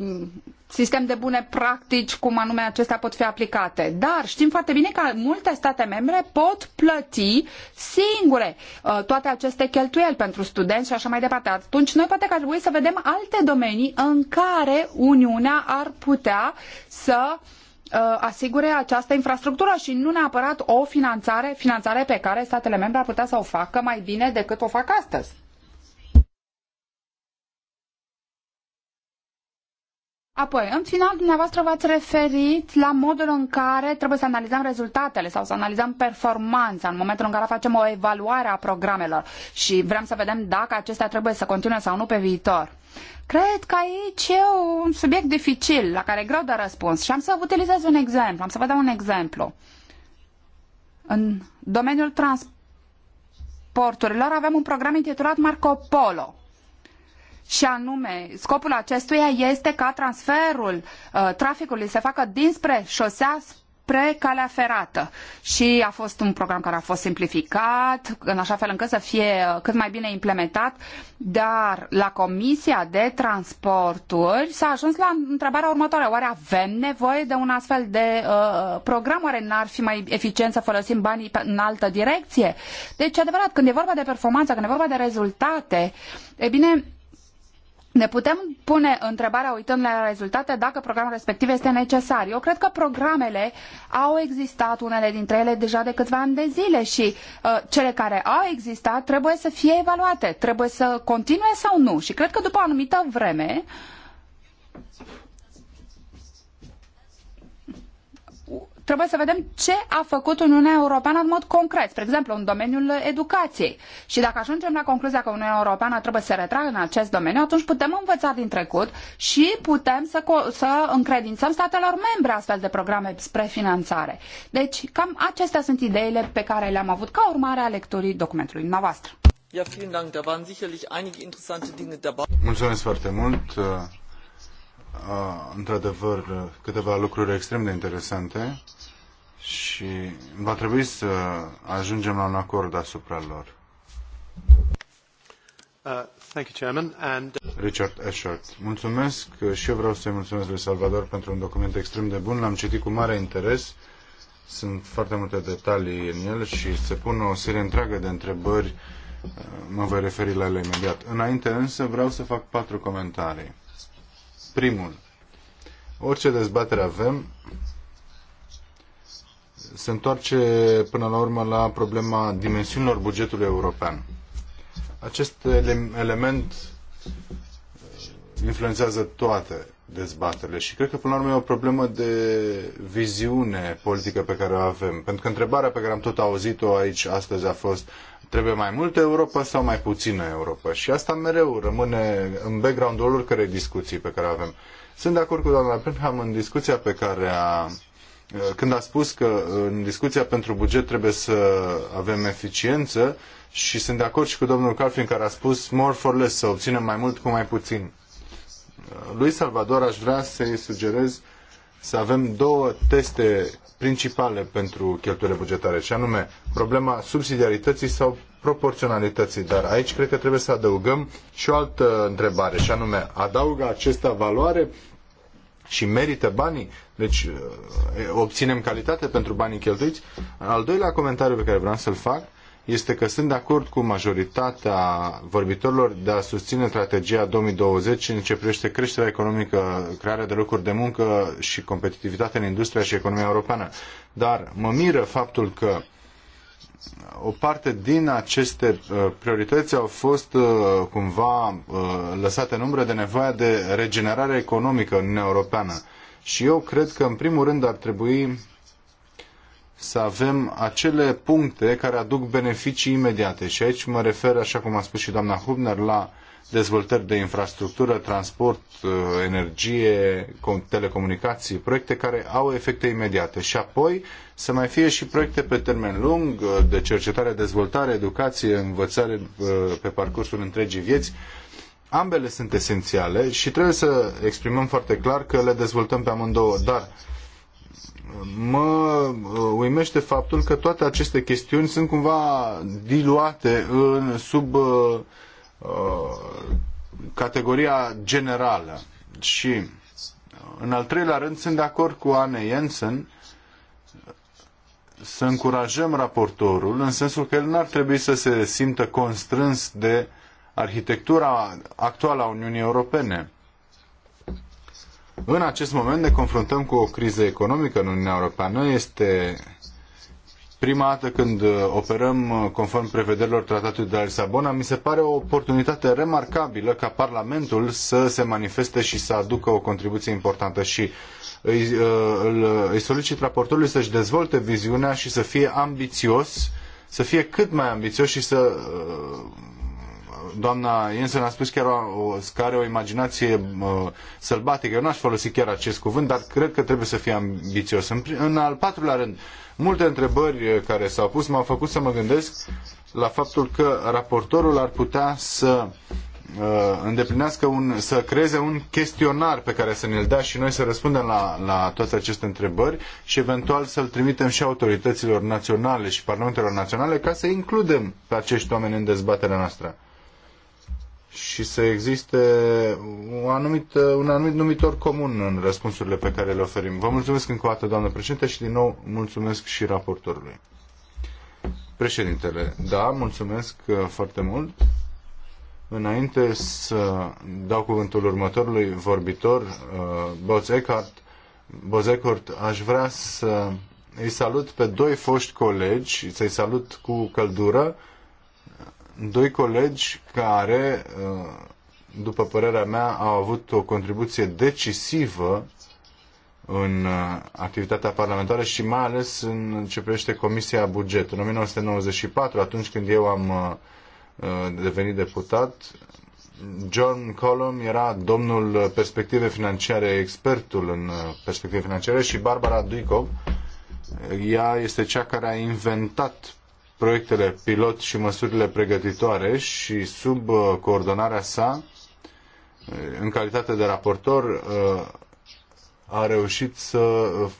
sistem de bune practici, cum anume acestea pot fi aplicate. Dar știm foarte bine că multe state membre pot plăti singure uh, toate aceste cheltuieli pentru studenți și așa mai departe. Atunci noi poate că ar trebui să vedem alte domenii în care Uniunea ar putea să uh, Uh, asigure această infrastructură și nu neapărat o finanțare, finanțare pe care statele membre ar putea să o facă mai bine decât o fac astăzi. Apoi, în final, dumneavoastră v-ați referit la modul în care trebuie să analizăm rezultatele sau să analizăm performanța în momentul în care facem o evaluare a programelor și vrem să vedem dacă acestea trebuie să continue sau nu pe viitor. Cred că aici e un subiect dificil la care e greu de răspuns și am să vă utilizez un exemplu, am să vă dau un exemplu. În domeniul transporturilor avem un program intitulat Marco Polo și anume scopul acestuia este ca transferul uh, traficului să se facă dinspre șosea spre calea ferată. Și a fost un program care a fost simplificat, în așa fel încât să fie uh, cât mai bine implementat, dar la Comisia de Transporturi s-a ajuns la întrebarea următoare. Oare avem nevoie de un astfel de uh, program? Oare n-ar fi mai eficient să folosim banii în altă direcție? Deci, adevărat, când e vorba de performanță, când e vorba de rezultate, e bine, ne putem pune întrebarea, uitând la rezultate, dacă programul respectiv este necesar. Eu cred că programele au existat, unele dintre ele, deja de câțiva ani de zile și uh, cele care au existat trebuie să fie evaluate, trebuie să continue sau nu. Și cred că după o anumită vreme, uh, trebuie să vedem ce a făcut Uniunea Europeană în mod concret, spre exemplu în domeniul educației. Și dacă ajungem la concluzia că Uniunea Europeană trebuie să se retragă în acest domeniu, atunci putem învăța din trecut și putem să, să încredințăm statelor membre astfel de programe spre finanțare. Deci cam acestea sunt ideile pe care le-am avut ca urmare a lecturii documentului dumneavoastră.
Da
Mulțumesc foarte mult într-adevăr câteva lucruri extrem de interesante și va trebui să ajungem la un acord asupra lor.
Uh, thank you, Chairman, and... Uh,
Richard Ashworth. Mulțumesc și eu vreau să-i mulțumesc lui Salvador pentru un document extrem de bun. L-am citit cu mare interes. Sunt foarte multe detalii în el și se pun o serie întreagă de întrebări. Uh, mă voi referi la ele imediat. Înainte însă vreau să fac patru comentarii. Primul, orice dezbatere avem se întoarce până la urmă la problema dimensiunilor bugetului european. Acest element uh, influențează toate dezbaterile și cred că până la urmă e o problemă de viziune politică pe care o avem. Pentru că întrebarea pe care am tot auzit-o aici astăzi a fost Trebuie mai multă Europa sau mai puțină Europa? Și asta mereu rămâne în background-ul oricărei discuții pe care avem. Sunt de acord cu doamna Penham în discuția pe care a eh, când a spus că eh, în discuția pentru buget trebuie să avem eficiență și sunt de acord și cu domnul Calfin care a spus more for less, să obținem mai mult cu mai puțin. Eh, lui Salvador aș vrea să-i sugerez să avem două teste principale pentru cheltuielile bugetare, și anume problema subsidiarității sau proporționalității. Dar aici cred că trebuie să adăugăm și o altă întrebare, și anume, adaugă acesta valoare și merită banii? Deci eh, obținem calitate pentru banii cheltuiți? Al doilea comentariu pe care vreau să-l fac este că sunt de acord cu majoritatea vorbitorilor de a susține strategia 2020 în ce privește creșterea economică, crearea de locuri de muncă și competitivitatea în industria și economia europeană. Dar mă miră faptul că o parte din aceste uh, priorități au fost uh, cumva uh, lăsate în umbră de nevoia de regenerare economică în Uniunea Europeană. Și eu cred că, în primul rând, ar trebui să avem acele puncte care aduc beneficii imediate. Și aici mă refer, așa cum a spus și doamna Hubner, la dezvoltări de infrastructură, transport, uh, energie, telecomunicații, proiecte care au efecte imediate. Și apoi să mai fie și proiecte pe termen lung, uh, de cercetare, dezvoltare, educație, învățare uh, pe parcursul întregii vieți. Ambele sunt esențiale și trebuie să exprimăm foarte clar că le dezvoltăm pe amândouă, dar mă uh, uimește faptul că toate aceste chestiuni sunt cumva diluate în, sub uh, uh, categoria generală. Și în al treilea rând sunt de acord cu Anne Jensen să încurajăm raportorul în sensul că el n-ar trebui să se simtă constrâns de arhitectura actuală a Uniunii Europene în acest moment ne confruntăm cu o criză economică în Uniunea Europeană. Este prima dată când uh, operăm uh, conform prevederilor tratatului de la Lisabona. Mi se pare o oportunitate remarcabilă ca Parlamentul să se manifeste și să aducă o contribuție importantă și uh, îi, îi solicit raportorului să-și dezvolte viziunea și să fie ambițios, să fie cât mai ambițios și să doamna Jensen a spus chiar o, că are o imaginație uh, sălbatică. Eu n-aș folosi chiar acest cuvânt, dar cred că trebuie să fie ambițios. În, în al patrulea rând, multe întrebări uh, care s-au pus m-au făcut să mă gândesc la faptul că raportorul ar putea să uh, îndeplinească un, să creeze un chestionar pe care să ne-l dea și noi să răspundem la, la toate aceste întrebări și eventual să-l trimitem și autorităților naționale și parlamentelor naționale ca să includem pe acești oameni în dezbaterea noastră și să existe un anumit, un anumit numitor comun în răspunsurile pe care le oferim. Vă mulțumesc încă o dată, doamnă președinte, și din nou mulțumesc și raportorului. Președintele, da, mulțumesc uh, foarte mult. Înainte să dau cuvântul următorului vorbitor, uh, Boz Eckhart, Boz Eckhart, aș vrea să îi salut pe doi foști colegi, să-i salut cu căldură, doi colegi care, uh, după părerea mea, au avut o contribuție decisivă în uh, activitatea parlamentară și mai ales în ce privește Comisia Buget. În 1994, atunci când eu am uh, devenit deputat, John Colum era domnul perspective financiare, expertul în perspective financiare și Barbara Duicov, ea este cea care a inventat proiectele pilot și măsurile pregătitoare și sub uh, coordonarea sa, în calitate de raportor, uh, a reușit să uh,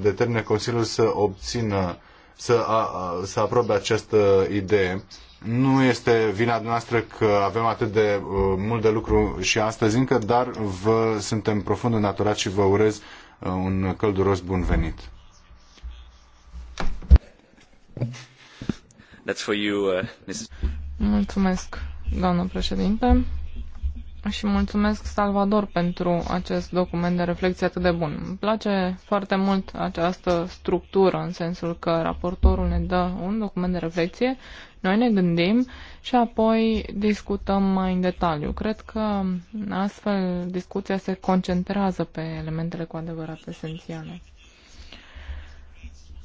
determine Consiliul să obțină, să, a, să aprobe această idee. Nu este vina noastră că avem atât de mult de lucru și astăzi încă, dar vă suntem profund înnatorați și vă urez un călduros bun venit.
That's for you, uh,
Mulțumesc, doamnă președinte. Și mulțumesc, Salvador, pentru acest document de reflexie atât de bun. Îmi place foarte mult această structură, în sensul că raportorul ne dă un document de reflexie, noi ne gândim și apoi discutăm mai în detaliu. Cred că astfel discuția se concentrează pe elementele cu adevărat esențiale.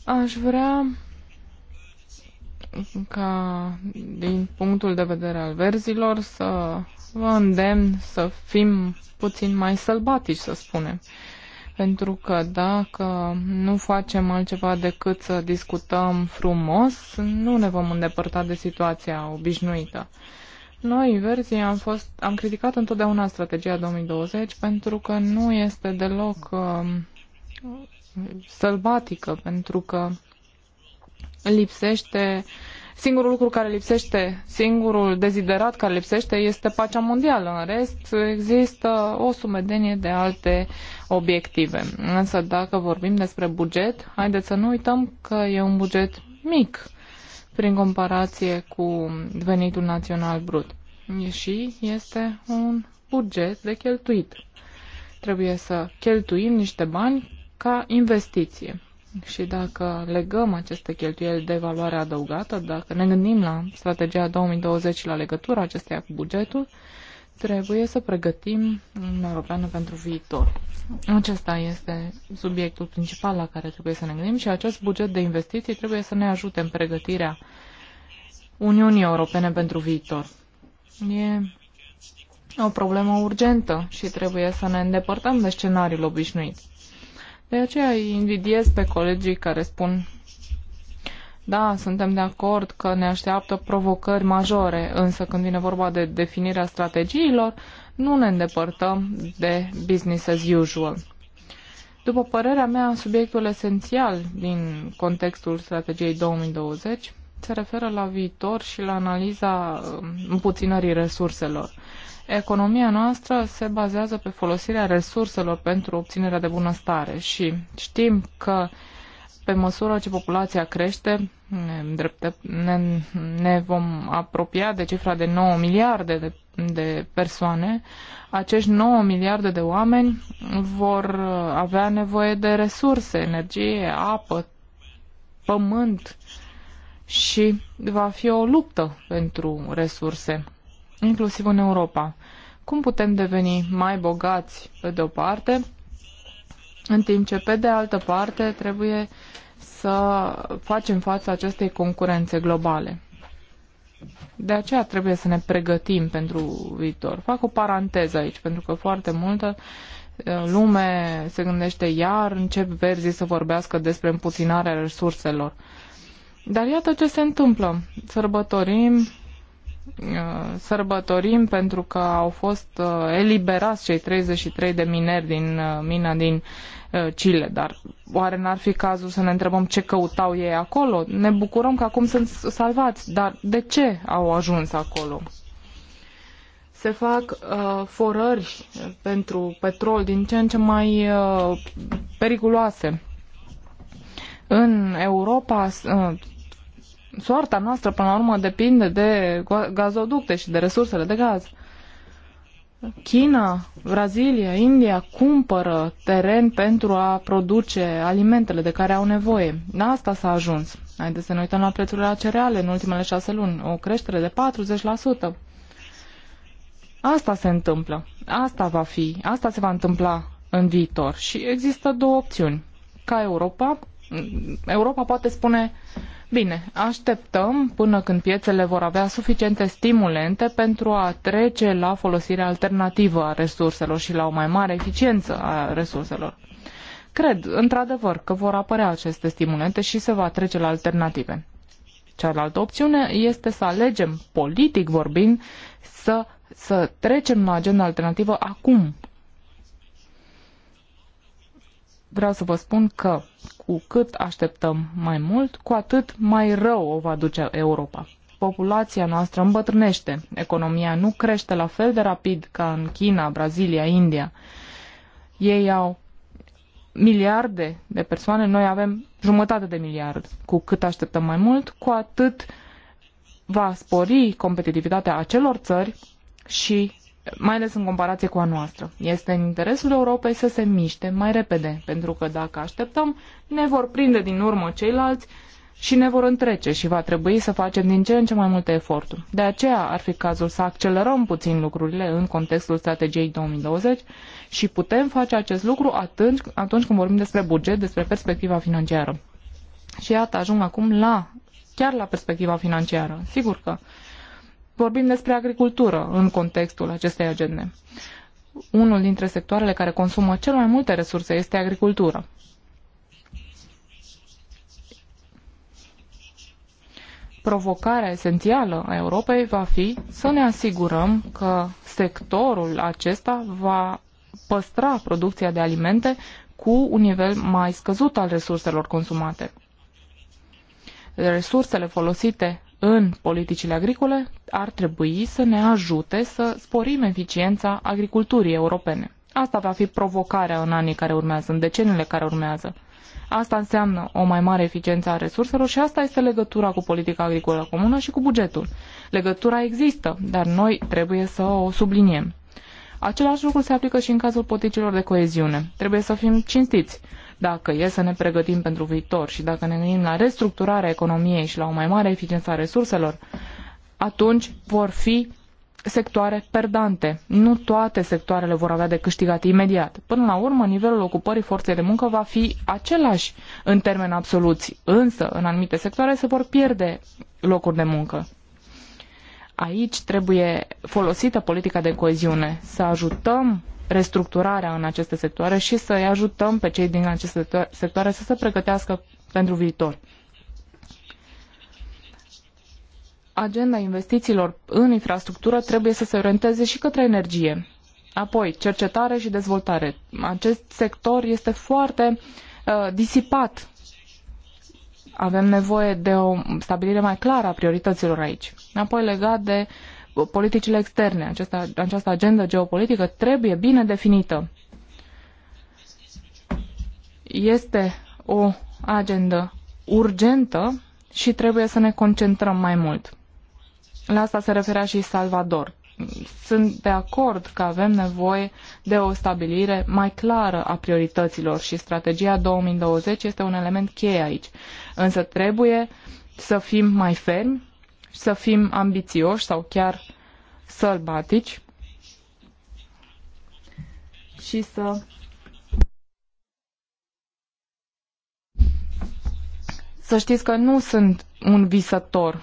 Aș vrea ca din punctul de vedere al verzilor să vă îndemn să fim puțin mai sălbatici, să spunem. Pentru că dacă nu facem altceva decât să discutăm frumos, nu ne vom îndepărta de situația obișnuită. Noi, verzii, am, fost, am criticat întotdeauna strategia 2020 pentru că nu este deloc uh, sălbatică, pentru că lipsește, singurul lucru care lipsește, singurul deziderat care lipsește este pacea mondială. În rest, există o sumedenie de alte obiective. Însă, dacă vorbim despre buget, haideți să nu uităm că e un buget mic prin comparație cu venitul național brut. Și este un buget de cheltuit. Trebuie să cheltuim niște bani ca investiție. Și dacă legăm aceste cheltuieli de valoare adăugată, dacă ne gândim la strategia 2020 și la legătura acesteia cu bugetul, trebuie să pregătim Uniunea Europeană pentru viitor. Acesta este subiectul principal la care trebuie să ne gândim și acest buget de investiții trebuie să ne ajute în pregătirea Uniunii Europene pentru viitor. E o problemă urgentă și trebuie să ne îndepărtăm de scenariul obișnuit. De aceea îi invidiez pe colegii care spun da, suntem de acord că ne așteaptă provocări majore, însă când vine vorba de definirea strategiilor, nu ne îndepărtăm de business as usual. După părerea mea, subiectul esențial din contextul strategiei 2020 se referă la viitor și la analiza um, împuținării resurselor. Economia noastră se bazează pe folosirea resurselor pentru obținerea de bunăstare și știm că pe măsură ce populația crește, ne, ne vom apropia de cifra de 9 miliarde de, de persoane, acești 9 miliarde de oameni vor avea nevoie de resurse, energie, apă, pământ și va fi o luptă pentru resurse inclusiv în Europa. Cum putem deveni mai bogați pe de o parte, în timp ce pe de altă parte trebuie să facem față acestei concurențe globale. De aceea trebuie să ne pregătim pentru viitor. Fac o paranteză aici, pentru că foarte multă lume se gândește iar încep verzii să vorbească despre împuținarea resurselor. Dar iată ce se întâmplă. Sărbătorim Uh, sărbătorim pentru că au fost uh, eliberați cei 33 de mineri din uh, mina din Chile, dar oare n-ar fi cazul să ne întrebăm ce căutau ei acolo? Ne bucurăm că acum sunt salvați, dar de ce au ajuns acolo? se fac uh, forări pentru petrol din ce în ce mai uh, periculoase. În Europa uh, soarta noastră, până la urmă, depinde de gazoducte și de resursele de gaz. China, Brazilia, India cumpără teren pentru a produce alimentele de care au nevoie. La da, asta s-a ajuns. Haideți să ne uităm la prețurile la cereale în ultimele șase luni. O creștere de 40%. Asta se întâmplă. Asta va fi. Asta se va întâmpla în viitor. Și există două opțiuni. Ca Europa, Europa poate spune uh, Bine, așteptăm până când piețele vor avea suficiente stimulente pentru a trece la folosirea alternativă a resurselor și la o mai mare eficiență a resurselor. Cred, într-adevăr, că vor apărea aceste stimulente și se va trece la alternative. Cealaltă opțiune este să alegem, politic vorbind, să, să trecem la agenda alternativă acum, vreau să vă spun că cu cât așteptăm mai mult, cu atât mai rău o va duce Europa. Populația noastră îmbătrânește, economia nu crește la fel de rapid ca în China, Brazilia, India. Ei au miliarde de persoane, noi avem jumătate de miliard. Cu cât așteptăm mai mult, cu atât va spori competitivitatea acelor țări și mai ales în comparație cu a noastră. Este în interesul Europei să se miște mai repede, pentru că dacă așteptăm, ne vor prinde din urmă ceilalți și ne vor întrece și va trebui să facem din ce în ce mai multe eforturi. De aceea ar fi cazul să accelerăm puțin lucrurile în contextul strategiei 2020 și putem face acest lucru atunci, atunci când vorbim despre buget, despre perspectiva financiară. Și iată, ajung acum la chiar la perspectiva financiară. Sigur că vorbim despre agricultură în contextul acestei agende. Unul dintre sectoarele care consumă cel mai multe resurse este agricultura. provocarea esențială a Europei va fi să ne asigurăm că sectorul acesta va păstra producția de alimente cu un nivel mai scăzut al resurselor consumate. Resursele folosite în politicile agricole ar trebui să ne ajute să sporim eficiența agriculturii europene. Asta va fi provocarea în anii care urmează, în deceniile care urmează. Asta înseamnă o mai mare eficiență a resurselor și asta este legătura cu politica agricolă comună și cu bugetul. Legătura există, dar noi trebuie să o subliniem. Același lucru se aplică și în cazul politicilor de coeziune. Trebuie să fim cinstiți. Dacă e să ne pregătim pentru viitor și dacă ne gândim la restructurarea economiei și la o mai mare eficiență a resurselor, atunci vor fi sectoare perdante. Nu toate sectoarele vor avea de câștigat imediat. Până la urmă, nivelul ocupării forței de muncă va fi același în termeni absoluți, însă în anumite sectoare se vor pierde locuri de muncă. Aici trebuie folosită politica de coeziune, să ajutăm restructurarea în aceste sectoare și să-i ajutăm pe cei din aceste sectoare să se pregătească pentru viitor. Agenda investițiilor în infrastructură trebuie să se orienteze și către energie. Apoi, cercetare și dezvoltare. Acest sector este foarte uh, disipat. Avem nevoie de o stabilire mai clară a priorităților aici. Apoi, legat de uh, politicile externe. Această, această agendă geopolitică trebuie bine definită. Este o agendă urgentă și trebuie să ne concentrăm mai mult. La asta se referea și Salvador. Sunt de acord că avem nevoie de o stabilire mai clară a priorităților și strategia 2020 este un element cheie aici. Însă trebuie să fim mai fermi să fim ambițioși sau chiar sălbatici și să să știți că nu sunt un visător.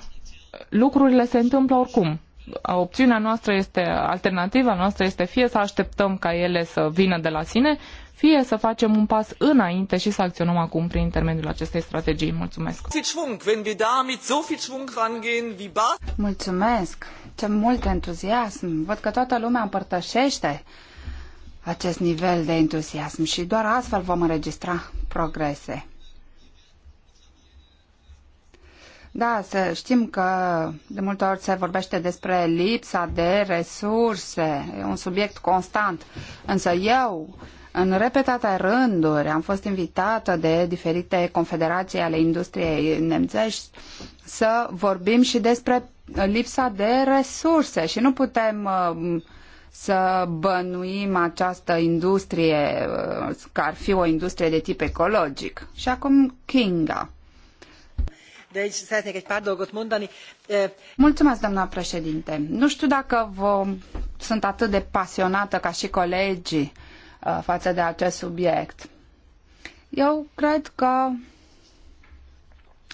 Lucrurile se întâmplă oricum. Opțiunea noastră este, alternativa noastră este fie să așteptăm ca ele să vină de la sine, fie să facem un pas înainte și să acționăm acum prin
intermediul acestei strategii. Mulțumesc!
Mulțumesc! Ce mult entuziasm! Văd că toată lumea împărtășește acest nivel de entuziasm și doar astfel vom înregistra progrese. Da, să știm că de multe ori se vorbește despre lipsa de resurse, e un subiect constant, însă eu în repetate rânduri am fost invitată de diferite confederații ale industriei nemțești să vorbim și despre lipsa de resurse și nu putem uh, să bănuim această industrie uh, că ar fi o industrie de tip ecologic. Și acum Kinga. Deci, mondani. Mulțumesc, doamna președinte. Nu știu dacă vom, sunt atât de pasionată ca și colegii Uh, față de acest subiect. Eu cred că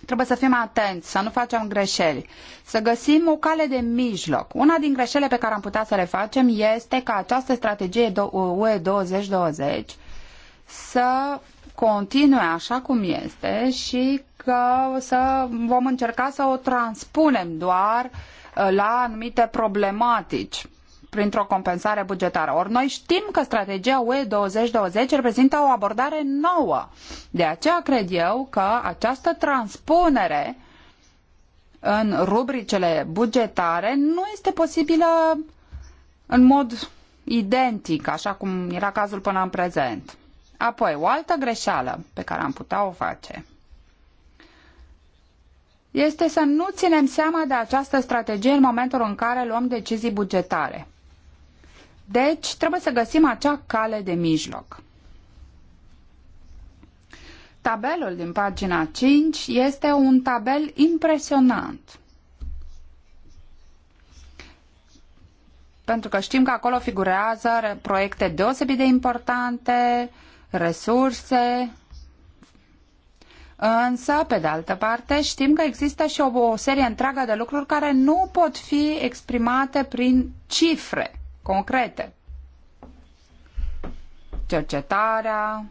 trebuie să fim atenți, să nu facem greșeli, să găsim o cale de mijloc. Una din greșelile pe care am putea să le facem este ca această strategie UE 2020 să continue așa cum este și că să vom încerca să o transpunem doar uh, la anumite problematici printr-o compensare bugetară. Ori noi știm că strategia UE 2020 reprezintă o abordare nouă. De aceea cred eu că această transpunere în rubricele bugetare nu este posibilă în mod identic, așa cum era cazul până în prezent. Apoi, o altă greșeală pe care am putea o face este să nu ținem seama de această strategie în momentul în care luăm decizii bugetare. Deci trebuie să găsim acea cale de mijloc. Tabelul din pagina 5 este un tabel impresionant. Pentru că știm că acolo figurează proiecte deosebit de importante, resurse, Însă, pe de altă parte, știm că există și o, o serie întreagă de lucruri care nu pot fi exprimate prin cifre concrete. Cercetarea,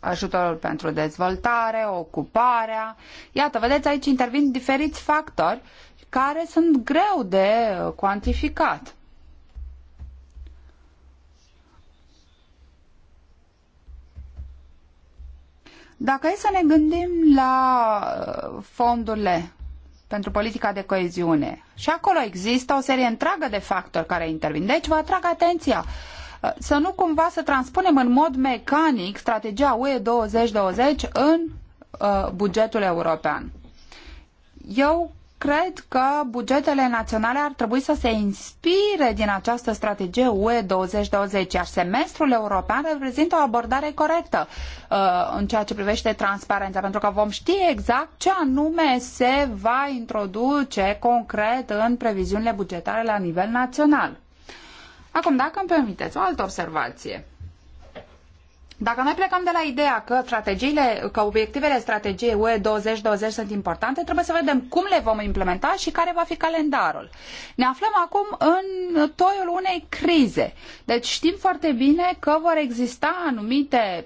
ajutorul pentru dezvoltare, ocuparea. Iată, vedeți, aici intervin diferiți factori care sunt greu de cuantificat. Dacă e să ne gândim la uh, fondurile pentru politica de coeziune. Și acolo există o serie întreagă de factori care intervin. Deci vă atrag atenția uh, să nu cumva să transpunem în mod mecanic strategia UE 2020 în uh, bugetul european. Eu cred că bugetele naționale ar trebui să se inspire din această strategie UE 2020, iar semestrul european reprezintă o abordare corectă uh, în ceea ce privește transparența, pentru că vom ști exact ce anume se va introduce concret în previziunile bugetare la nivel național. Acum, dacă îmi permiteți, o altă observație. Dacă noi plecăm de la ideea că strategiile, că obiectivele strategiei UE 2020 sunt importante, trebuie să vedem cum le vom implementa și care va fi calendarul. Ne aflăm acum în toiul unei crize. Deci știm foarte bine că vor exista anumite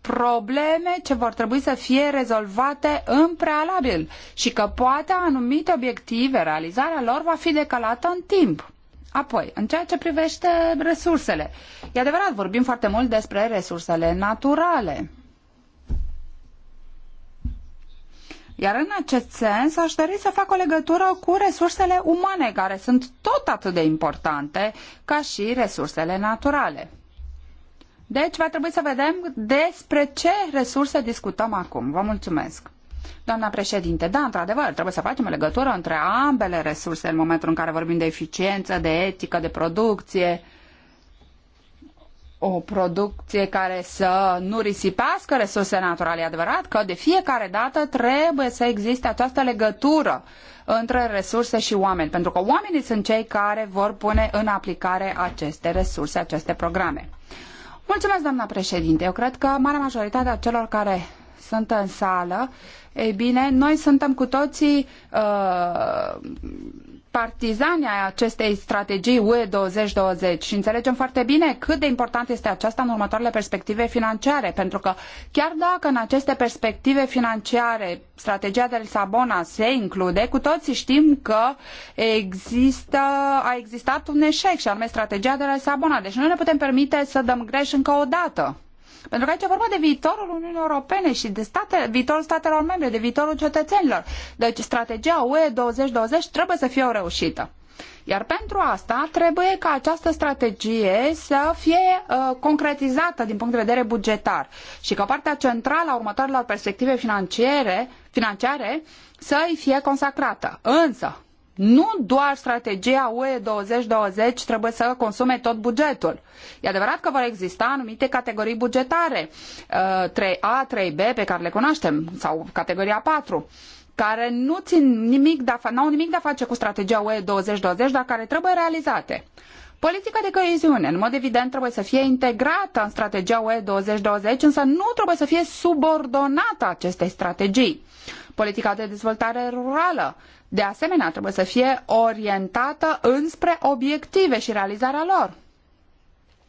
probleme ce vor trebui să fie rezolvate în prealabil și că poate anumite obiective, realizarea lor va fi decalată în timp. Apoi, în ceea ce privește resursele, e adevărat, vorbim foarte mult despre resursele naturale. Iar în acest sens aș dori să fac o legătură cu resursele umane, care sunt tot atât de importante ca și resursele naturale. Deci va trebui să vedem despre ce resurse discutăm acum. Vă mulțumesc! Doamna președinte, da, într-adevăr, trebuie să facem o legătură între ambele resurse în momentul în care vorbim de eficiență, de etică, de producție, o producție care să nu risipească resurse naturale. E adevărat că de fiecare dată trebuie să existe această legătură între resurse și oameni, pentru că oamenii sunt cei care vor pune în aplicare aceste resurse, aceste programe. Mulțumesc, doamna președinte. Eu cred că marea majoritate a celor care sunt în sală, ei bine, noi suntem cu toții uh, partizani ai acestei strategii UE 2020 și înțelegem foarte bine cât de important este aceasta în următoarele perspective financiare, pentru că chiar dacă în aceste perspective financiare strategia de Lisabona se include, cu toții știm că există, a existat un eșec și anume strategia de Lisabona. Deci nu ne putem permite să dăm greș încă o dată. Pentru că aici e vorba de viitorul Uniunii Europene și de state, viitorul statelor membre, de viitorul cetățenilor. Deci strategia UE 2020 trebuie să fie o reușită. Iar pentru asta trebuie ca această strategie să fie uh, concretizată din punct de vedere bugetar și ca partea centrală a următoarelor perspective financiare, financiare să îi fie consacrată. Însă, nu doar strategia UE 2020 trebuie să consume tot bugetul. E adevărat că vor exista anumite categorii bugetare, 3A, uh, 3B, pe care le cunoaștem, sau categoria 4 care nu țin nimic de a, n-au nimic de a face cu strategia UE 2020, dar care trebuie realizate. Politica de coeziune, în mod evident, trebuie să fie integrată în strategia UE 2020, însă nu trebuie să fie subordonată acestei strategii. Politica de dezvoltare rurală de asemenea trebuie să fie orientată înspre obiective și realizarea lor.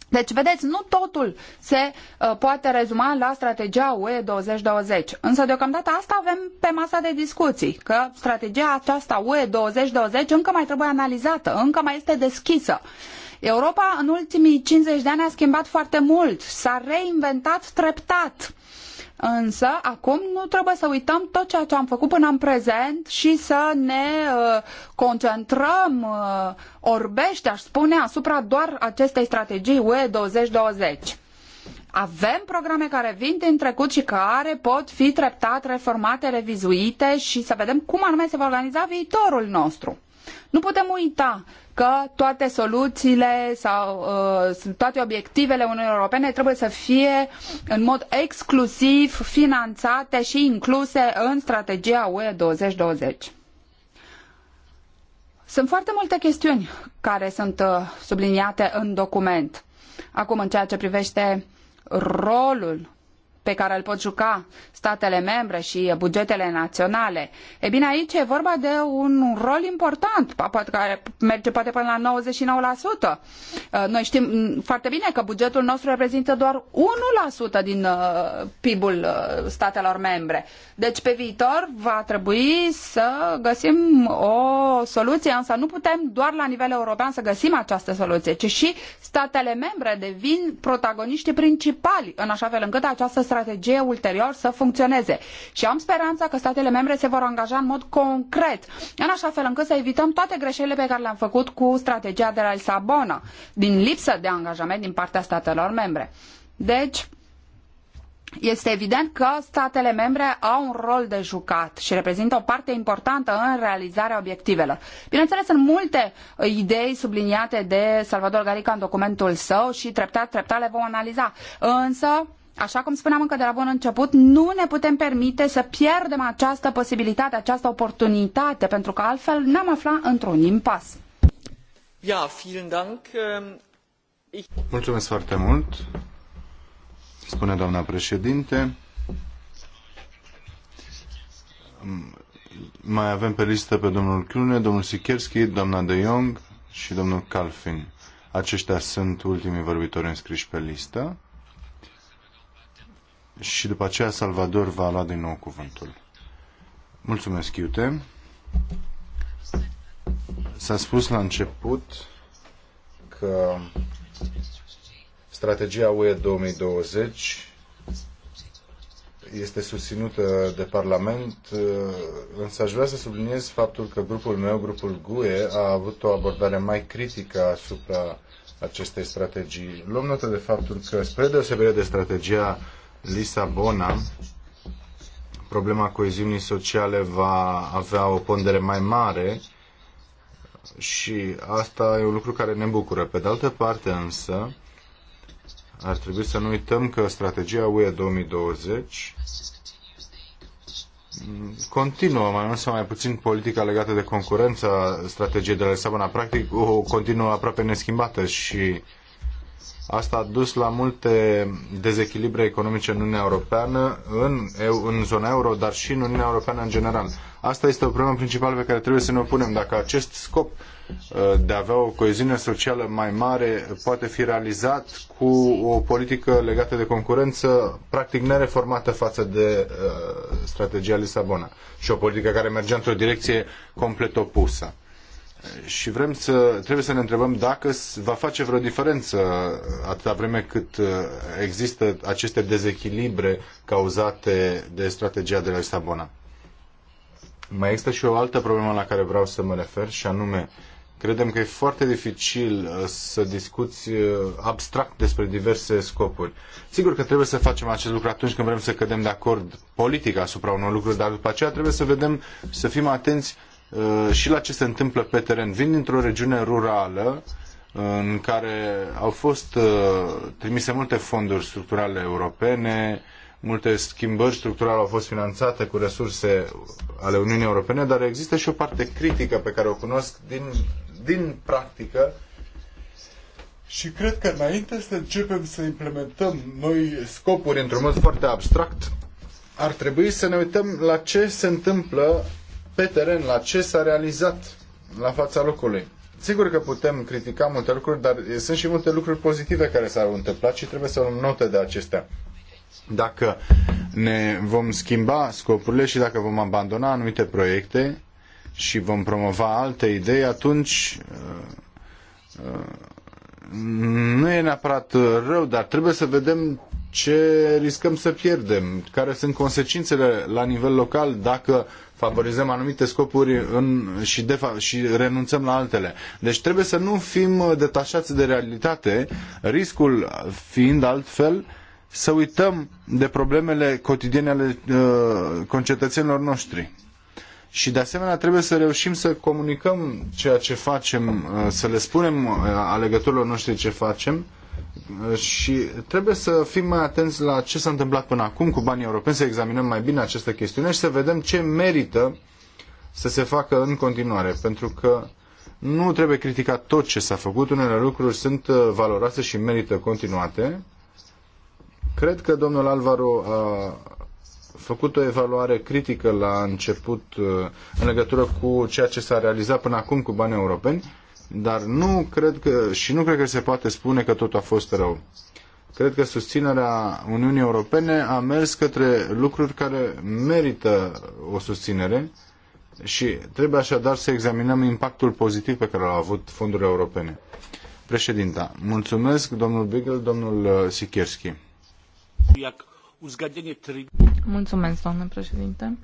Deci, vedeți, nu totul se uh, poate rezuma la strategia UE 2020. Însă, deocamdată, asta avem pe masa de discuții, că strategia aceasta UE 2020 încă mai trebuie analizată, încă mai este deschisă. Europa, în ultimii 50 de ani, a schimbat foarte mult, s-a reinventat treptat Însă, acum nu trebuie să uităm tot ceea ce am făcut până în prezent și să ne uh, concentrăm uh, orbește, aș spune, asupra doar acestei strategii UE 2020. Avem programe care vin din trecut și care pot fi treptat reformate, revizuite și să vedem cum anume se va organiza viitorul nostru. Nu putem uita că toate soluțiile sau uh, toate obiectivele Uniunii Europene trebuie să fie în mod exclusiv finanțate și incluse în strategia UE 2020. Sunt foarte multe chestiuni care sunt uh, subliniate în document. Acum, în ceea ce privește rolul pe care îl pot juca statele membre și bugetele naționale. E bine, aici e vorba de un rol important, poate care merge poate până la 99%. Uh, noi știm foarte bine că bugetul nostru reprezintă doar 1% din uh, PIB-ul uh, statelor membre. Deci pe viitor va trebui să găsim o soluție, însă nu putem doar la nivel european să găsim această soluție, ci și statele membre devin protagoniștii principali în așa fel încât această strategie ulterior să funcționeze. Și am speranța că statele membre se vor angaja în mod concret, în așa fel încât să evităm toate greșelile pe care le-am făcut cu strategia de la Lisabona, din lipsă de angajament din partea statelor membre. Deci, este evident că statele membre au un rol de jucat și reprezintă o parte importantă în realizarea obiectivelor. Bineînțeles, sunt multe idei subliniate de Salvador Garica în documentul său și treptat, treptat le vom analiza. Însă, așa cum spuneam încă de la bun început, nu ne putem permite să pierdem această posibilitate, această oportunitate, pentru că altfel ne-am afla într-un impas.
Ja,
vielen Dank. Ähm,
Mulțumesc foarte mult, spune doamna președinte. Mai avem pe listă pe domnul Clune, domnul Sikerski, doamna De Jong și domnul Calfin. Aceștia sunt ultimii vorbitori înscriși pe listă și după aceea Salvador va lua din nou cuvântul. Mulțumesc, Iute. S-a spus la început că strategia UE 2020 este susținută de Parlament, însă aș vrea să subliniez faptul că grupul meu, grupul GUE, a avut o abordare mai critică asupra acestei strategii. Luăm notă de faptul că, spre deosebire de strategia Lisabona, problema coeziunii sociale va avea o pondere mai mare și asta e un lucru care ne bucură. Pe de altă parte însă, ar trebui să nu uităm că strategia UE 2020 continuă mai mult sau mai puțin politica legată de concurență a strategiei de la Lisabona. Practic o continuă aproape neschimbată și Asta a dus la multe dezechilibre economice în Uniunea Europeană, în, în zona euro, dar și în Uniunea Europeană în general. Asta este o problemă principală pe care trebuie să ne opunem. Dacă acest scop uh, de a avea o coeziune socială mai mare poate fi realizat cu o politică legată de concurență practic nereformată față de uh, strategia Lisabona și o politică care merge într-o direcție complet opusă și vrem să, trebuie să ne întrebăm dacă va face vreo diferență atâta vreme cât uh, există aceste dezechilibre cauzate de strategia de la Lisabona. Mai există și o altă problemă la care vreau să mă refer și anume credem că e foarte dificil uh, să discuți uh, abstract despre diverse scopuri. Sigur că trebuie să facem acest lucru atunci când vrem să cădem de acord politic asupra unor lucruri, dar după aceea trebuie să vedem, să fim atenți Uh, și la ce se întâmplă pe teren. Vin dintr-o regiune rurală uh, în care au fost uh, trimise multe fonduri structurale europene, multe schimbări structurale au fost finanțate cu resurse ale Uniunii Europene, dar există și o parte critică pe care o cunosc din, din practică și cred că înainte să începem să implementăm noi scopuri într-un mod foarte abstract, ar trebui să ne uităm la ce se întâmplă pe teren la ce s-a realizat la fața locului. Sigur că putem critica multe lucruri, dar sunt și multe lucruri pozitive care s-au întâmplat și trebuie să luăm note de acestea. Dacă ne vom schimba scopurile și dacă vom abandona anumite proiecte și vom promova alte idei, atunci uh, uh, nu e neapărat rău, dar trebuie să vedem ce riscăm să pierdem, care sunt consecințele la nivel local dacă favorizăm anumite scopuri în, și, defa, și renunțăm la altele. Deci trebuie să nu fim detașați de realitate, riscul fiind altfel să uităm de problemele cotidiene ale uh, concetățenilor noștri. Și de asemenea trebuie să reușim să comunicăm ceea ce facem, uh, să le spunem uh, alegătorilor noștri ce facem, uh, și trebuie să fim mai atenți la ce s-a întâmplat până acum cu banii europeni, să examinăm mai bine această chestiune și să vedem ce merită să se facă în continuare, pentru că nu trebuie criticat tot ce s-a făcut, unele lucruri sunt uh, valoroase și merită continuate. Cred că domnul Alvaro a făcut o evaluare critică la început uh, în legătură cu ceea ce s-a realizat până acum cu banii europeni dar nu cred că, și nu cred că se poate spune că tot a fost rău. Cred că susținerea Uniunii Europene a mers către lucruri care merită o susținere și trebuie așadar să examinăm impactul pozitiv pe care l-au avut fondurile europene. Președinta, mulțumesc, domnul Bigel, domnul uh, Sikierski.
Mulțumesc, doamnă președinte.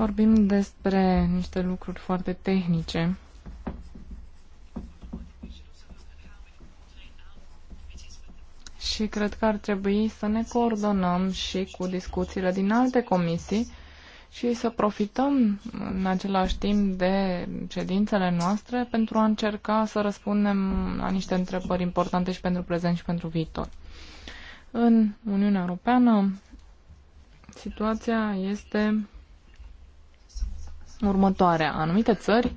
Vorbim despre niște lucruri foarte tehnice. Și cred că ar trebui să ne coordonăm și cu discuțiile din alte comisii și să profităm în același timp de ședințele noastre pentru a încerca să răspundem la niște întrebări importante și pentru prezent și pentru viitor. În Uniunea Europeană situația este următoarea. Anumite țări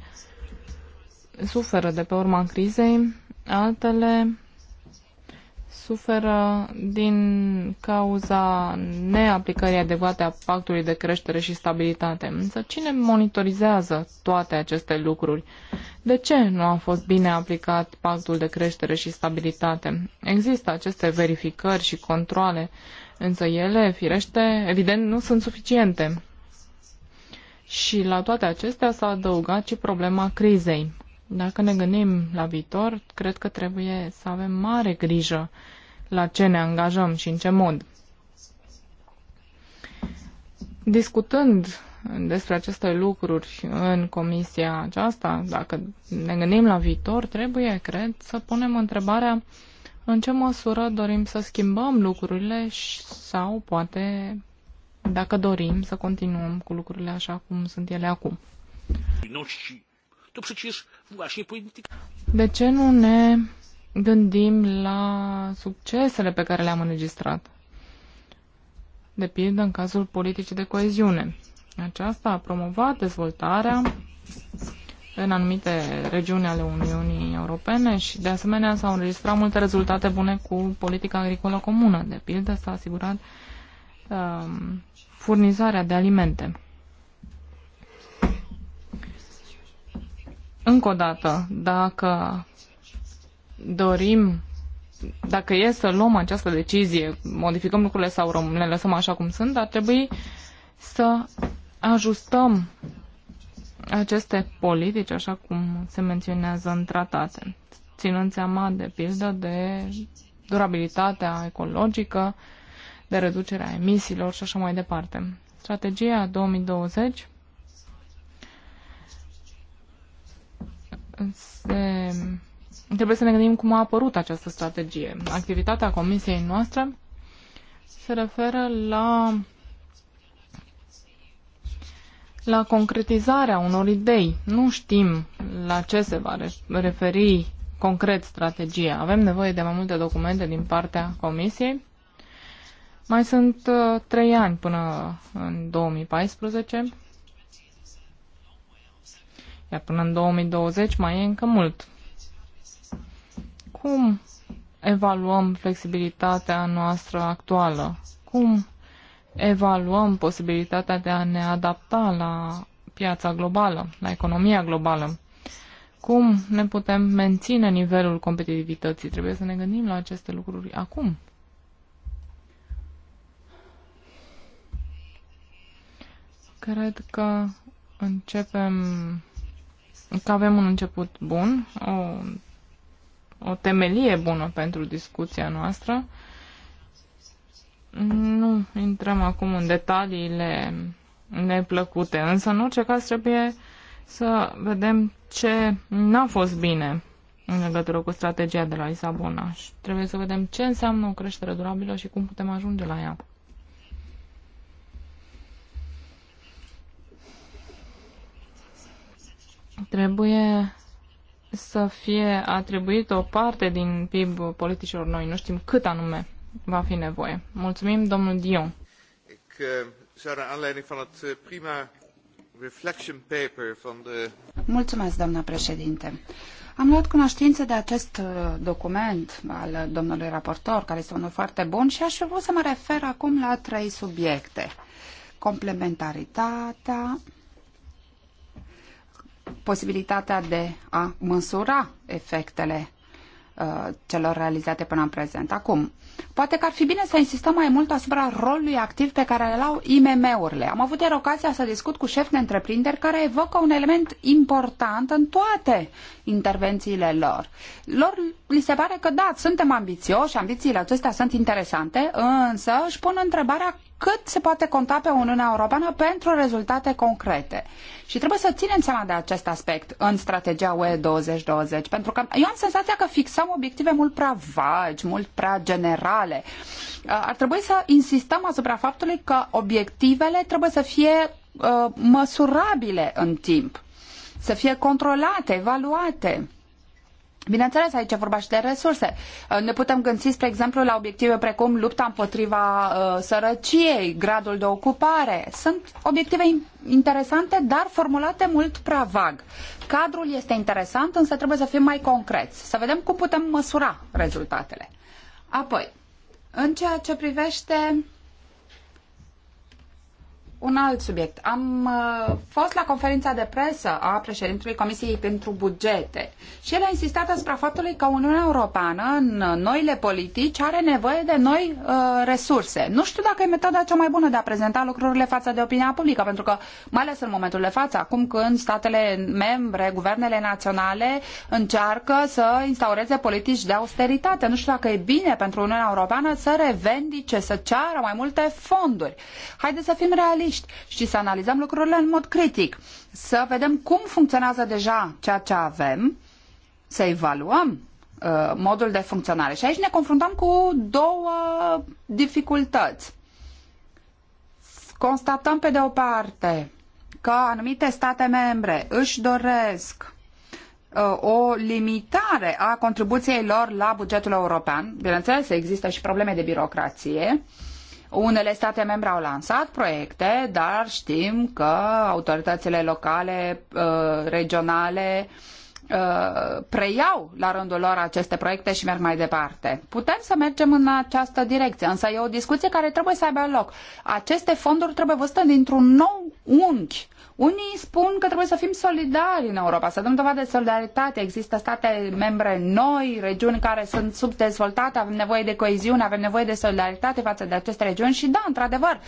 suferă de pe urma crizei, altele suferă din cauza neaplicării adecvate a pactului de creștere și stabilitate. Însă cine monitorizează toate aceste lucruri? De ce nu a fost bine aplicat pactul de creștere și stabilitate? Există aceste verificări și controle, însă ele, firește, evident, nu sunt suficiente. Și la toate acestea s-a adăugat și problema crizei. Dacă ne gândim la viitor, cred că trebuie să avem mare grijă la ce ne angajăm și în ce mod. Discutând despre aceste lucruri în comisia aceasta, dacă ne gândim la viitor, trebuie, cred, să punem întrebarea în ce măsură dorim să schimbăm lucrurile sau poate dacă dorim să continuăm cu lucrurile așa cum sunt ele acum. De ce nu ne gândim la succesele pe care le-am înregistrat? De pildă în cazul politicii de coeziune. Aceasta a promovat dezvoltarea în anumite regiuni ale Uniunii Europene și de asemenea s-au înregistrat multe rezultate bune cu politica agricolă comună. De pildă s-a asigurat uh, Um, furnizarea de alimente. Încă o dată, dacă dorim, dacă e să luăm această decizie, modificăm lucrurile sau le lăsăm așa cum sunt, ar trebui să ajustăm aceste politici, așa cum se menționează în tratate, ținând seama, de pildă, de durabilitatea ecologică, uh, de reducere a emisiilor și așa mai departe. Strategia 2020 se... trebuie să ne gândim cum a apărut această strategie. Activitatea comisiei noastre se referă la la concretizarea unor idei. Nu știm la ce se va referi concret strategia. Avem nevoie de mai multe documente din partea Comisiei mai sunt uh, trei ani până în 2014, iar până în 2020 mai e încă mult. Cum evaluăm flexibilitatea noastră actuală? Cum evaluăm posibilitatea de a ne adapta la piața globală, la economia globală? Cum ne putem menține nivelul competitivității? Trebuie să ne gândim la aceste lucruri acum. Cred că începem, că avem un început bun, o, o temelie bună pentru discuția noastră. Nu intrăm acum în detaliile neplăcute, însă în orice caz trebuie să vedem ce n-a fost bine în legătură cu strategia de la Lisabona și trebuie să vedem ce înseamnă o creștere durabilă și cum putem ajunge la ea. Trebuie să fie atribuit o parte din PIB politicilor noi. Nu știm cât anume va fi nevoie. Mulțumim, domnul Dion.
Eh, eh,
Mulțumesc, doamna președinte. Am luat cunoștință de acest eh, document al domnului raportor, care este unul foarte bun, și aș vrea să mă refer acum la trei subiecte. Complementaritatea, posibilitatea de a măsura efectele uh, celor realizate până în prezent. Acum, poate că ar fi bine să insistăm mai mult asupra rolului activ pe care îl au IMM-urile. Am avut ieri ocazia să discut cu șef de întreprinderi care evocă un element important în toate intervențiile lor. Lor li se pare că da, suntem ambițioși, ambițiile acestea sunt interesante, însă își pun întrebarea cât se poate conta pe Uniunea Europeană pentru rezultate concrete. Și trebuie să ținem seama de acest aspect în strategia UE 2020, pentru că eu am senzația că fixăm obiective mult prea vagi, mult prea generale. Uh, ar trebui să insistăm asupra faptului că obiectivele trebuie să fie uh, măsurabile în timp, să fie controlate, evaluate. Bineînțeles, aici e vorba și de resurse. Uh, ne putem gândi, spre exemplu, la obiective precum lupta împotriva uh, sărăciei, gradul de ocupare. Sunt obiective interesante, dar formulate mult prea vag. Cadrul este interesant, însă trebuie să fim mai concreți, să vedem cum putem măsura rezultatele. Apoi, în ceea ce privește un alt subiect. Am uh, fost la conferința de presă a președintelui Comisiei pentru Bugete și el a insistat asupra faptului că Uniunea Europeană, în noile politici, are nevoie de noi uh, resurse. Nu știu dacă e metoda cea mai bună de a prezenta lucrurile față de opinia publică, pentru că, mai ales în momentul de față, acum când statele membre, guvernele naționale încearcă să instaureze politici de austeritate. Nu știu dacă e bine pentru Uniunea Europeană să revendice, să ceară mai multe fonduri. Haideți să fim realiști realiști și să analizăm lucrurile în mod critic, să vedem cum funcționează deja ceea ce avem, să evaluăm uh, modul de funcționare. Și aici ne confruntăm cu două dificultăți. Constatăm pe de o parte că anumite state membre își doresc uh, o limitare a contribuției lor la bugetul european. Bineînțeles, există și probleme de birocrație unele state membre au lansat proiecte, dar știm că autoritățile locale, uh, regionale, uh, preiau la rândul lor aceste proiecte și merg mai departe. Putem să mergem în această direcție, însă e o discuție care trebuie să aibă loc. Aceste fonduri trebuie văzute dintr-un nou unchi. Unii spun că trebuie să fim solidari în Europa, să dăm dovadă de solidaritate. Există state membre noi, regiuni care sunt subdezvoltate, avem nevoie de coeziune, avem nevoie de solidaritate față de aceste regiuni și da, într-adevăr,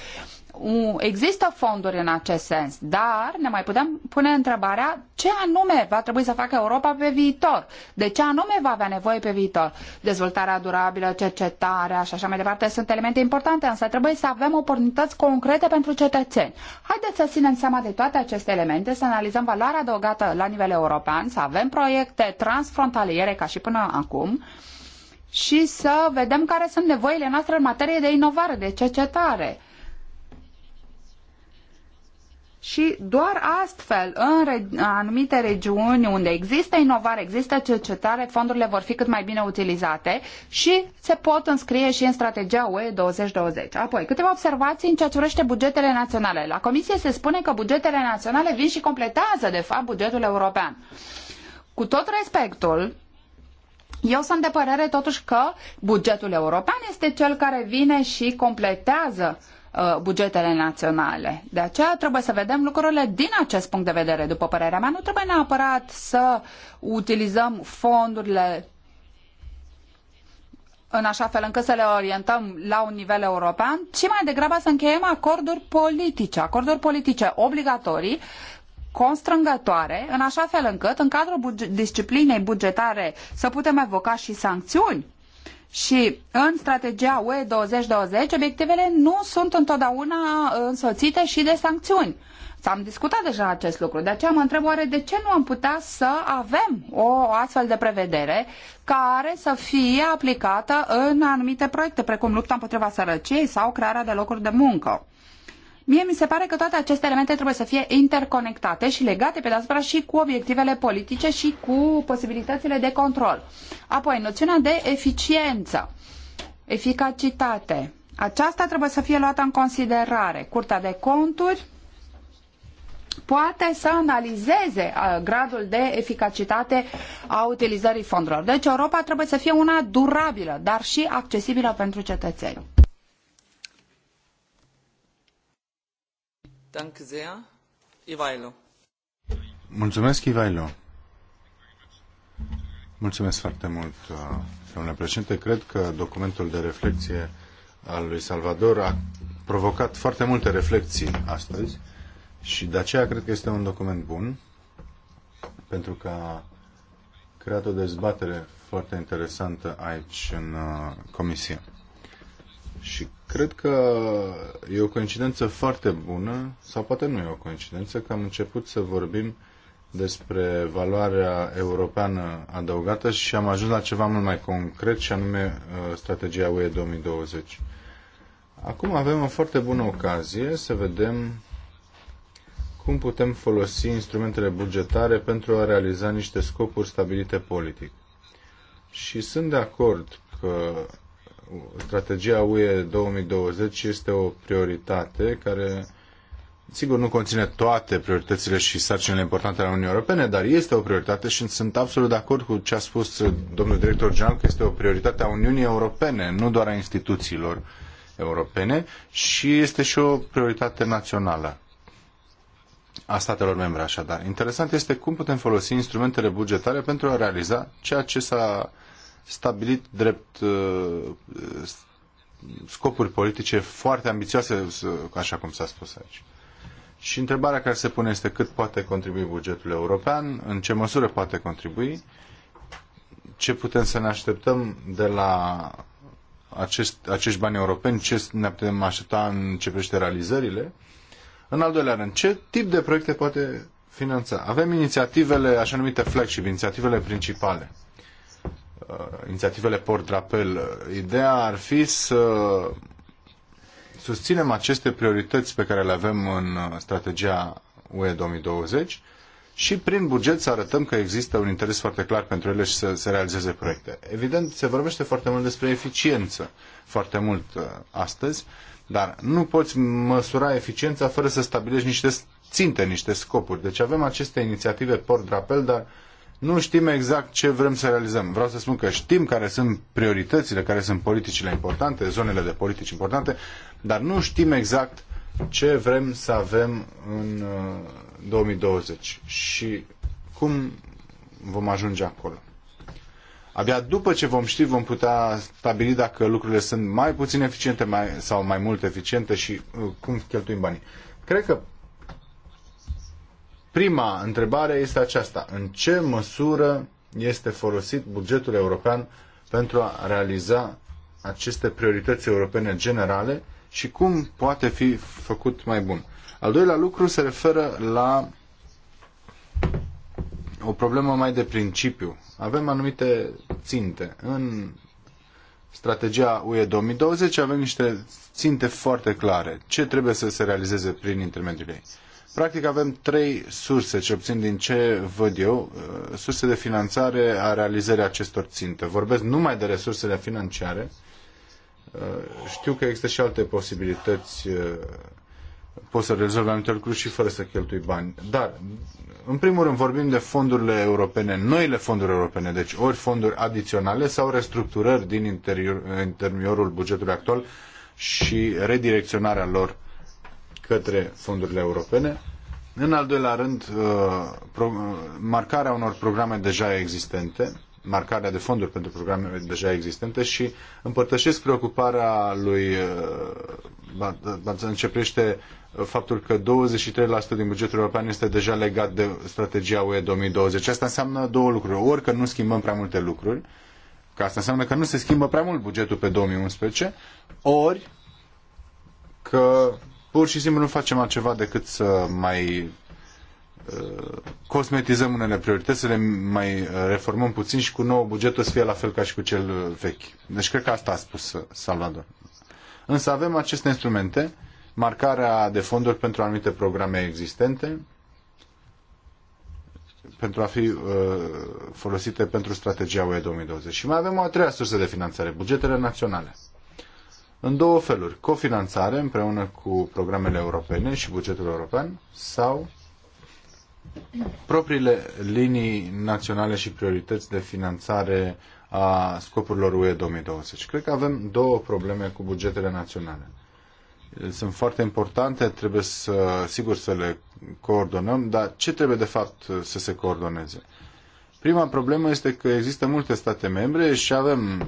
există fonduri în acest sens, dar ne mai putem pune întrebarea ce anume va trebui să facă Europa pe viitor, de ce anume va avea nevoie pe viitor. Dezvoltarea durabilă, cercetarea și așa mai departe sunt elemente importante, însă trebuie să avem oportunități concrete pentru cetățeni. Haideți să ținem seama de toate aceste elemente, să analizăm valoarea adăugată la nivel european, să avem proiecte transfrontaliere ca și până acum, și să vedem care sunt nevoile noastre în materie de inovare, de cercetare și doar astfel, în anumite regiuni unde există inovare, există cercetare, fondurile vor fi cât mai bine utilizate și se pot înscrie și în strategia UE 2020. Apoi, câteva observații în ceea ce urește bugetele naționale. La Comisie se spune că bugetele naționale vin și completează, de fapt, bugetul european. Cu tot respectul, eu sunt de părere totuși că bugetul european este cel care vine și completează uh, Uh, bugetele naționale. De aceea trebuie să vedem lucrurile din acest punct de vedere. După părerea mea, nu trebuie neapărat să utilizăm fondurile în așa fel încât să le orientăm la un nivel european, ci mai degrabă să încheiem acorduri politice, acorduri politice obligatorii constrângătoare, în așa fel încât, în cadrul buge disciplinei bugetare, să putem evoca și sancțiuni și în strategia UE 2020, obiectivele nu sunt întotdeauna însoțite și de sancțiuni. S-am discutat deja acest lucru, de aceea mă întreb oare de ce nu am putea să avem o astfel de prevedere care să fie aplicată în anumite proiecte, precum lupta împotriva sărăciei sau crearea de locuri de muncă. Mie mi se pare că toate aceste elemente trebuie să fie interconectate și legate pe deasupra și cu obiectivele politice și cu posibilitățile de control. Apoi, noțiunea de eficiență, eficacitate. Aceasta trebuie să fie luată în considerare. Curtea de conturi poate să analizeze gradul de eficacitate a utilizării fondurilor. Deci Europa trebuie să fie una durabilă, dar și accesibilă pentru cetățeni.
Danke sehr. Ivailo.
Mulțumesc, Ivailo. Mulțumesc foarte mult, uh, domnule președinte. Cred că documentul de reflexie al lui Salvador a provocat foarte multe reflexii astăzi și de aceea cred că este un document bun pentru că a creat o dezbatere foarte interesantă aici în uh, comisie. Și cred că e o coincidență foarte bună, sau poate nu e o coincidență, că am început să vorbim despre valoarea europeană adăugată și am ajuns la ceva mult mai concret și anume uh, strategia UE 2020. Acum avem o foarte bună ocazie să vedem cum putem folosi instrumentele bugetare pentru a realiza niște scopuri stabilite politic. Și sunt de acord că strategia UE 2020 este o prioritate care Sigur, nu conține toate prioritățile și sarcinile importante ale Uniunii Europene, dar este o prioritate și sunt absolut de acord cu ce a spus domnul director general, că este o prioritate a Uniunii Europene, nu doar a instituțiilor europene, și este și o prioritate națională a statelor membre, așadar. Interesant este cum putem folosi instrumentele bugetare pentru a realiza ceea ce s-a stabilit drept uh, scopuri politice foarte ambițioase, așa cum s-a spus aici. Și întrebarea care se pune este cât poate contribui bugetul european, în ce măsură poate contribui, ce putem să ne așteptăm de la acest, acești bani europeni, ce ne putem aștepta în ce privește realizările. În al doilea rând, ce tip de proiecte poate finanța? Avem inițiativele, așa numite flagship, inițiativele principale. Uh, inițiativele Port Drapel. Ideea ar fi să susținem aceste priorități pe care le avem în uh, strategia UE 2020 și prin buget să arătăm că există un interes foarte clar pentru ele și să se realizeze proiecte. Evident, se vorbește foarte mult despre eficiență, foarte mult uh, astăzi, dar nu poți măsura eficiența fără să stabilești niște ținte, niște scopuri. Deci avem aceste inițiative port drapel, dar nu știm exact ce vrem să realizăm. Vreau să spun că știm care sunt prioritățile, care sunt politicile importante, zonele de politici importante, dar nu știm exact ce vrem să avem în 2020 uh, și cum vom ajunge acolo. Abia după ce vom ști, vom putea stabili dacă lucrurile sunt mai puțin eficiente mai, sau mai mult eficiente și uh, cum cheltuim banii. Cred că Prima întrebare este aceasta. În ce măsură este folosit bugetul european pentru a realiza aceste priorități europene generale și cum poate fi făcut mai bun? Al doilea lucru se referă la o problemă mai de principiu. Avem anumite ținte. În strategia UE 2020 avem niște ținte foarte clare. Ce trebuie să se realizeze prin intermediul ei? Practic avem trei surse, ce obțin din ce văd eu, uh, surse de finanțare a realizării acestor ținte. Vorbesc numai de resursele financiare. Uh, știu că există și alte posibilități uh, poți să rezolvi anumite lucruri și fără să cheltui bani. Dar, în primul rând, vorbim de fondurile europene, noile fonduri europene, deci ori fonduri adiționale sau restructurări din interior, interiorul bugetului actual și redirecționarea lor către fondurile europene. În al doilea rând, uh, marcarea unor programe deja existente, marcarea de fonduri pentru programe deja existente și împărtășesc preocuparea lui uh, da, începește uh, faptul că 23% din bugetul european este deja legat de strategia UE 2020. Asta înseamnă două lucruri. Ori că nu schimbăm prea multe lucruri, că asta înseamnă că nu se schimbă prea mult bugetul pe 2011, ori că pur și simplu nu facem altceva decât să mai uh, cosmetizăm unele priorități, să le mai uh, reformăm puțin și cu nou bugetul să fie la fel ca și cu cel uh, vechi. Deci cred că asta a spus Salvador. Însă avem aceste instrumente, marcarea de fonduri pentru anumite programe existente, pentru a fi uh, folosite pentru strategia UE 2020. Și mai avem o a treia sursă de finanțare, bugetele naționale în două feluri. Cofinanțare împreună cu programele europene și bugetul european sau propriile linii naționale și priorități de finanțare a scopurilor UE 2020. Cred că avem două probleme cu bugetele naționale. Sunt foarte importante, trebuie să, sigur, să le coordonăm, dar ce trebuie de fapt să se coordoneze? Prima problemă este că există multe state membre și avem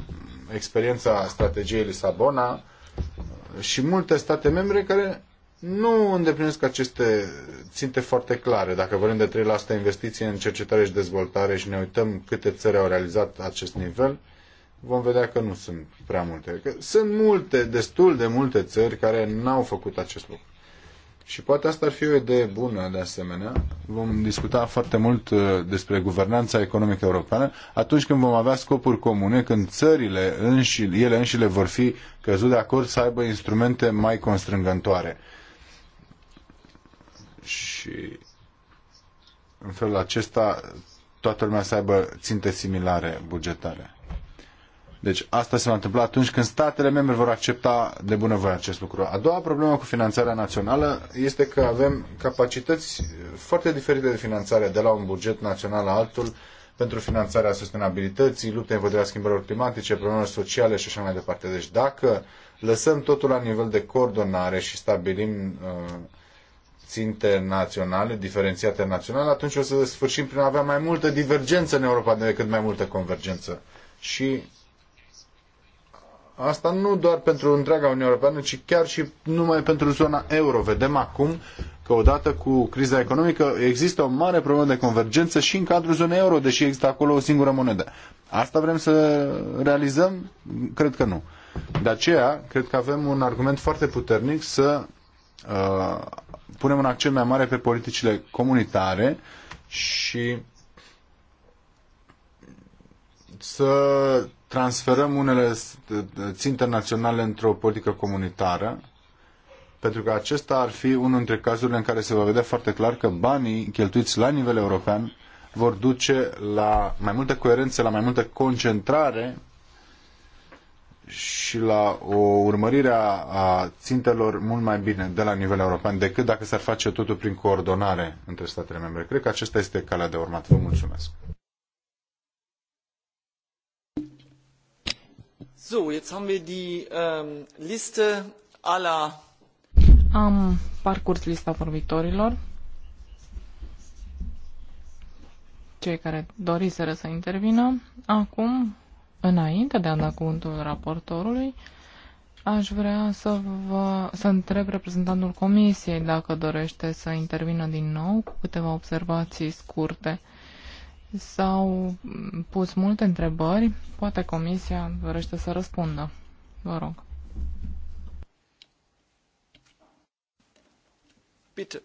experiența strategiei Lisabona și multe state membre care nu îndeplinesc aceste ținte foarte clare. Dacă vorbim de 3% investiție în cercetare și dezvoltare și ne uităm câte țări au realizat acest nivel, vom vedea că nu sunt prea multe. Că sunt multe, destul de multe țări care n-au făcut acest lucru. Și poate asta ar fi o idee bună, de asemenea. Vom discuta foarte mult uh, despre guvernanța economică europeană atunci când vom avea scopuri comune, când țările, înși, ele înșile, vor fi căzut de acord să aibă instrumente mai constrângătoare. Și în felul acesta toată lumea să aibă ținte similare bugetare. Deci asta se va întâmpla atunci când statele membre vor accepta de bunăvoie acest lucru. A doua problemă cu finanțarea națională este că avem capacități foarte diferite de finanțare de la un buget național la altul pentru finanțarea sustenabilității, luptei împotriva schimbărilor climatice, problemelor sociale și așa mai departe. Deci dacă lăsăm totul la nivel de coordonare și stabilim uh, ținte naționale, diferențiate naționale, atunci o să sfârșim prin a avea mai multă divergență în Europa decât mai multă convergență. Și Asta nu doar pentru întreaga Uniune Europeană, ci chiar și numai pentru zona euro. Vedem acum că odată cu criza economică există o mare problemă de convergență și în cadrul zonei euro, deși există acolo o singură monedă. Asta vrem să realizăm? Cred că nu. De aceea, cred că avem un argument foarte puternic să uh, punem un accent mai mare pe politicile comunitare și să transferăm unele ținte naționale într-o politică comunitară, pentru că acesta ar fi unul dintre cazurile în care se va vedea foarte clar că banii cheltuiți la nivel european vor duce la mai multă coerență, la mai multă concentrare și la o urmărire a țintelor mult mai bine de la nivel european decât dacă s-ar face totul prin coordonare între statele membre. Cred că acesta este calea de urmat. Vă mulțumesc.
So, jetzt haben wir die ähm, Liste aller.
Am parcurs lista vorbitorilor. Cei care doriseră să intervină. Acum, înainte de a da cuvântul raportorului, aș vrea să, vă, să întreb reprezentantul comisiei dacă dorește să intervină din nou cu câteva observații scurte. S-au pus multe întrebări. Poate Comisia dorește să răspundă. Vă rog.
Peter.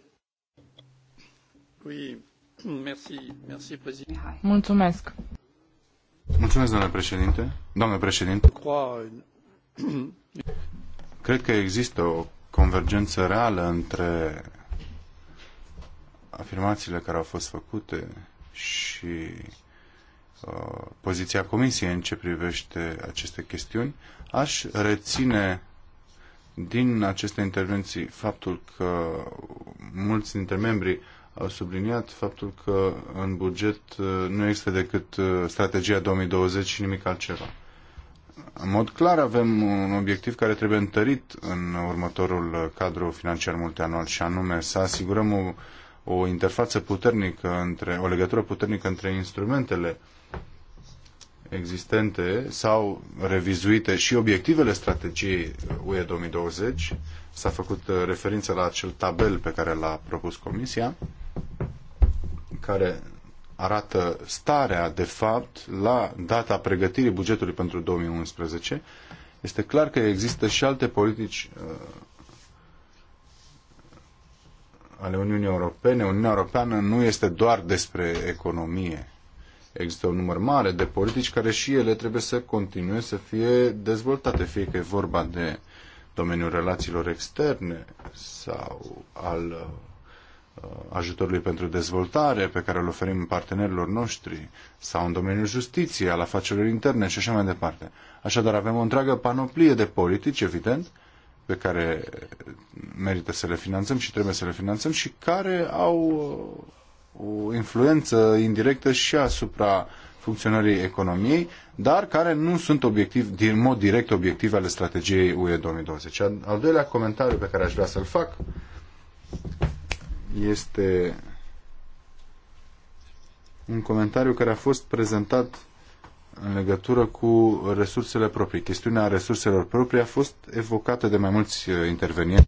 Oui, merci, merci,
Mulțumesc.
Mulțumesc, domnule președinte. Domnule președinte.
Euh,
Cred că există o convergență reală între afirmațiile care au fost făcute și uh, poziția Comisiei în ce privește aceste chestiuni, aș reține din aceste intervenții faptul că mulți dintre membrii au subliniat faptul că în buget uh, nu există decât uh, strategia 2020 și nimic altceva. În mod clar avem un obiectiv care trebuie întărit în următorul uh, cadru financiar multianual și anume să asigurăm o o interfață puternică între, o legătură puternică între instrumentele existente sau revizuite și obiectivele strategiei UE 2020. S-a făcut uh, referință la acel tabel pe care l-a propus Comisia, care arată starea, de fapt, la data pregătirii bugetului pentru 2011. Este clar că există și alte politici uh, ale Uniunii Europene, Uniunea Europeană nu este doar despre economie. Există un număr mare de politici care și ele trebuie să continue să fie dezvoltate, fie că e vorba de domeniul relațiilor externe sau al uh, ajutorului pentru dezvoltare pe care îl oferim partenerilor noștri sau în domeniul justiției, al afacerilor interne și așa mai departe. Așadar, avem o întreagă panoplie de politici, evident, pe care merită să le finanțăm și trebuie să le finanțăm și care au uh, o influență indirectă și asupra funcționării economiei, dar care nu sunt obiectiv, din mod direct obiective ale strategiei UE 2020. Al doilea comentariu pe care aș vrea să-l fac este un comentariu care a fost prezentat în legătură cu resursele proprii. Chestiunea resurselor proprii a fost evocată de mai mulți uh, intervenienți.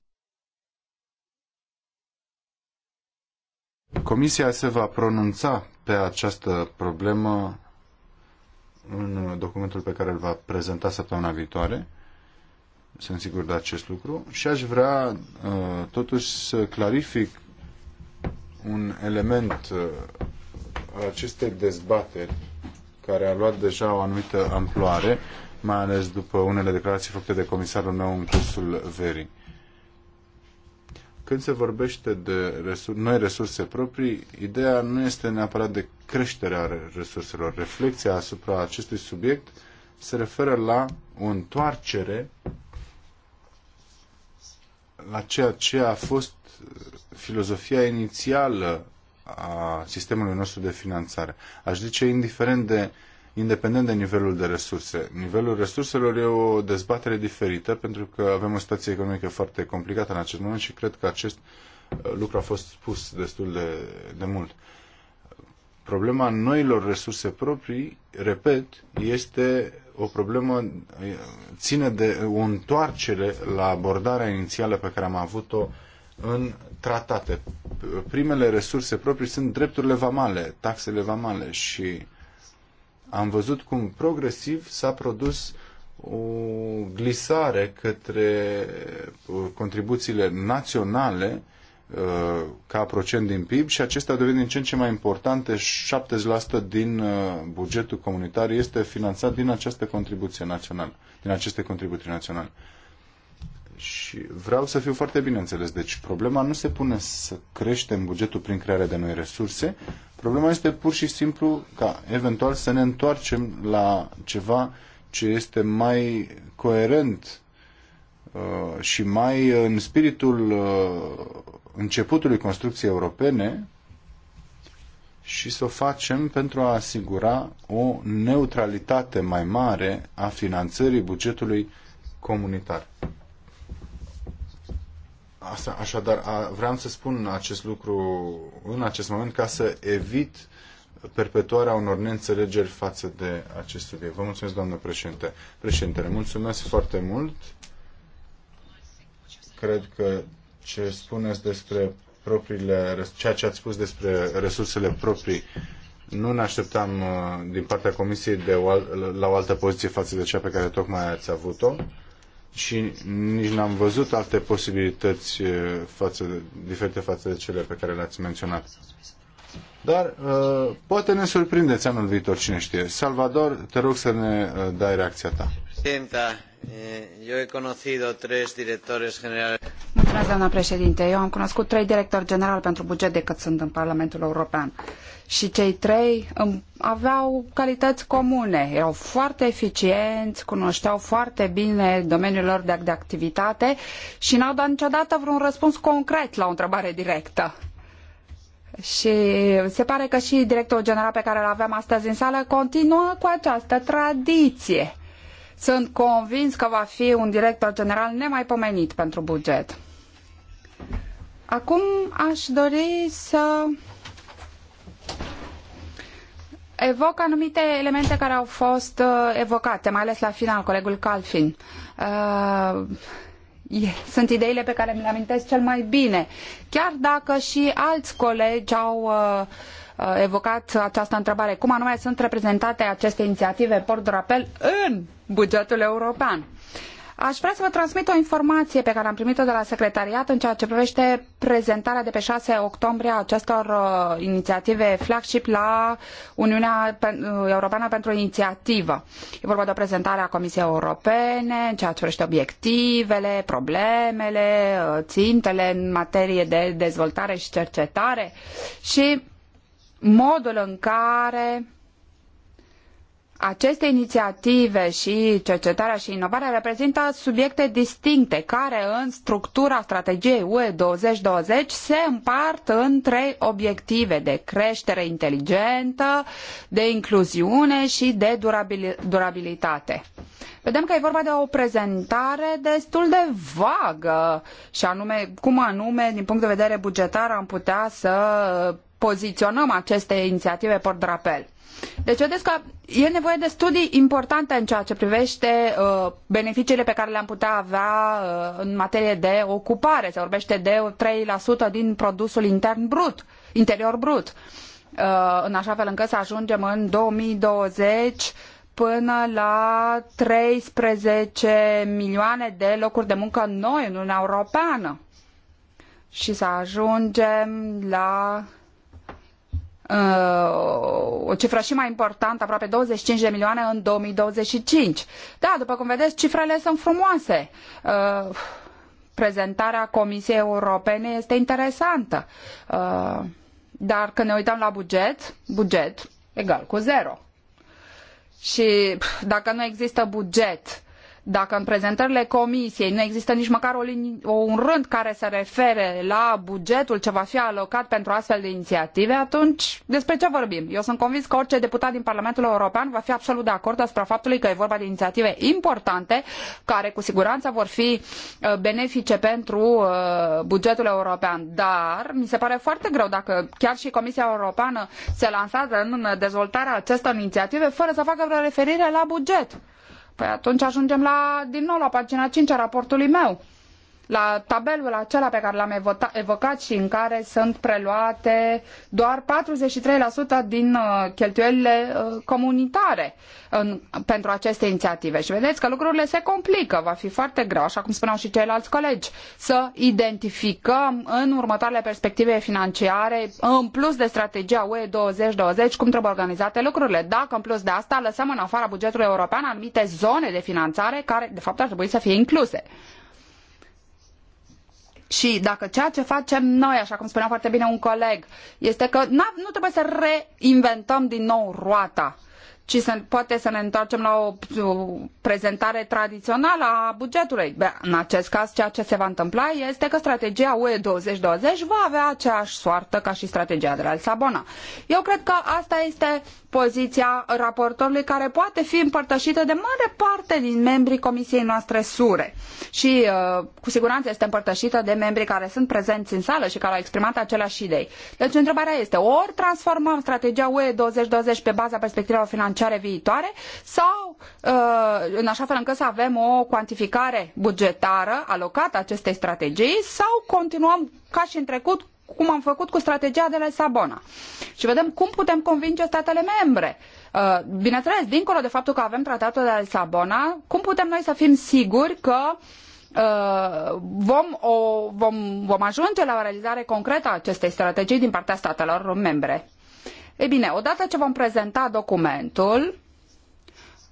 Comisia se va pronunța pe această problemă în documentul pe care îl va prezenta săptămâna viitoare. Sunt sigur de acest lucru. Și aș vrea uh, totuși să clarific un element al uh, acestei dezbateri care a luat deja o anumită amploare, mai ales după unele declarații făcute de comisarul meu în cursul verii. Când se vorbește de resur- noi resurse proprii, ideea nu este neapărat de creșterea resurselor. Reflexia asupra acestui subiect se referă la o întoarcere la ceea ce a fost uh, filozofia inițială a sistemului nostru de finanțare. Aș zice, indiferent de, independent de nivelul de resurse. Nivelul resurselor e o dezbatere diferită, pentru că avem o situație economică foarte complicată în acest moment și cred că acest uh, lucru a fost spus destul de, de mult. Problema noilor resurse proprii, repet, este o problemă, uh, ține de o întoarcere la abordarea inițială pe care am avut-o uh, în tratate. Primele resurse proprii sunt drepturile vamale, taxele vamale și am văzut cum progresiv s-a produs o glisare către uh, contribuțiile naționale uh, ca procent din PIB și acestea devin din ce în ce mai importante. 70% din uh, bugetul comunitar este finanțat din această contribuție națională, din aceste contribuții naționale. Și vreau să fiu foarte bine înțeles. Deci problema nu se pune să creștem bugetul prin crearea de noi resurse. Problema este pur și simplu ca eventual să ne întoarcem la ceva ce este mai coerent uh, și mai în spiritul uh, începutului construcției europene și să o facem pentru a asigura o neutralitate mai mare a finanțării bugetului comunitar. Asta, așadar, a, vreau să spun acest lucru în acest moment ca să evit perpetuarea unor neînțelegeri față de acest subiect. Vă mulțumesc, doamnă președinte. Președintele, mulțumesc foarte mult. Cred că ce spuneți despre propriile, ceea ce ați spus despre resursele proprii, nu ne așteptam uh, din partea Comisiei de o, la o altă poziție față de cea pe care tocmai ați avut-o și nici n-am văzut alte posibilități eh, față, diferite față de cele pe care le-ați menționat. Dar uh, poate ne surprindeți anul viitor, cine știe. Salvador, te rog să ne uh, dai reacția ta. Presidenta, eu he conocido tres directores generales.
Mulțumesc, doamna președinte. Eu am cunoscut trei directori generali pentru buget de cât sunt în Parlamentul European. Și cei trei um, aveau calități comune, erau foarte eficienți, cunoșteau foarte bine domeniul lor de activitate și n-au dat niciodată vreun răspuns concret la o întrebare directă. Și se pare că și directorul general pe care îl avem astăzi în sală continuă cu această tradiție. Sunt convins că va fi un director general nemaipomenit pentru buget. Acum aș dori să evoc anumite elemente care au fost uh, evocate, mai ales la final, colegul Calfin. Uh, sunt ideile pe care mi le amintesc cel mai bine, chiar dacă și alți colegi au uh, uh evocat această întrebare. Cum anume sunt reprezentate aceste inițiative port drapel în bugetul european? Aș vrea să vă transmit o informație pe care am primit-o de la secretariat în ceea ce privește prezentarea de pe 6 octombrie a acestor uh, inițiative flagship la Uniunea uh, Europeană pentru Inițiativă. E vorba de o prezentare a Comisiei Europene în ceea ce privește obiectivele, problemele, uh, țintele în materie de dezvoltare și cercetare și modul în care aceste inițiative și cercetarea și inovarea reprezintă subiecte distincte care în structura strategiei UE 2020 se împart în trei obiective de creștere inteligentă, de incluziune și de durabilitate. Vedem că e vorba de o prezentare destul de vagă și anume cum anume din punct de vedere bugetar am putea să poziționăm aceste inițiative port drapel. Deci vedeți că e nevoie de studii importante în ceea ce privește uh, beneficiile pe care le-am putea avea uh, în materie de ocupare. Se vorbește de 3% din produsul intern brut, interior brut, uh, în așa fel încât să ajungem în 2020 până la 13 milioane de locuri de muncă noi în Uniunea Europeană și să ajungem la Uh, o cifră și mai importantă, aproape 25 de milioane în 2025. Da, după cum vedeți, cifrele sunt frumoase. Uh, prezentarea Comisiei Europene este interesantă. Uh, dar când ne uităm la buget, buget egal cu zero. Și dacă nu există buget, dacă în prezentările comisiei nu există nici măcar o, un rând care se refere la bugetul ce va fi alocat pentru astfel de inițiative, atunci despre ce vorbim? Eu sunt convins că orice deputat din Parlamentul European va fi absolut de acord asupra faptului că e vorba de inițiative importante care cu siguranță vor fi uh, benefice pentru uh, bugetul european. Dar mi se pare foarte greu dacă chiar și Comisia Europeană se lansează în dezvoltarea acestor inițiative fără să facă vreo referire la buget. Păi atunci ajungem la, din nou la pagina 5 a raportului meu la tabelul acela pe care l-am evocat și în care sunt preluate doar 43% din uh, cheltuielile uh, comunitare în, pentru aceste inițiative. Și vedeți că lucrurile se complică, va fi foarte greu, așa cum spuneau și ceilalți colegi, să identificăm în următoarele perspective financiare, în plus de strategia UE 2020, cum trebuie organizate lucrurile. Dacă în plus de asta lăsăm în afara bugetului european anumite zone de finanțare care, de fapt, ar trebui să fie incluse. Și dacă ceea ce facem noi, așa cum spunea foarte bine un coleg, este că nu trebuie să reinventăm din nou roata, ci să, poate să ne întoarcem la o, o prezentare tradițională a bugetului. Be, în acest caz, ceea ce se va întâmpla este că strategia UE 2020 va avea aceeași soartă ca și strategia de la Lisabona. Eu cred că asta este poziția raportorului care poate fi împărtășită de mare parte din membrii Comisiei noastre SURE și uh, cu siguranță este împărtășită de membrii care sunt prezenți în sală și care au exprimat aceleași idei. Deci întrebarea este, ori transformăm strategia UE 2020 pe baza perspectivelor financiare financiare viitoare sau uh, în așa fel încât să avem o cuantificare bugetară alocată acestei strategii sau continuăm ca și în trecut cum am făcut cu strategia de la Sabona. Și vedem cum putem convinge statele membre. Uh, bineînțeles, dincolo de faptul că avem tratatul de la Sabona, cum putem noi să fim siguri că uh, vom, o, vom, vom ajunge la o realizare concretă a acestei strategii din partea statelor membre. E bine, odată ce vom prezenta documentul,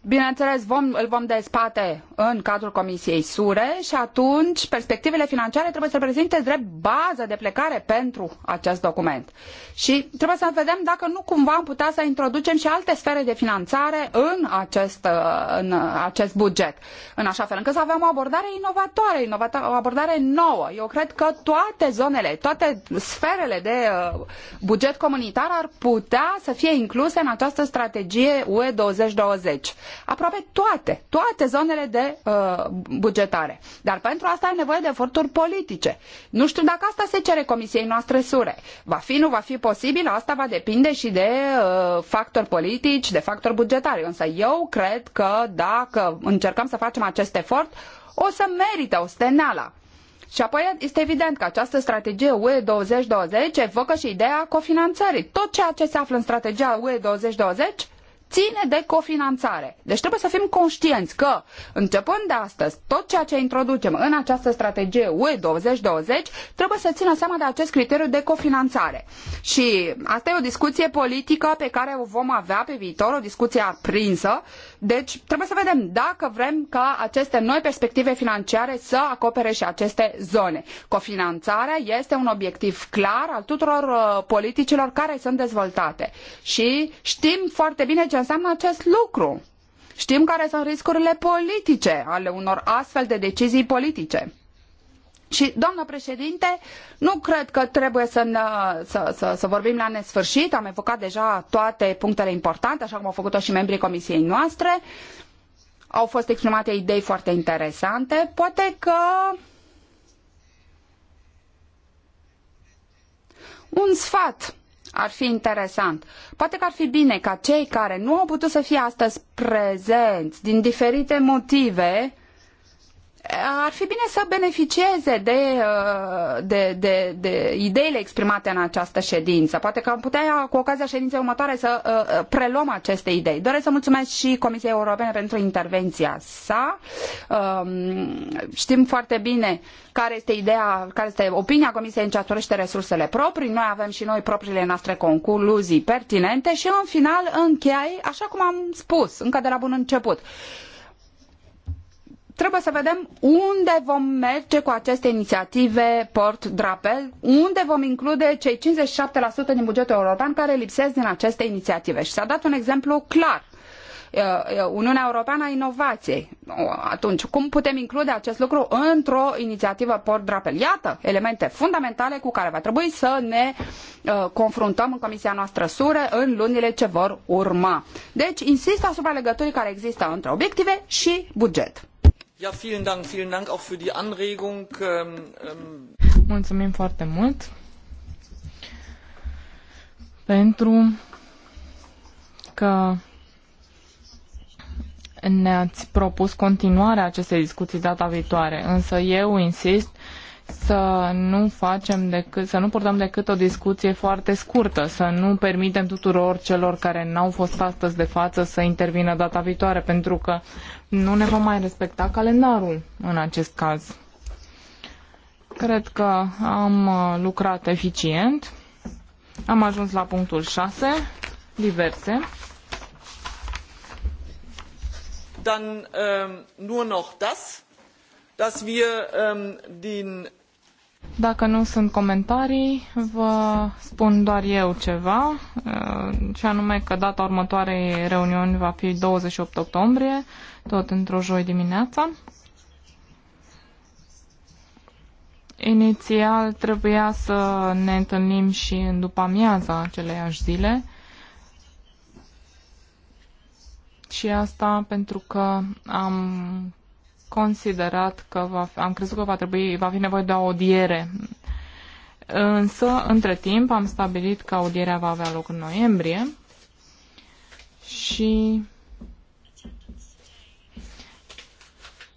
Bineînțeles, vom, îl vom dezbate în cadrul Comisiei Sure și atunci perspectivele financiare trebuie să reprezinte drept bază de plecare pentru acest document. Și trebuie să vedem dacă nu cumva am putea să introducem și alte sfere de finanțare în acest, în acest buget, în așa fel încât să avem o abordare inovatoare, inovatoare, o abordare nouă. Eu cred că toate zonele, toate sferele de uh, buget comunitar ar putea să fie incluse în această strategie UE 2020 aproape toate, toate zonele de uh, bugetare. Dar pentru asta e nevoie de eforturi politice. Nu știu dacă asta se cere Comisiei noastre sure. Va fi, nu va fi posibil, asta va depinde și de uh, factori politici, de factori bugetari. Însă eu cred că dacă încercăm să facem acest efort, o să merită o steneala. Și apoi este evident că această strategie UE 2020 evocă și ideea cofinanțării. Tot ceea ce se află în strategia UE 2020 ține de cofinanțare. Deci trebuie să fim conștienți că, începând de astăzi, tot ceea ce introducem în această strategie UE 2020 trebuie să țină seama de acest criteriu de cofinanțare. Și asta e o discuție politică pe care o vom avea pe viitor, o discuție aprinsă. Deci trebuie să vedem dacă vrem ca aceste noi perspective financiare să acopere și aceste zone. Cofinanțarea este un obiectiv clar al tuturor uh, politicilor care sunt dezvoltate. Și știm foarte bine ce înseamnă acest lucru. Știm care sunt riscurile politice ale unor astfel de decizii politice. Și, doamnă președinte, nu cred că trebuie să, ne, să, să, să, vorbim la nesfârșit. Am evocat deja toate punctele importante, așa cum au făcut-o și membrii comisiei noastre. Au fost exprimate idei foarte interesante. Poate că un sfat ar fi interesant. Poate că ar fi bine ca cei care nu au putut să fie astăzi prezenți din diferite motive ar fi bine să beneficieze de, uh, de, de, de ideile exprimate în această ședință. Poate că am putea, cu ocazia ședinței următoare, să uh, uh, preluăm aceste idei. Doresc să mulțumesc și Comisiei Europene pentru intervenția sa. Um, știm foarte bine care este ideea, care este opinia Comisiei în ceea ce resursele proprii. Noi avem și noi propriile noastre concluzii pertinente și, în final, închei, așa cum am spus, încă de la bun început trebuie să vedem unde vom merge cu aceste inițiative port drapel, unde vom include cei 57% din bugetul european care lipsesc din aceste inițiative. Și s-a dat un exemplu clar. Uniunea Europeană a Inovației. Atunci, cum putem include acest lucru într-o inițiativă port drapel? Iată, elemente fundamentale cu care va trebui să ne uh, confruntăm în comisia noastră SURE în lunile ce vor urma. Deci, insist asupra legăturii care există între obiective și buget. Mulțumim foarte mult
pentru că ne-ați propus continuarea acestei discuții data viitoare, însă eu insist să nu facem decât, să nu purtăm decât o discuție foarte scurtă, să nu permitem tuturor celor care n-au fost astăzi de față să intervină data viitoare, pentru că nu ne vom mai respecta calendarul în acest caz. Cred că am uh, lucrat eficient. Am ajuns la punctul 6, diverse.
Dann ähm, nur noch das dass wir ähm, den
dacă nu sunt comentarii, vă spun doar eu ceva, uh, și anume că data următoarei reuniuni va fi 28 octombrie, tot într-o joi dimineața. Inițial trebuia să ne întâlnim și în după amiaza aceleiași zile, și asta pentru că am considerat că va, am crezut că va trebui, va fi nevoie de o audiere. Însă, între timp, am stabilit că audierea va avea loc în noiembrie și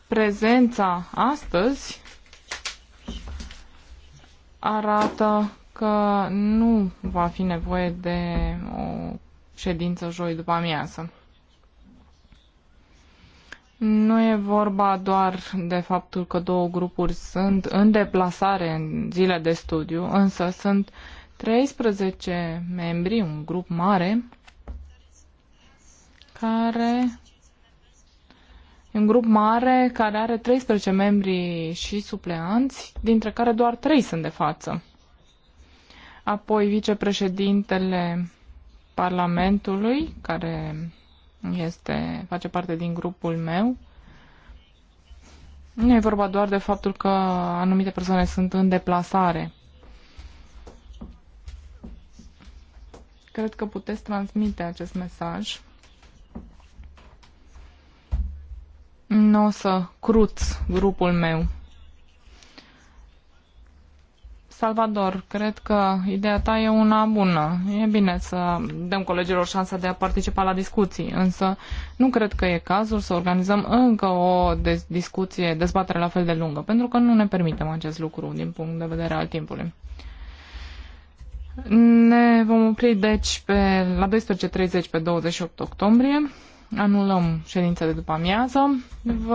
prezența astăzi arată că nu va fi nevoie de o ședință joi după amiază. Nu e vorba doar de faptul că două grupuri sunt în deplasare în zile de studiu, însă sunt 13 membri, un grup mare, care un grup mare care are 13 membri și supleanți, dintre care doar 3 sunt de față. Apoi vicepreședintele Parlamentului, care este, face parte din grupul meu. Nu e vorba doar de faptul că anumite persoane sunt în deplasare. Cred că puteți transmite acest mesaj. Nu o să cruț grupul meu. Salvador, cred că ideea ta e una bună. E bine să dăm colegilor șansa de a participa la discuții, însă nu cred că e cazul să organizăm încă o discuție, dezbatere la fel de lungă, pentru că nu ne permitem acest lucru din punct de vedere al timpului. Ne vom opri deci pe, la 12.30 pe 28 octombrie. Anulăm ședința de după amiază. Vă